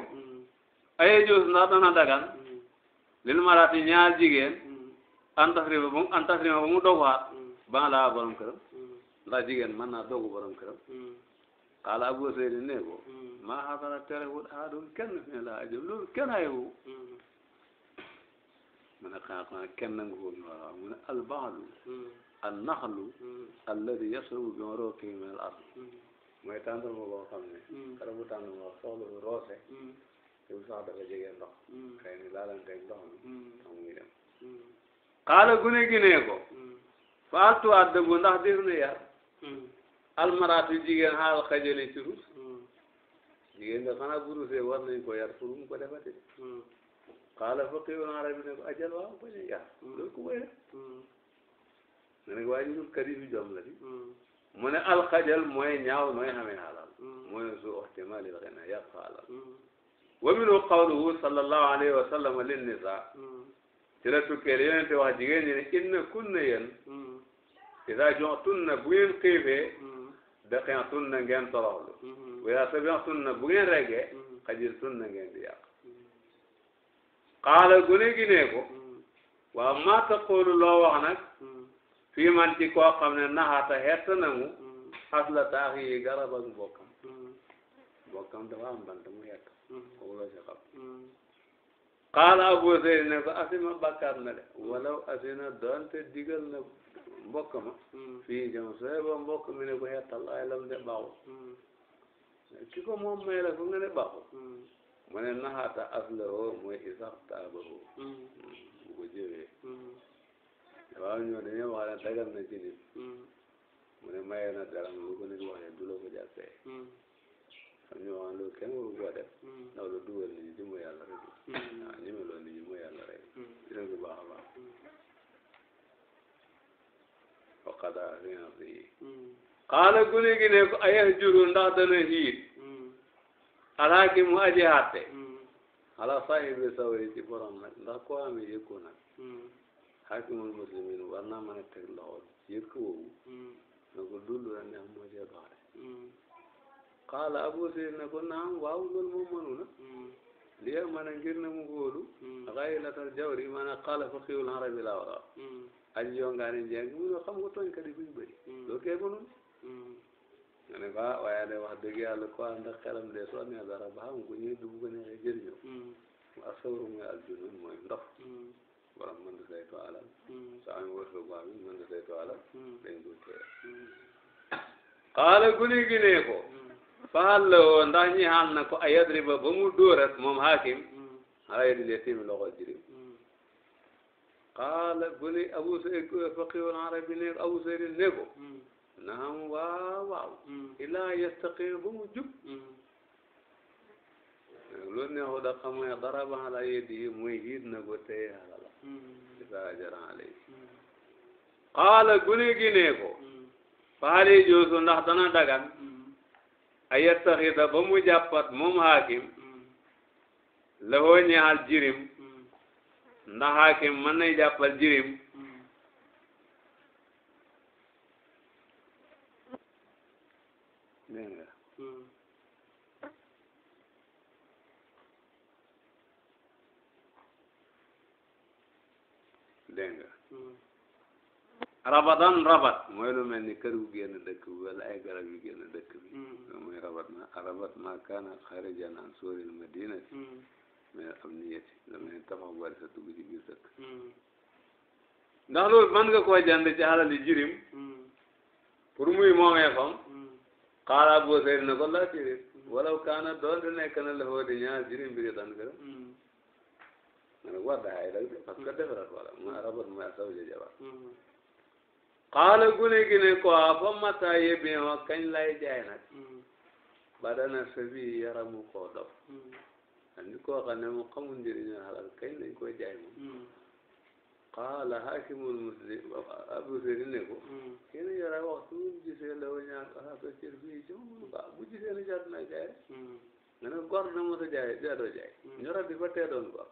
aye juus ndax dana dagan lil marati ñaar jigéen antafrima ba mu antafrima ba mu dogu haat ba nga laa borom këram ndax jigéen mën naa dogu borom këram xaala abu seydi ne ko maa xadara terewul aadun kenn fi ne laa ajab loolu kenn ayewu mu ne xanaa xanaa kenn nangu ko ñu waaw mu ne albaalu annaxlu alladi yasrubu bi maroqihi min al ard mooy tàndarma boo xam ne garabu tàndarma soxla lu roose te bu sax dafa jege ndox xëy na laalanteeg ndox mi tax muy dem xaala gune gi ne ko faatuwaat dëggu ndax dir na yar almaratu jigéen xaal xajali ci rus jigéen nga xanaa bu rusee war ko yar pour mu ko defati xaala faqihul arabi ko ajal waaw bañ a yar loolu ku koy def ne nag waa ñu kat yi fi jom la di mu ne alxajal mooy ñaaw nooy xamee xalal mooy su oxtimalil xena yàq xalal wa minu qawluhu sallallahu alayhi wa sallam lin nisa ci la tukkeel yonente wax jigéen ñi ne inna kunna yéen isa joxtunna bu ngeen xiifee deqin sunna ngeen toroxlu mm-hmm. mm-hmm. wala sabin sunna bu ngeen reggee mm-hmm. xajil sunna ngeen di yàq gune gi ko waaw maa taqoolu loo wax nag fii man ci koo xam ne naxaata xett na mu xas la taax yi garab ak mbokkam dafa am bant mu yekk kooku loo si xam xaala abu zeyd ne ko asima bàkkaar na de walaw asina doonte digal na mbokk ma hmm. fii jëm sooy ba mbokk mi ne ko xettal waaye lam de baaxul hmm. ki ko moom may la fu nga ne baaxul hmm. mu ne naxaata aslahoo mooy isax taabahoo bu ko jëwee waaw ñoo dañoo wax ne dagal na ci nit mu ne maye na dara lu ko nit waxee du la ko jàppee xam ñu waxoon loolu kenn waru koo def ndax lu dugal nit ñi di mooy yàlla rek waaw ñemeloo nit ñi mooy yàlla rek dina ko baax a baax qadaa fi nafsihi qaala gune gi ne ko ayahjuru ndax dana hiit alhakimu aji hàtte ala sahibi sawi ci borom nag ndax ko amee yëkku nag hakimul muslimin war naa mën a teg loxo ci yëkku woowu ne ko dullu la neex moo cee doxale qaala abu sir ne ko naam waaw loolu moom mënu na li ya mën a ngir na mu góolu xaylatal jawri maanaam qaala faqiihul arabi laa hmm. wax aji yongaani njàng mu ne xam nga tooñkat yi buñ bëri doo kee ko noonu ko ah waaye de wax dëgg yàlla ko ànd ak xelam de soo ko ñëw du ko neexee jëriñoo mu mm. asawru muy aljunun mooy ndox mm. borom mën na saytu alal mm. soo amee wërsëg bu amee mën na saytu alal dañ ko teel xaala gune gi ne ko faal la woo ndax ñi mu dóorat moom hakim ala yadi le timi loxo qaala buni abu sayd faqihul arabi ne abu sayd ne ko hmm. naam waaw waaw hmm. ilaa yastaqim ba mu jub hmm. lu neexu da xamay daraba ala yadihi muy hiit na ko tey halala isaa jaran alay qaala gune gi ne ko faali joosu ndax dana dagan a yastaxida ba mu jàppat moom haakim la hoo ñaal jirim ndax hakim mën nay jàppal jirim dégg nga dégg nga rabat mooy lu mel ni kër gu génn dëkk bi wala ay garab yu génn dëkk bi hmm. mooy rabat ma kaana xarijan an suuril mais am niyati damay ne tabax bu bari sa dugg ci biir dëkk ndax loolu mën nga koo jënd ci alali jirim pour muy moomee na ko laa jirim walaw kaana dool di nekk na lafoo di ñaar jirim mbiri tan fira ma ne war da hay rek parce que defarat wala mu arabat mu asaw ja jabar xaala gune gi ko a fa mata yebbi ma kañ lay jaay nag badana sabi yaramu koo dof ni koo xam ne mu xamul njëriñu halal kañ lañ koy jaay moom hmm. qaala muslim abu seri ne ko kene hmm. yara waxtu mu gisee la wa ñaar ala ko cër fii ci moom ba bu gisee ne jar na hmm. ne gor na mos a jaay doo jaay ñora di fa tee doon gor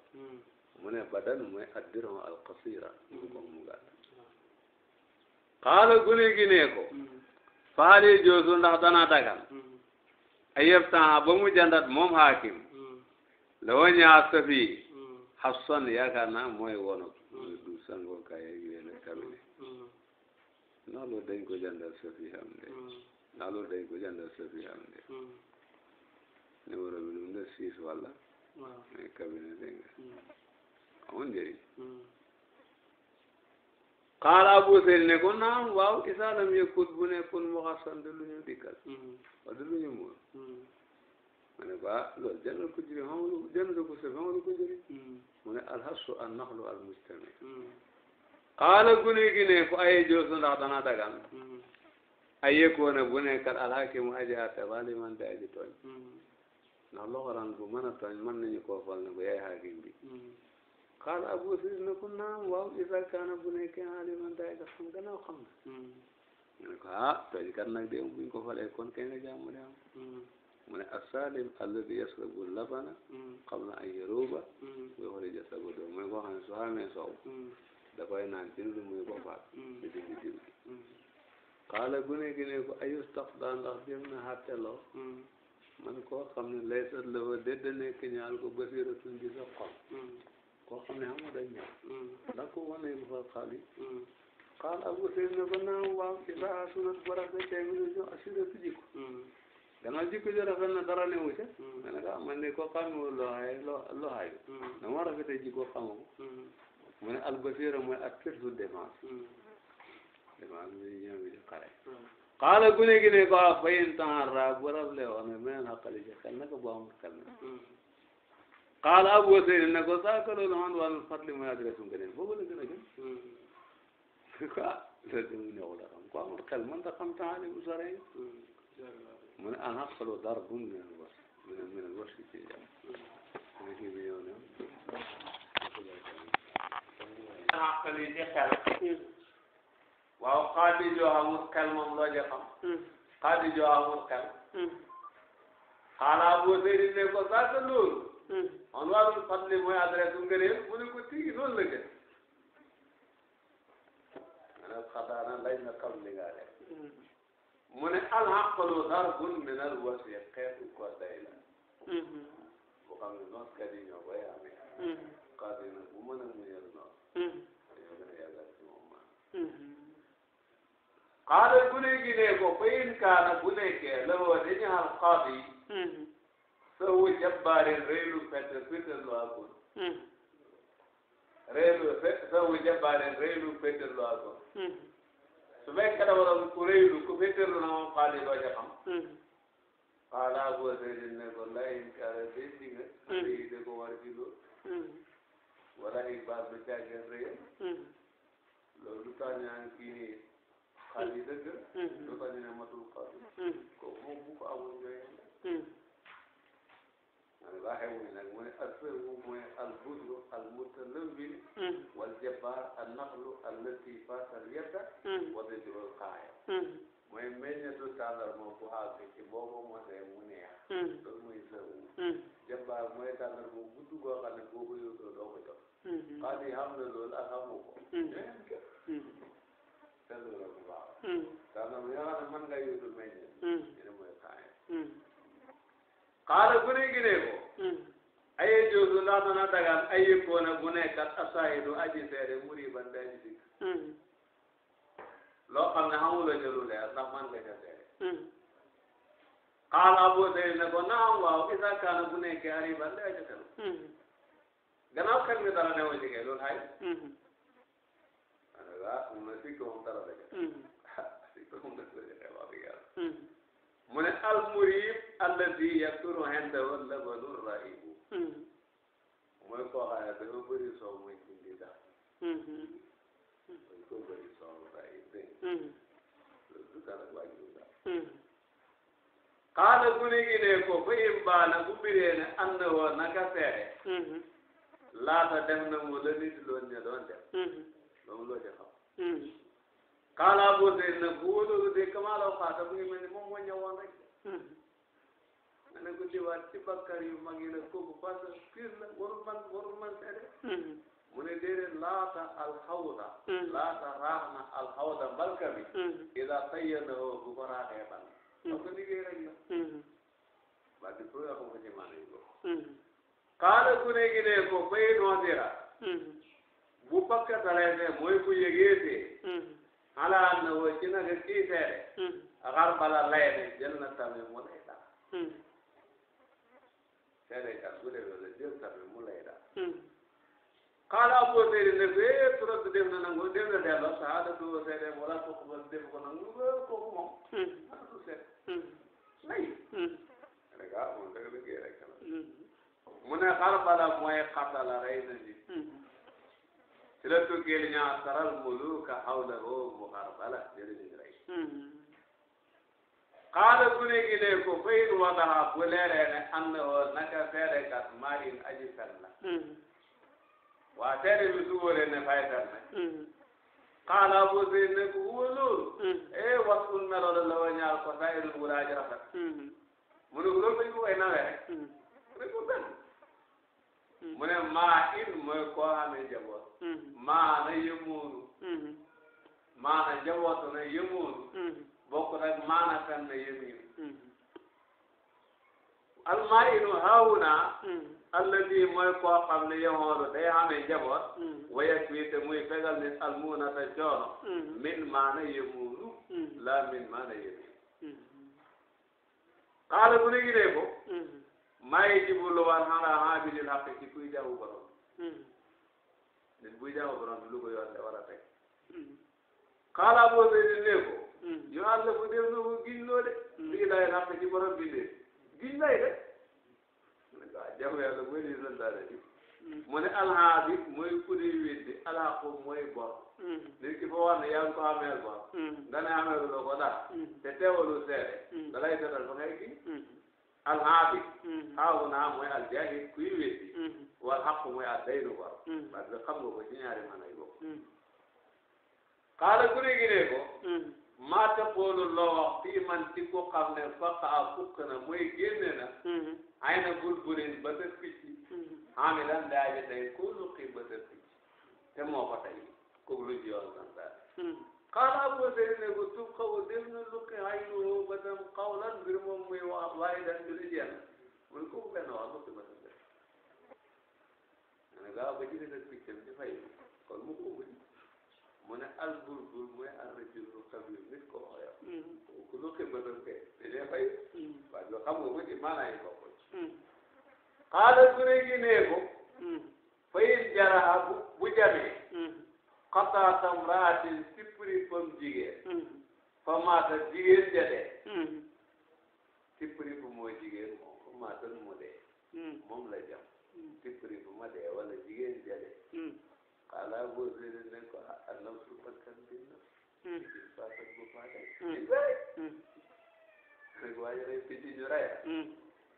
mu ne badan mooy addiron alqasira mu ko mu gàtt qaala gune gi ne ko faali joosu ndax dana dagal ayeb temps ba mu jandat moom hakim la woon yaa safi Hassan hmm. yaakaar naa mooy wono du sangokaay ak yéen a cabinet hmm. ndax loolu dañ ko jàndal safi xam hmm. de ndax loolu dañ ko jàndal safi xam de numéro bi num de six walla mooy cabinet dégg nga amul njëriñ xaala Abu Seyl ne ko naam waaw isaalam yëkkut bu nekkoon Hassan de lu ñu dikkal wa de lu ñu ma ne ko ah loolu jënd ko jëriñ xam nga lu jënd ko sëf xam nga lu ko jëriñ hmm. mu ne alhasu an naxlu al mujtami hmm. xaala gune gi ne fu ayee joosu ndax dana dagan hmm. ayee ko ne bu ne kat alhakimu aji ate bali man de aji tooñ ndax loxoraan bu mën a tooñ mën nañu koo fal ne ko yaay hakim bi xaala abu sis ne ko naam waaw isa kaana bu nekkee haali man de aji xam gannaaw xam na ma ne ko ah tooñ kat nag de buñ ko falee kon kay nga jàmm de am mu ne asaalim alladi yasrabu labana mm. qabla an yaruba muy xorija sagodo mooy koo xam ne su xamee soow mm. dafay naan jënd muy boppaat mm. di dindi diw gi xaala gune gi ne ko ayus tax daa ndax jëm na xàtteloo man koo xam ne lay la fa dédd nekk ñaal ko basiratun di sa xol koo xam ne xamu dañ ñëw ndax ko wane bu fa xali xaal abu sëy ne ko naam waaw sunat baraka tey mi ñu assuré gannaaw jikko ji rafet na dara newu ca hmm. ma ne ko ah man de koo xamewul loo xay loo loo xay hmm. na moo rafetee jikko xamu ko hmm. mu ne albasira mooy ak firtu défense défense mu ne gune gi ne ko ah fayin taharra bu rafle woon menen xaqali ci xel naka bu amul xel na xaala ab waseyni ne ko ka loolu man wàllu fàttali mooy adresse mu gëneen foofu la gën a jëm quoi ah, loolu de mu neexul a xam ko amul xel man ta xam temps ali bu soree mu ne an aqlu darbun min al wash min min al wash ci ne kii bi xel waaw xaadi joo amul xel moom loo ja xam xaadi joo amul xel xaalaa boo sëydi ne ko saa sa loolu on wàllum fadli mooy adresse bu ngëneel mu ne ko tigi noonu la mu ne alxaqlu darbun min alwasiq xeetu kodday la mhm. bu xam ne nooskat yi ñoo koy amee mhm. xaadi na bu mën a muñal noos dañoo mhm. gën a yàggal ci moom maa xaada bu ne ginee ko fayin kaana bu nekkee la woo dañu xal xaadi sawu jabbaarin reylu fett fetelu akun reylu sawu jabbaarin reylu fetelu akun su fekkee dafa doon ku rëy lu ku féeteerlu na moom xaalis doo ca xam. xaala hmm. boo seetlu ne ko lay kare bee ji nga. xale yi da ko war ci lool. Hmm. wala yi baal ba caagin rëy. Hmm. loolu tax ñaan kii nii xaalis dëgg. lu tax ñu ne matul xaalis. kooku moom bu ko amul ñooy. man waxee wuñ nag mooy asfahu mooy albudru almutalawwin wal jabbaar al naqlu allatifa al yadda wadajurul qaaya mooy meññetu tàllal moo bu àgg ci boobu moo see mu neex loolu mooy sawu jabbaar mooy tàllal bu gudd goo xam ne boobu yóotoo doo ko jox xaal yi xam na loolu ak xamu ko ñeneen kër te loolu bu baax tàllal bu yoo xam ne mën nga yóotu meññet ñu ne mooy qaaya xaala ku ne ginee ko aye joosu ndax dana dagaan aye koona bu nekkat asaayidu aji seede muriban di aji dikk loo xam ne amuloo ca lu leer ndax man nga ca seede xaala boo seede ne ko naam waaw isa kaana bu nekkee ariban di aji selu gannaaw xel mi dara newoo ci kay loolu hay ah mu ne sikki moom dara la ca sikki moom dara la ca wax dëgg yàlla mu ne al murib alladi yakunu indahu labanu rahibu mooy koo xam ne dafa bëri soow muy indi daal hmm. mooy ko bëri soow rahib hmm. dégg loolu du dara wàññi daal hmm. xaala ku ne gi ne ko fa imbaana bu biree ne annahu naka seere laata def na mu la nit loon ne doon def moom loo ca xam xaala boo seen na bu wóolu de kamaalaw xaata mu ngi mel ni moom moo ñëwoon rek dana hmm. hmm. hmm. ko diwaat ci bakkar yu mag yi nag kooku parce que la warul man warul mu ne déedéet laata alxawda laata raax na alxawda mbalka bi ida tayyanahu bu ko raaxee ban parce que liggéey rek la ba di pour ko ko ci maanaam ko xaala ku ne gi ne ko fay noosira bu bakka dalee ne mooy ku yëgeetee ala na woo ci nag kii seede xar bala lay ne jël na tamit Sénégal bu demee la jël tamit mu lay daal. xaaral boo seetlu ne bee trop de dem na nangu dem na delloo saa la doo seetee wala kooku ba dem ko nangu kooku moom. ah du seet. lay. rek ah moom dëgg la kii hmm. rek la. mu ne xaaral bala mooy xatala rey na nit. si la tukkee li ñu naan saral muluka hawlahu mu xaaral bala jëriñu rey. xaala ku ne ilee ko fayit wadaha bu leeree ne am na woon naka feere kat marin aji fen la waa teere bi su wóoree ne fay fen la xaala abu zeyd ne ko huwa loolu ee wasful meloon la wa ñaar ko sayrul wulaaji rafet mu ne ko loolu dañ ko koy nawee rek mu ne ko benn mu ne maa in mooy koo xamee jaboot maa na yemoonu maa na jabootu na yemoonu bokkut ak maana fenn yëmin mm-hmm. almaayinu haahuna mm-hmm. alladi mooy koo xam ne yowoolu day xamee njaboot mm-hmm. wayak wi te muy fegal nit almuunata coono min maana yemuunu la min maana yemin xaala bu ne ginee ko maa ngi jibu lu war xala xaabidil xaq ci kuy jaamu borom nit buy jaamu borom bi lu ko yoon de war a teg xaala boo seedi nee ko yoo xam ne bu dee ko giñ loo de. Hmm. lii daay naa ko ci borom bi de giñ lay de. waaw ah, jaamu yàlla mooy lii sax daal di. mu ne alhaa bi mooy ku di weddi alhaa ko mooy bor. Hmm. nit ki foo wax ne yaa ngi ko ameel bor. Hmm. nga ne ameel loo ko dara. te teewalu seere. da lay seetal fa ngay giñ. alhaa bi. xaawu naa mooy aljaahil kuy weddi. wal xaq mooy addaynu bor. parce que xam nga ko ci ñaari maanaam yi bokk. xaaral ku ne gi ne ko. maa taqoolu loo wax man ci ku xam ne faqaa fukk na mooy génne na. Mhm. ay na bulbulin ba sa picc. Mhm. amilan daa ji tey ku luqi ba sa picc te moo ko tey kooku lu ji yoon sant daal. xaaral mhm. Abu Zayd ne ko suuf xaw a def na luqi aynuhu ba tam xawlan mbir moom muy wax waaye daal di lu jeex mun kooku benn wax luqi ba sa picc. ma ne gaaw ba ji sa picc ci fay kon mu ko wuti. mu ne al bulbul mooy al rajulu xabiir nit ko oyof mm. ku lu xibbatal kay dee fay mm. waaye lu xam nga ko ci maanaam yi bokk ci mm. xaala ko fayin jaraha bu bu jamee xataatam raatin sippri fam jigéen fa maata jigéen ja dee sippri bu mooy jigéen moom fa mu dee moom la jam sippri bu ma dee wala jigéen ja xaala boo ne ko an nafsu bakkan bi na il faut que bu ma dee waaye rek ci ci ñu rey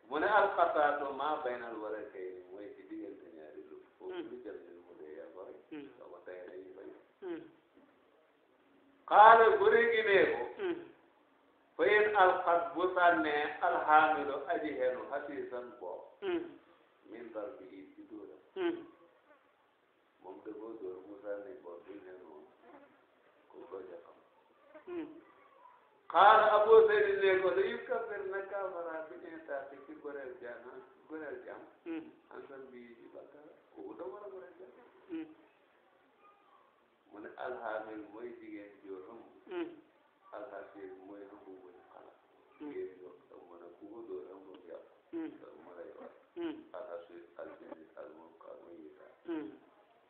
mu ne alxataatu maa baynal wara kay mooy ci diggante ñaari lu foofu lu jël ñu mu dee yaa bari soo ko tey rek ñu bañ xaala gure gi ne ko fa in alxat bu sànnee alxaamilu aji henu hasiisan boo hmm. min darbi ci dóoram hmm. moom dëggoo door Musa ni ko diine moom ko ko jaxam xaala Abu Seydi ne ko la yukka fer na kaafara bi insaati ci goreel jaan goreel jaan an san bi ci bakkara kooku doo war a goreel jaan mu ne alxaamil mooy jigéen joo xam alxaamil mooy xamu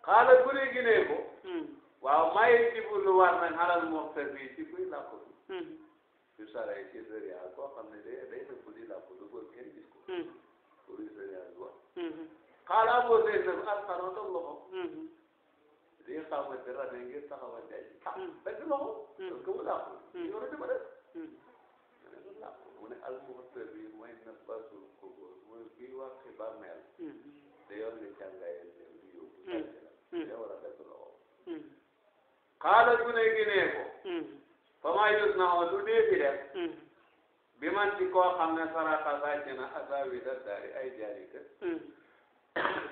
xaala gune gi ne ko hmm. waaw maa ngi ci bu nu war nag xalal moxtar bi ci kuy làkk bi hmm. saray ci sëriñ ak koo xam ne day a na bu di làkk du ko kenn gis ko hmm. pour di sëriñ ak wax xaala boo sëy na ak xanoo toog loxo di xaw ma dara ne ngir taxawal day ci tax ba di loxo parce que mu làkk yoonu dama xaala gune gi ne ko fama yus na on lu dee bi def bi man ci koo xam ne saraka sàcc na asaawi da daari ay jaari kër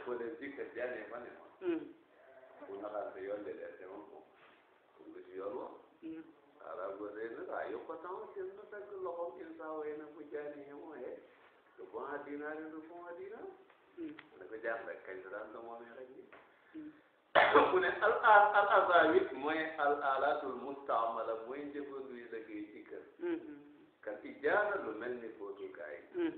ko leen dikka jaane ma ne moon bu naxante yoon de dee demam moom ko ngi ci yoon woon ala gone na raa yokko taw seen na dagg loxom insa way na bu jaani hemo he du bon a dinaari du bon a dinaar na ko jaar rek kañ daan la moomee rek ni mu ne al al al azawi mooy al alatul mustaamala mooy njëgoon luy liggéey ci kër mm-hmm. kan ijaana lu mel ni fóotukaay mm-hmm.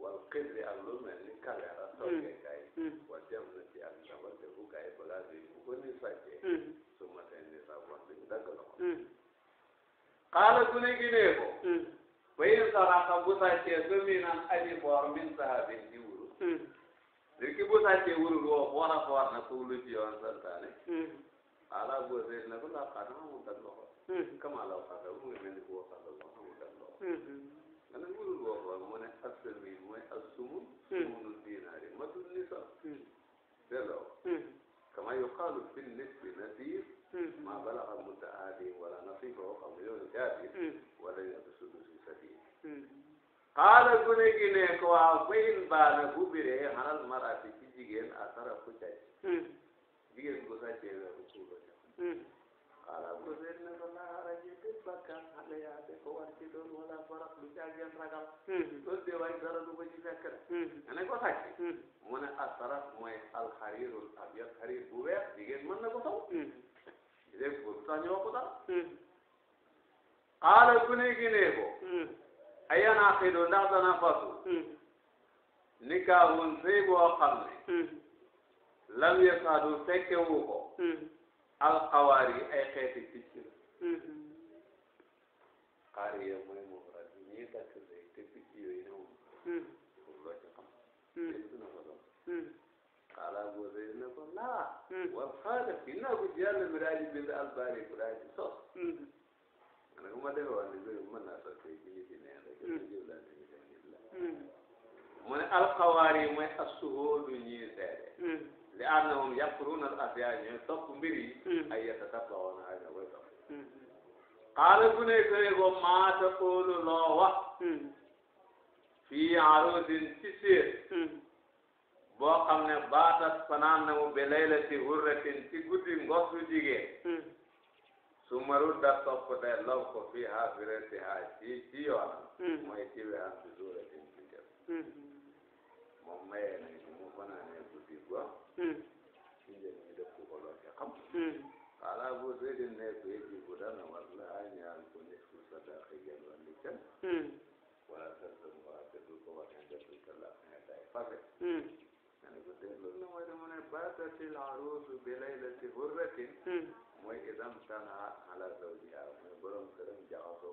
wal xirri ak lu mel ni caméra toggeekaay mm-hmm. wal jam na ci ak sabal defukaay balaas yi bu ko ni sàccee su ma teen ni sa wax bi dagg la ko xaala ku ne gi nee ko bayin saraka bu sàccee su miinaan aji boor min sahabin di wuru nit ki bu sàccee wurul woo foor a foor na ko lu ci yoon santaane hmm. ala boo seet na ko laa xaata xamul dag loxo hmm. kama law xaata bu nga mel ni boo xaata loo xamul dag loxo hmm. nga ne wurul woo foor mu ne asami mooy asumul sumunul dinaari matul nisab delloo kama yuqaalu fi nisbi nasir ma balaxa mutaadi wala nasifa oo xam yoonu jaati wala ñu sudus si sadir xaala gune gi ne ko waaw bayin baana bu biree xanal maraati ci jigéen asara ku cay jigéen bu sàccee weeru suuba ca xaala bu seen ne ko laa raje def bakkan xale yaa de ko war ci doon wala farat lu jàggeen ragal loolu de waay dara du ko ci fekk rek nga ne ko sàcc mu ne asara mooy alxarirul abyad xarir bu weex jigéen mën na ko saw jigéen bu sax ñoo ko dara xaala gune gi ne ko ayaan aqidu ndax dana fasu nikaahun sëy boo xam ne lam yasadu fekke wu ko hmm. alxawaari ay xeeti picc la xaari hmm. ya mooy mufrad ñi takk sëy te picc yooyu ñëw hmm. pour loo ci xam dina ko doon xaala boo sëy na ko laa wal xaala innaa ko jàll mi daa ji bind albaari ku daa ji sos man ku ma dégg wax ne loolu mën naa sotti ci li ci neex rek ñu jëflante ñu dem nit la mu ne alxawaar yi mooy assuhóodu ñuy seede hmm. li annahum yaqruna al asiya ñooy topp mbir yi hmm. ay yatatafawoona ay nga koy topp xaala hmm. ku ne ko maa ne baatat fanaan na mu bi laylati hurratin ci guddi su marul da topp de law ko fii ha birete ha ci ci yoon mooy ci we am ci suura din ci jëf moom mayee ne ni mu fanaanee guddi go ci njël mi dëpp ko loo ci xam xaala bu seedin ne ko yëgi bu dana war la a ñaan ko nit ku sa da xëjal wa li can wala sa sa mu waa te du ko waxe dëpp sa la ne day fase ne ko déglu na mooy dama ne baatatil aruusu bi laylati hu istamtana ala zawjiha muy borom këram jaxasoo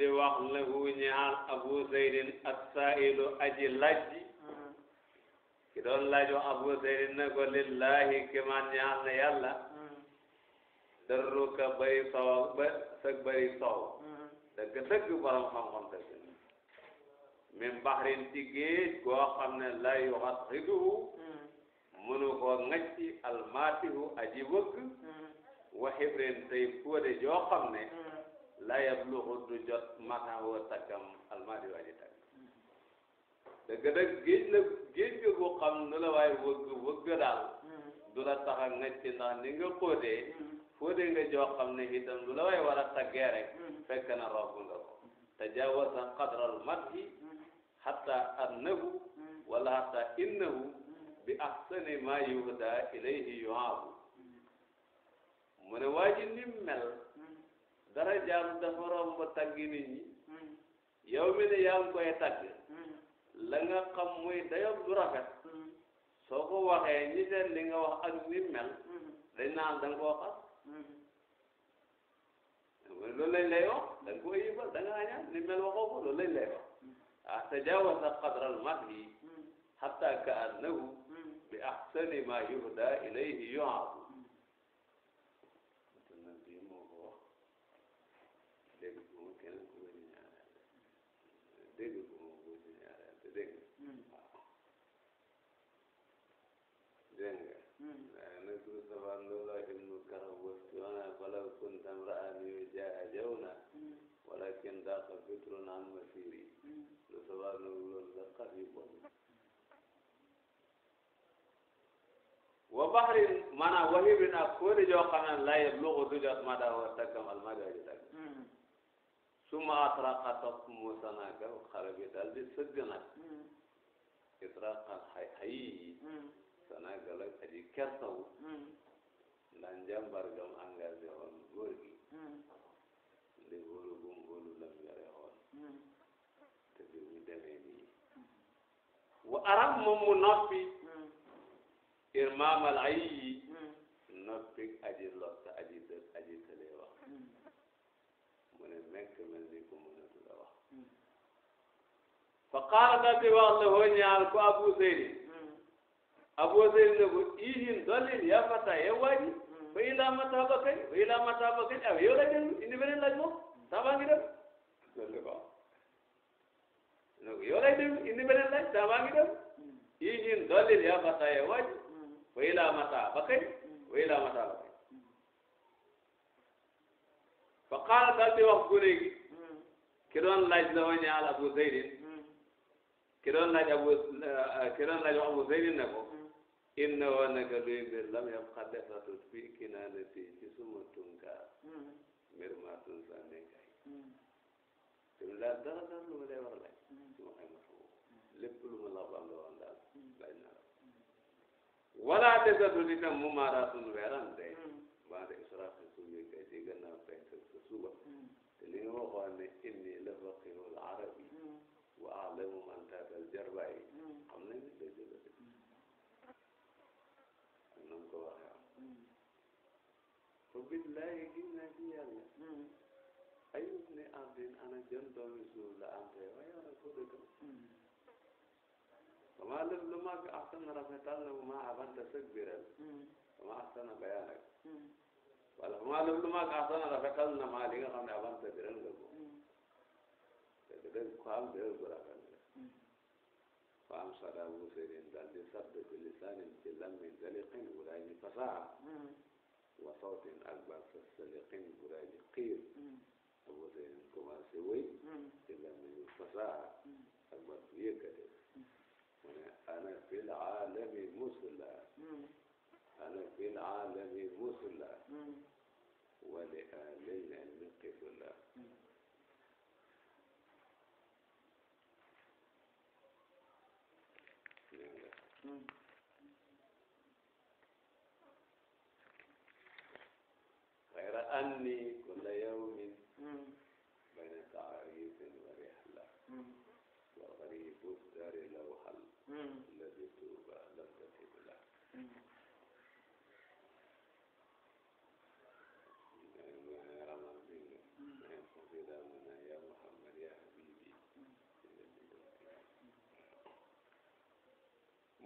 di wax lahu ñaal abu zeydin assailu aji laaj ki doon laaj abu zeydin na ko lillahi kiman ñaal na yàlla darruka bari sow bari sow dëgg dëgg borom xam-xam dëgg min bahrin ci géej goo xam ne la yuxatxiduhu mënu ko ngacci almaatihu aji wëgg wa tey fóode joo xam ne la yabluxu du jot matan woo takkam almaadi waa ji takk géej la géej nga ko xam nu la waaye wëgg wëgg daal hmm. du la tax a ngacc ndax ni nga xóotee fóotee hmm. nga joo xam ne itam lu la waaye war a taggee rek hmm. fekk na romb nga ko tajawasa qadral madhi hatta annahu wala hatta innahu bi ahsani ma yuhda ilayhi yuhaabu mu ne waa ji mel dara jaam dafa romb taggi nit ñi mm. yow mi ne yaa koy tagg mm. la nga xam muy dayob du rafet mm. soo ko waxee ñi seen li nga wax ak ni mel dañ naan da nga lay wax da nga yibal da nga ni mel waxoo ko loolu lañ lay wax ah tajawasa qadral madhi hatta ka annahu bi ahsani ma yuhda ilayhi yuabu lakin daaka fitrun an masiri lu sabab na wuloon la xar yu bon wa baxrin maanaam waxibin ak kóodi joo xam ne la yebluxu du jot ma daa war taggam al ma daa ji tagg suma atraqa topp mu sanaga xale bi dal di sëgg nag itraqan xay xayi sanaga la aji kertaw ndax njàmbar gam engagé woon góor gi wa arab moom mu noppi hmm. irmaamal ayyi hmm. noppi aji lot aji dël aji tëlee wax hmm. mu ne mekk mel ni ko mënatu la wax fa qaala daldi wax la hoo ñaal ko abu zeydi abu zeydi ne ko ihin dollil yaa fata yaa waaji fa ilaa ma taaba kañ fa ilaa ma taaba kañ aw yow la jël indi beneen laaj moom taaba ngi dem loolu ko yow lay déglu indi beneen laaj daa maa ngi dem hmm. yii ñun dollil yaa mataye waaj hmm. wa ilaa mata ba kañ hmm. wa ilaa mata ba kañ fa qaala daal di wax ki doon laaj dama ñaal abu zaydin ki doon laaj abu eh, ki doon laaj abu zaydin ne ko inna wa naka luy mbir lam yam xadde fatut fi kinaanati ci suma tunkaar mbir maa tun sànni kay te mu daal dara dara lu lay wax ma xayma foofu lépp la wax la woon daal laaj na la wala desatu ni tam mu maaraatun weerante wante israf su ñu kay ci gannaaw fekk sa te li nga ne inni la faqihul arabi wa alamu man taatal jarbaay xam ne dëgg la dëgg am na mu ko waxee am ko billahi gis naa ci ayub ne abdin ana jën doomi suuf la am te waaye ana ko dëgg kama lëf lu mag axsana rafetal na ma abanta sëg biral kama axsana bayaanak wala kama lëf lu mag axsana rafetal na ma li nga abanta biral nga ko dëgg dëgg ko am biral bu rafet la fa am sada bu serin dal di sadd bi lisaanin ci ak barsa saliqin bu daa ji ci wéy ci lamiñu fasaha ak baat bu yëkkate mu ne ana fil aalami musla mm. ana fil aalami musla mm. wa li ahlil ilmi qibla xayra mm. anni kulla yow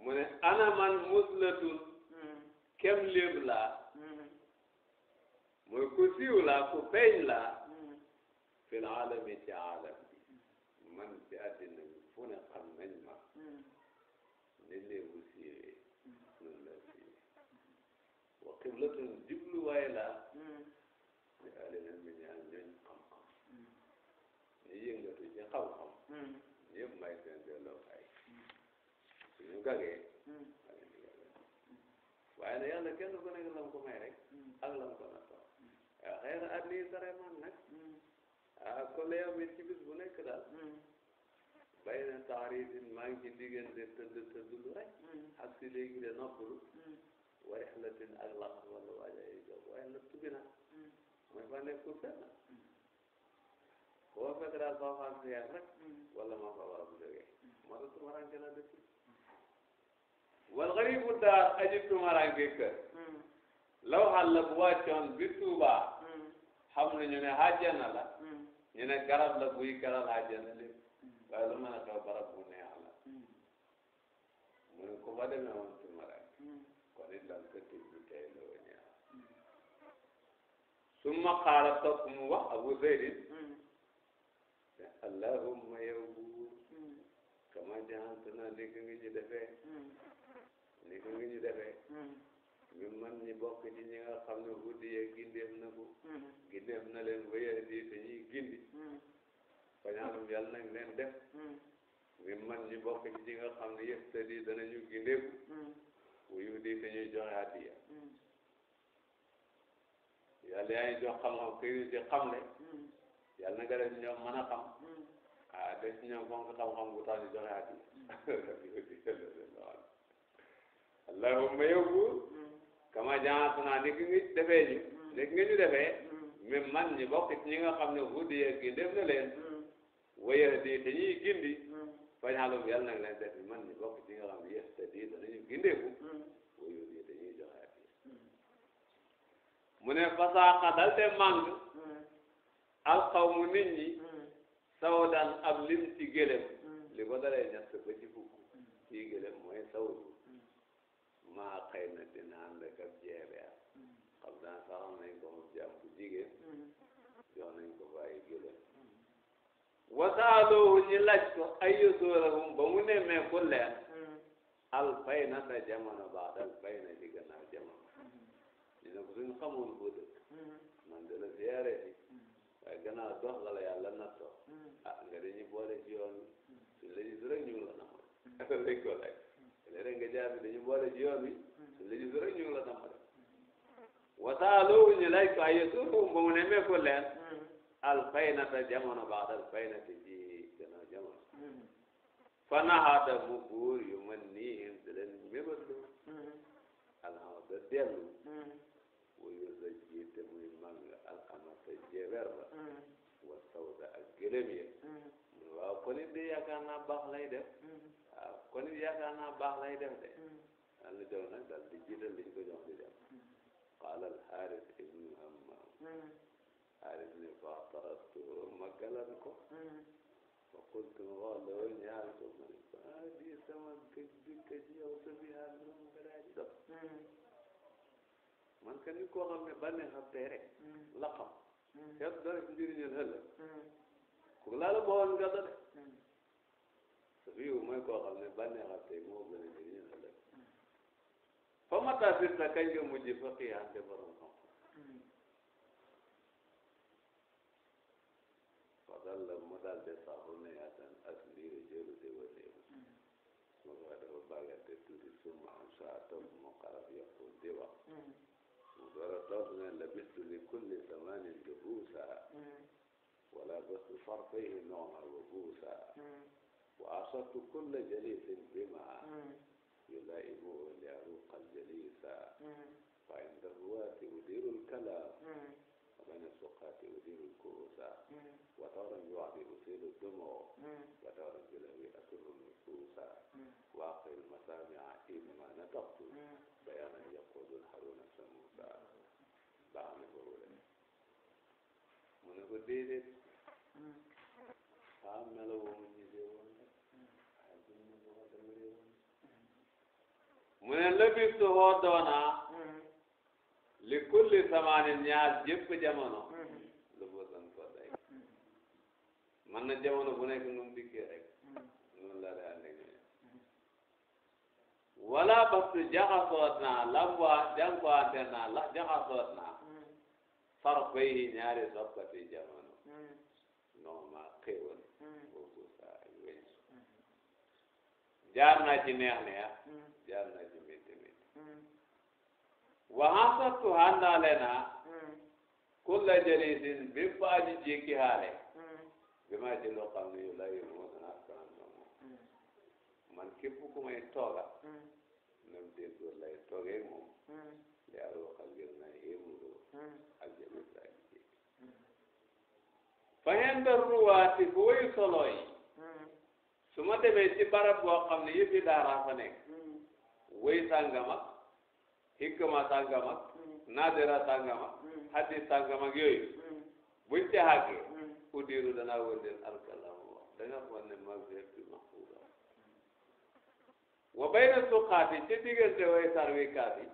mu ana man muslatun kem léeb laa mooy ku siiw laa ku feeñ laa fil alami ci alam bi man ci àddina bi fu ne xam nañ ma ne léebu siiwee noonu laa siiwee wa qiblatun jubluwaay laa gagee waaye nag yàlla kenn ku nekk lam ko may rek ak lam ko nattoo waaw xëy na at lii sare man nag ah comme yow mi bu nekk daal bay na taaritin maa ngi ci diggante tëdd tëddlu rek ak si léegi de noppalu waaye xalatin ak laq wala waaja tubi na mooy fa nekk fenn koo fekk daal baa faa rek wala maa fa war a bu jógee moo tax tumaranke wal garibu daar aji tumaranke kër law xàll bu wàccoon bi tuuba xam na ñu ne hajjana la ñu ne garab la buy garal hajjana lépp waaye lu mën a xew barab bu neex la mu ne ko fa demee woon tumaranke kon it lan ko tëj bi tey loo ñaar summa xaala topp mu wax abu zeydin ne allahumma yow buur kama jahantuna dégg nga ñu defee ni ko ngi ñu defee hmm. ñu man ñi bokk ci ñi nga xam ne guddi ya gindeef na ko hmm. gindeef na leen ba yahdi te ñuy gindi hmm. fañaanam yàlla nag leen def mi man ñi bokk ci ñi nga xam ne yëftadi danañu gindeeku wuyu di te ñuy joxe addiya yàlla yaa ngi jox xam-xam kër yi ci xamle yàlla na nga def ñoom mën a xam ah def ñoom fonk xam-xam bu tax ñu joxe addiya allahumma yow buur kama jaatuna ni ki ngi defee ñu ni ki ngi ñu defee même man ñi bokk ci ñi nga xam ne hudi ya gi def na te ñuy gindi fañaalum yàlla nag leen def man ñi bokk ci ñi nga xam ne yes te di danañu gindeeku wayu di te ñuy joxe ak mu ne fasaqa dal de màng alqawmu nit ñi sawdan ab lim ci gélem li ko dalee ñett ba ci fukk ci gélem mooy sawdu ma xëy na dina ànd ak ab jeereer mm-hmm. xam naa saxal nañ ko moom jàmm bu jigéen mm-hmm. jox nañ ko bàyyi gëlëm wasaaloohu ñu laaj ko ayu suurahum ba mu nemmee ku leen mm-hmm. na ta jamono baax alfay na ci gannaaw jamono ñu ne ko suñ xamoon foo dëkk man dana siyaare ji waaye gannaaw dox la la ah, nga dañuy boole ci yoon suñ ñu la namoon lañ ko laaj léeg nga jaar dañu boole ci yoon bi suñ la gis rek ñu ngi la dama de wasaaloo ñu lay ko ay suufu ba mu nemmeeku leen hmm. alfaynata jamono baax alfaynata ji gannaaw jamono hmm. fanahaata mu buur yu man nii him si leen mébatlu hmm. alhamata dellu wuyu la jiite muy mang alxamata jeber la wa sawda ak gëlëm ya mu waaw kon it de yaakaar naa baax lay def waaw kon it yaakaar naa baax lay dem de hmm. al jox nag daal di jiital liñ ko jox di hmm. hmm. ko fa qultu ma wax la woon ñaar ko ma ne ko ah di sama gëj bi gëj sa bi xaal moom nga daa di def man ka ni koo xam ne ba neex ab tey rek la xam xeet dara njëriñal ëllëg ku laala bowoon nga de safiihu mooy koo xam ne bànneexam tey moo gën a jëriñ ëllëg fa mata sirta kañ nga mujj faqiihan te borom xam-xam fa dalla mu daal de saxu ne yaatan ak liire jëru de waneewu su ma ko dafa bàggante tuuti summa am saa topp mu xaraf yokku di wax mu door a topp ne la bistu li kulli samanin buusa mm. wala bastu farfayhi noomar wa buusa mm. wa asabtu kulla jalisin bimaa yulaa'imuhu li aruuqa al-jaliisa fa inda ruwaati udiiru al-kalaam wa bayna as-suqaati udiiru al-ku'uusa wa tawran yu'di usiilu ad-dumaa wa tawran bilawi asurru an-nufuusa wa aqri al-masaami'a innamaa nataqtu bayaanan yaquudu al-haruuna as-samuusa baax na ko wóoree mu ne ko déedéet. ah meloo mu ne labistu hoo doona mm-hmm. li kulli samanin ñaar jëpp jamono mm-hmm. lu bosan ko day man na jamono bu nekk nu mu dikkee rek mm-hmm. noonu la daa nekk wala bastu jaxasoot naa lamba jànkuwante naa la jaxasoot naa far koy yi ñaari soppati jamono non maa xéewal boobu saa weesu naa ci neex neex naa ci waxaan sa tu naa kulla jalisin bépp aji jékki haale bi ma ci loo xam ne yow laa yëngu moo dana askanam na moom man képp ku may tooga nam déggoo lay toogee moom li al waxal ngir na yéemuloo ak jëmit laa ji jékki fahen da ruwaati bu wayu solo yi su ma demee ci barab boo xam ne yëpp yi daaraa fa nekk way sàngama hikma sàngam ak hmm. naadira sàngam ak hmm. hadis sàngam ak yooyu hmm. buñ ca àggee udiru danaa wëndeel alkalaam wax da nga xool ne mag bi bi mahfuda wa bayna suqaati ci diggante way sarwikaat yi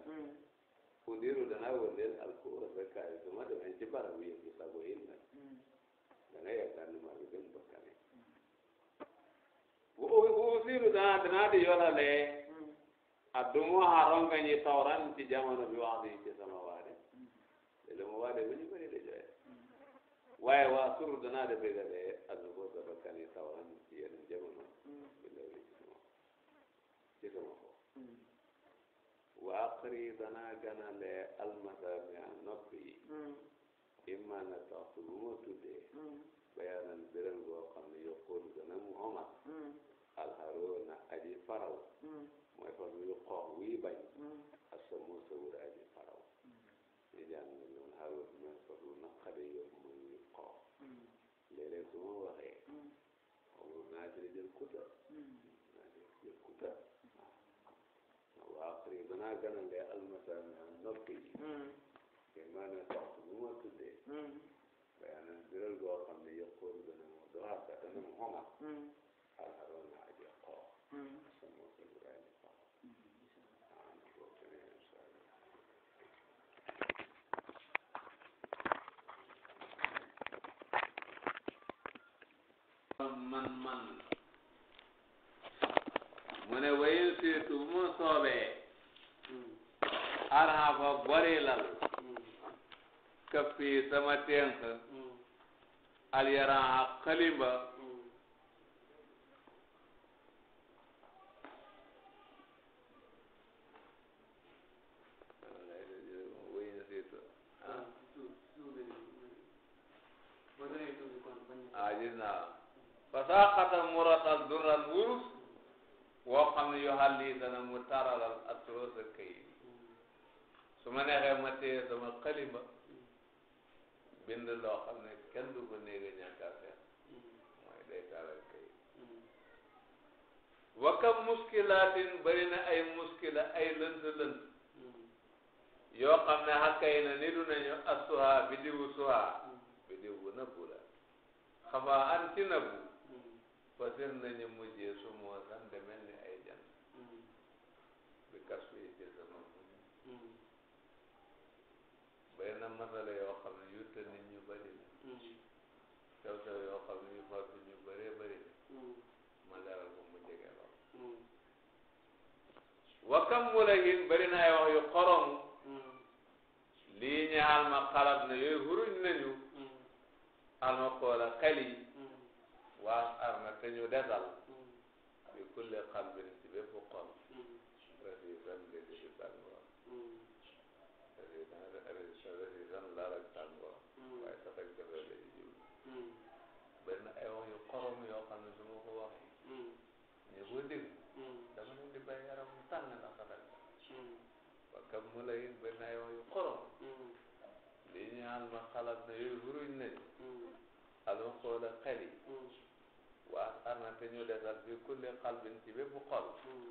udiru danaa wëndeel alkuura sa kaay su ma demee ci barab yi yëpp sago yi la da nga yaakaar ne maa ngi dem bakkane wa usiru danaa danaa di yolalee adduma haron nga ñi tawran ci bi wax di ci sama waare waaye waa suru danaa de bégale adduma sa bakkan yi tawran ci yenn bi la sama ci sama ko wa aqri danaa ganale almasami a noppi yi imma na tax su lu bayaanan biral goo xam ne yokkoodu dana mu omat alharuna aji faraw hmm. mooy fas wi xoox wii bañ hmm. asamu sawur aji faraw ñu hmm. jàng ne noonu harun mooy fas wu naqari yoon mooy wi xoox léeg-léeg su ma waxee xamul naa ci jël kuta naa ci jël kuta waa xëy danaa ganale almasami am noppi yi te maanaam waxtu bu ma tuddee bayaanan biral goo xam ne yëppoon dana mu doxal dana mu xonga alharuna man man mu ne wayin seetu mu soobee mm. arhafa gorilal mm. këppi sama tenk mm. alyaran ak kalimba fasaqata muratal durral wurus woo xam ne yoo xam mu taralal atros ak kayit su ma neexee ma téye sama xalima bind loo xam ne kenn du ko néega ñàkk a mooy day taral kayit wakam muskilaatin bëri na ay muskila ay lënt lënt yoo xam ne xakkay na ni du nañu asuha bidiwu suha bidiw bu nëbbu la xamaa an ci nëbbu fasin nañu mujjee su moo san de ni ay jant bi kas bi ci sama mujj bay na masala yoo xam ne yu tënni ñu bëri la sew sew yoo xam ne yu fàttu ñu bëree bëri la ma leeral ko mu jege lool wakam mu la gin bëri na ay wax yu xorom lii ñaal ma xalaat na yooyu huruñ nañu alma koola xel yi waas ar na te ñu desal bi mm. kulli xalbin ci bépp xol rasiisan di di tàngoor rasiisan rasiisan laal ak tàngoor waaye sax ak dafa lay jub benn ay wax yu xorom yoo xam ne su ma ko waxee mm. ñu ko dégg mm. dama leen di bàyyi yaram mu tàng ndax sax ak parce que mu lay benn ay wax yu xorom li ñu ma xalaat na yooyu wuruñ nañ alma xoola xel yi wa asarna te ñu desal fi kulli xalbin ci bépp xol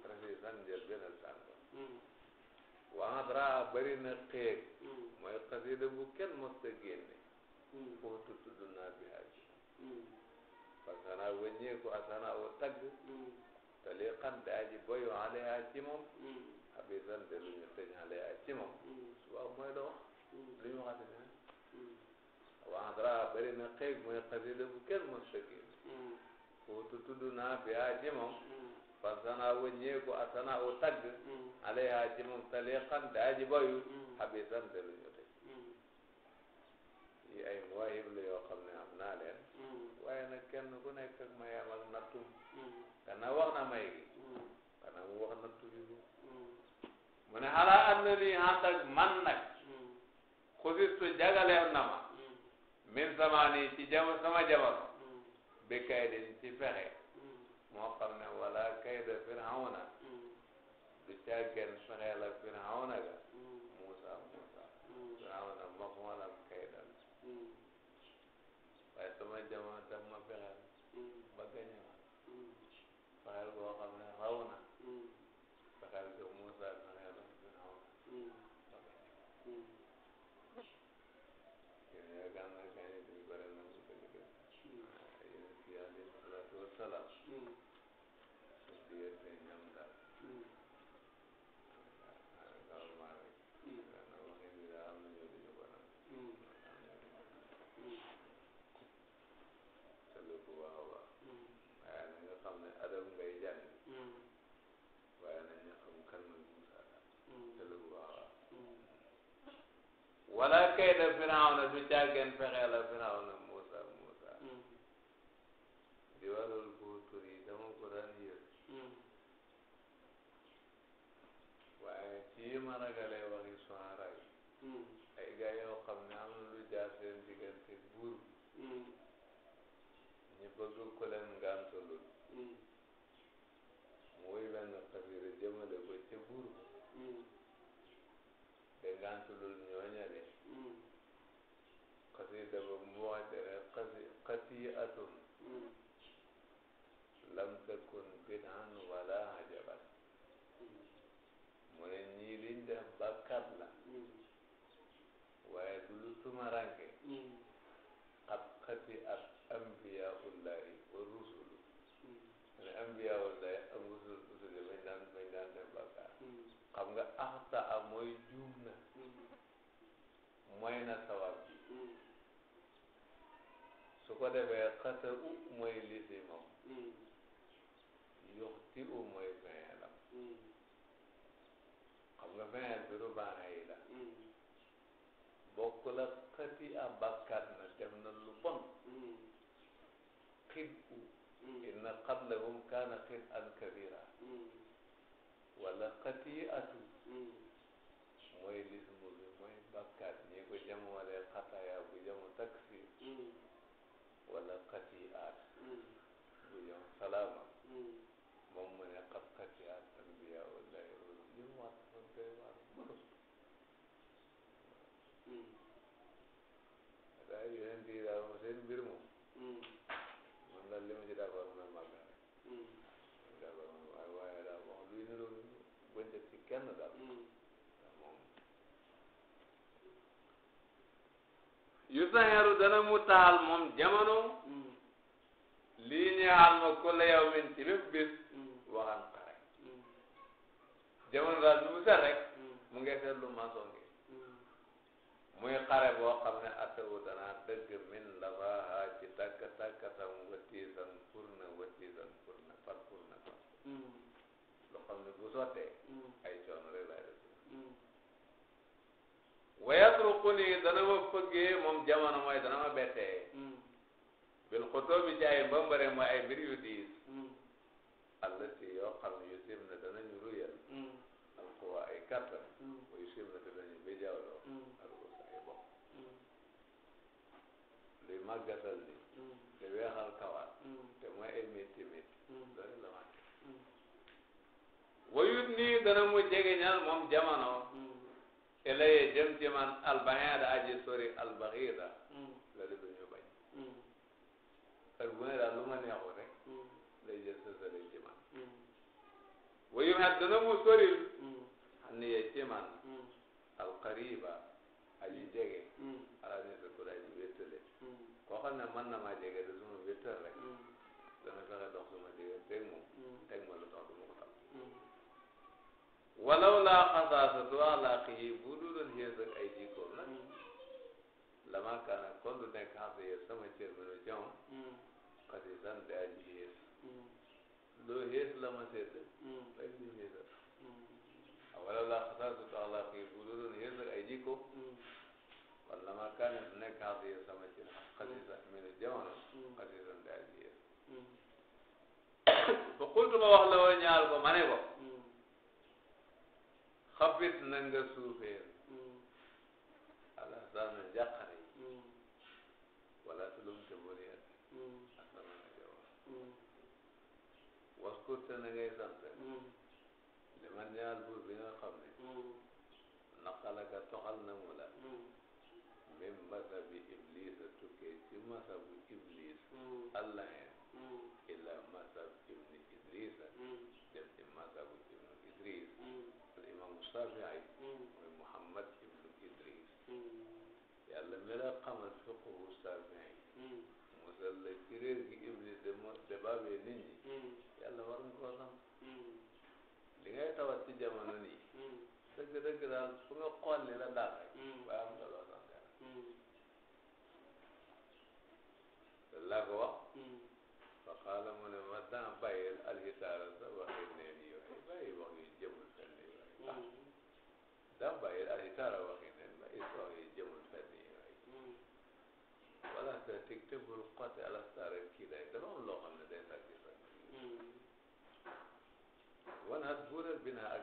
rasisan njël benn sàngo hmm. waa dara bëri na xéeg hmm. mooy xasida bu kenn mosta génne hmm. foo tudd naa bi haji parce que naa wëññeeku asana o tagg te lii xam daa ji boyu aleyaa ci moom abisan de lu ñu tëj aleyaa ci moom suba mooy la wax lu ñu waxati ne waa dara bëri na xéeg mooy xasida bu kenn mosta génne kuutu tudd naa bi haa ji moom fa sanaa wëññeeku a sanaa u tagg mm. alay haa ji moom taliqan daa ñu tëj mm. yi mm. ay mawahib la yoo xam ne am naa leen waaye nag kenn ku nekk ak mayam kana wax na may kana wax nattu mu ne xalaa am na man nag xusistu jagaleem na min sama nii ci jam sama jamono bi kay din ci pexe mm. moo xam wala kayda firawna mm. du càggeen pexe la firawna ga mm. Musa Musa firawna mafoolam kayda la waaye sama jamono daf ma pexeel ba gañe ma pexeel boo xam ne wala kayda firawna du càggeen fexe la firawna Musa Musa mm-hmm. di warul buutur yi dama ko daan yër mm-hmm. waaye ci ma ragalee waxi soara yi mm-hmm. ay gaa yoo xam ne am na lu jaar seen diggante buur bi ñu bëgg ku leen gàntalul muy benn xasida jëmale ko ca buur bi te gàntalul mu'jara qati'atun lam takun bid'an wala ajaban mu ne ñii liñ def bàkkaat la waaye du lu tumaranke qad qati'at anbiyaullahi wa rusulu mu ne anbiyaullahi ak rusul rusul yi bañ daan bañ daan def bàkkaat xam nga axta a mooy juum na mooy na sawab ko defee xasa u mooy lisimam hmm. yuxti u mooy feelam hmm. xam nga feel bi rubaana yi la hmm. bokk la xati a bakkat na dem na lu bon xit u inna xatlahum kaana xit an kabira wala xati atu mooy lismu bi mooy bakkat ñi ko jamoole xataya bu jamu taksir wala xatiaat hmm. bu yom salaama hmm. moom mu ne xat xatiaat anbiya wallahi loolu li mu war man koy war mënul daa hmm. yonent yi daal moom seen mbir moom man daal li ma ci d'accord mën a màgg rek d'accord waaye waaye daal wax luy niroog bëccëg ci kenn daal yu saheru dana mu taal moom jamono lii ñaal ma ku min ci bépp bés waxan ka rek jamono daal lu mu set rek mu ngi seetlu maçon gi muy xare boo xam min lafaha ci takk takkatam watiisan na watiisan pour na par pour na par lu xam ne bu wayat ruquni dana ma fëggee moom jamono mooy dana ma bettee hmm. bil xutoo bi ci ay mbambare mooy ay mbir yu diis hmm. allati yoo xam ne yu sim na danañu ruyal hmm. alquwa ay kattan yu sim na danañu béjawloo alqusa ay bopp luy màggatal li te weexal kawaat te mooy ay métti métti loolu la wante wayut nii dana mu jege ñal moom jamono ilaye e jëm ci man albaxida aji sori albaxida mm. la di duñu bañ mm. heure bu ne daal lu ma neexul rek mm. lay jël sa sori ci man wayu xet dana mu soril xam ne yee ci man alqariba aji jege ala ne sa ko aji wéttale koo xam ne na maa jege de su ma wéttal rek dana fexe dox su ma jege teg moom teg ma walaw laa xasaasatu alaaqihi bu dul doon xees ak ay jikkoom nag lama kon du nekk xasa yéen sama cër mi nu jam xasi san de aji xees loo xees la ma sedd rek ñu xeesal walaw laa xasaasatu alaaqihi bu dul doon xees ak ay jikkoom kon lama kaana du nekk xasa yéen sama cër xasi san mi nu jamono xasi san de aji xees ba qultu xabit na nga suufeel alasaana jàqare yi wala tulum te buriat asamana jawar waskur te na ngay sant li man ñaal buur bi nga xam ne naqalaka na mu la min bi iblis a tukkee ci masa bu iblis allah Saafi'i mooy hmm. Muhammad ibnu Idris hmm. yàlla hmm. mi la xamal fiqhu Saafi'i musal la ci réer gi Iblis de mos de baabee nit ñi yàlla war nga li ngay tawat ci jamono nii dëgg dëgg daal fu nga nga loo sant yàlla loolu laa ko wax dafa bàyyi ay taara waxi ne ma iso yi jëmul fenn wala sa tig tëbul xote alastaara kii day dafa am ne day tàgg sa wala buural bi naa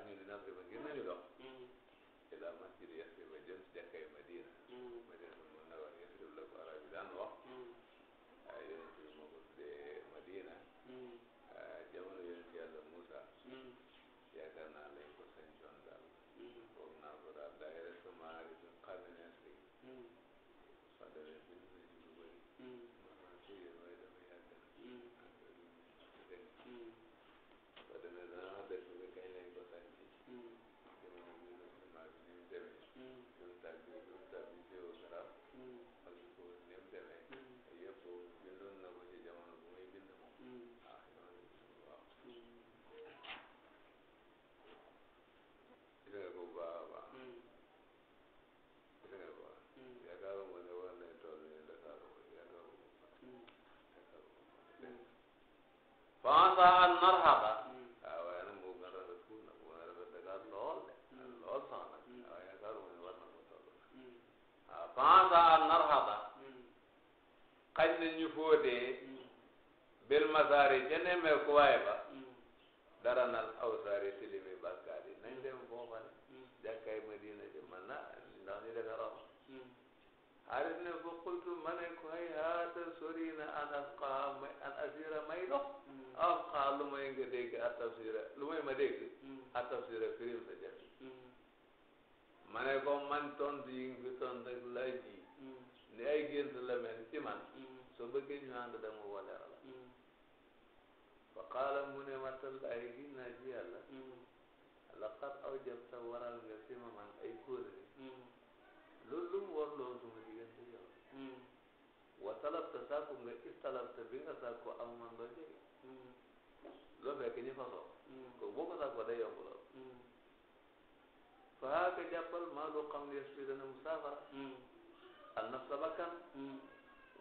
faa ka jàppal maa loo xam ne yas bi dana mu saafara. al naf sa bakkan.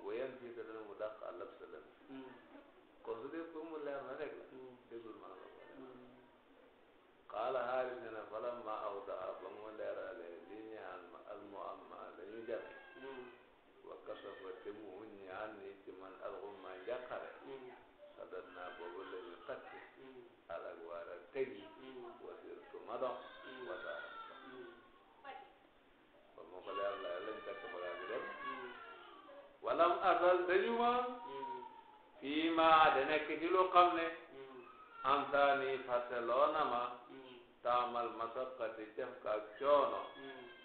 wéyan fii te dana mu dàq al naf sa dana. kon su dee pour mu leer na rek la. déggul maa la ko. xaala xaaris ne na fala maa aw daa ba mu leerale li ñaan ma al mu am ma la ñu jàppe. wa kasafa te mu ñaan ni ci man al xumma walam asal dañu ma fii hmm. hmm. ma da nekk ci lu ni fàtte loo na ma taamal masaqati jafka ak coono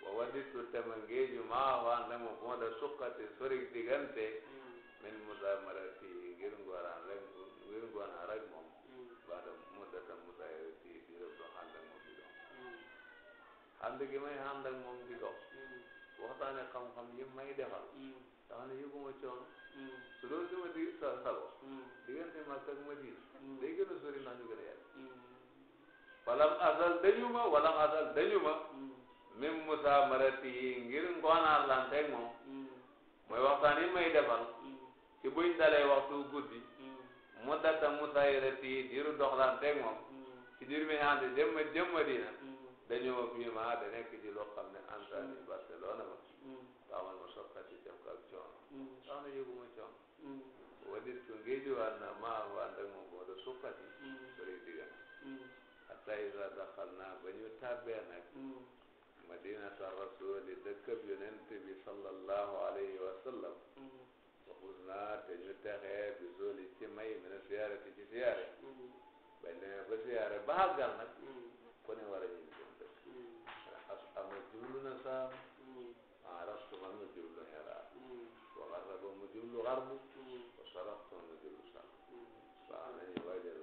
wa waditu tema ngeeju maa waan ne ma moo da suqati sorig diggante hmm. min musamarati ngir ngoraan rek ngir ngoraan rek moom baada muddata musamarati di rek do xànd ak moom di dox xànd moom di dox waxtaane xam-xam yi may defal mm. tax na yëguma coono mm. su doon sama di sa sago mm. diggante mag ak Madina day gën a sori naa ñu gën a yàgg walam asal dañu ma asal dañu ma min musaamarati yi ngir ngoonaan lanteeg moom mooy waxtaan yi may defal ci buñ dalee waxtu guddi mu data musaayirati diiru doxlanteeg moom ci diir mi ànd jëm jëm Madina dañoo fi maa da nekk ci loo xam ne antaani Barcelona ma. Mm. waaw man ma soppati jëm kaw coono. waaw man yëgu ma coono. Mm. wàllu su ngéejuwaat na maa waan rek moom moo doon soppati. Mm. bëri diggante. atay la daxal madinata rasuli dëkkab yonent bi sallallahu alayhi wa sallam. waxus naa te ñu ne war ama jublu na saam araftu ma nu jublu xelaat wa xaraba mu jublu xarbu wa saraftu ma nu jublu sarbu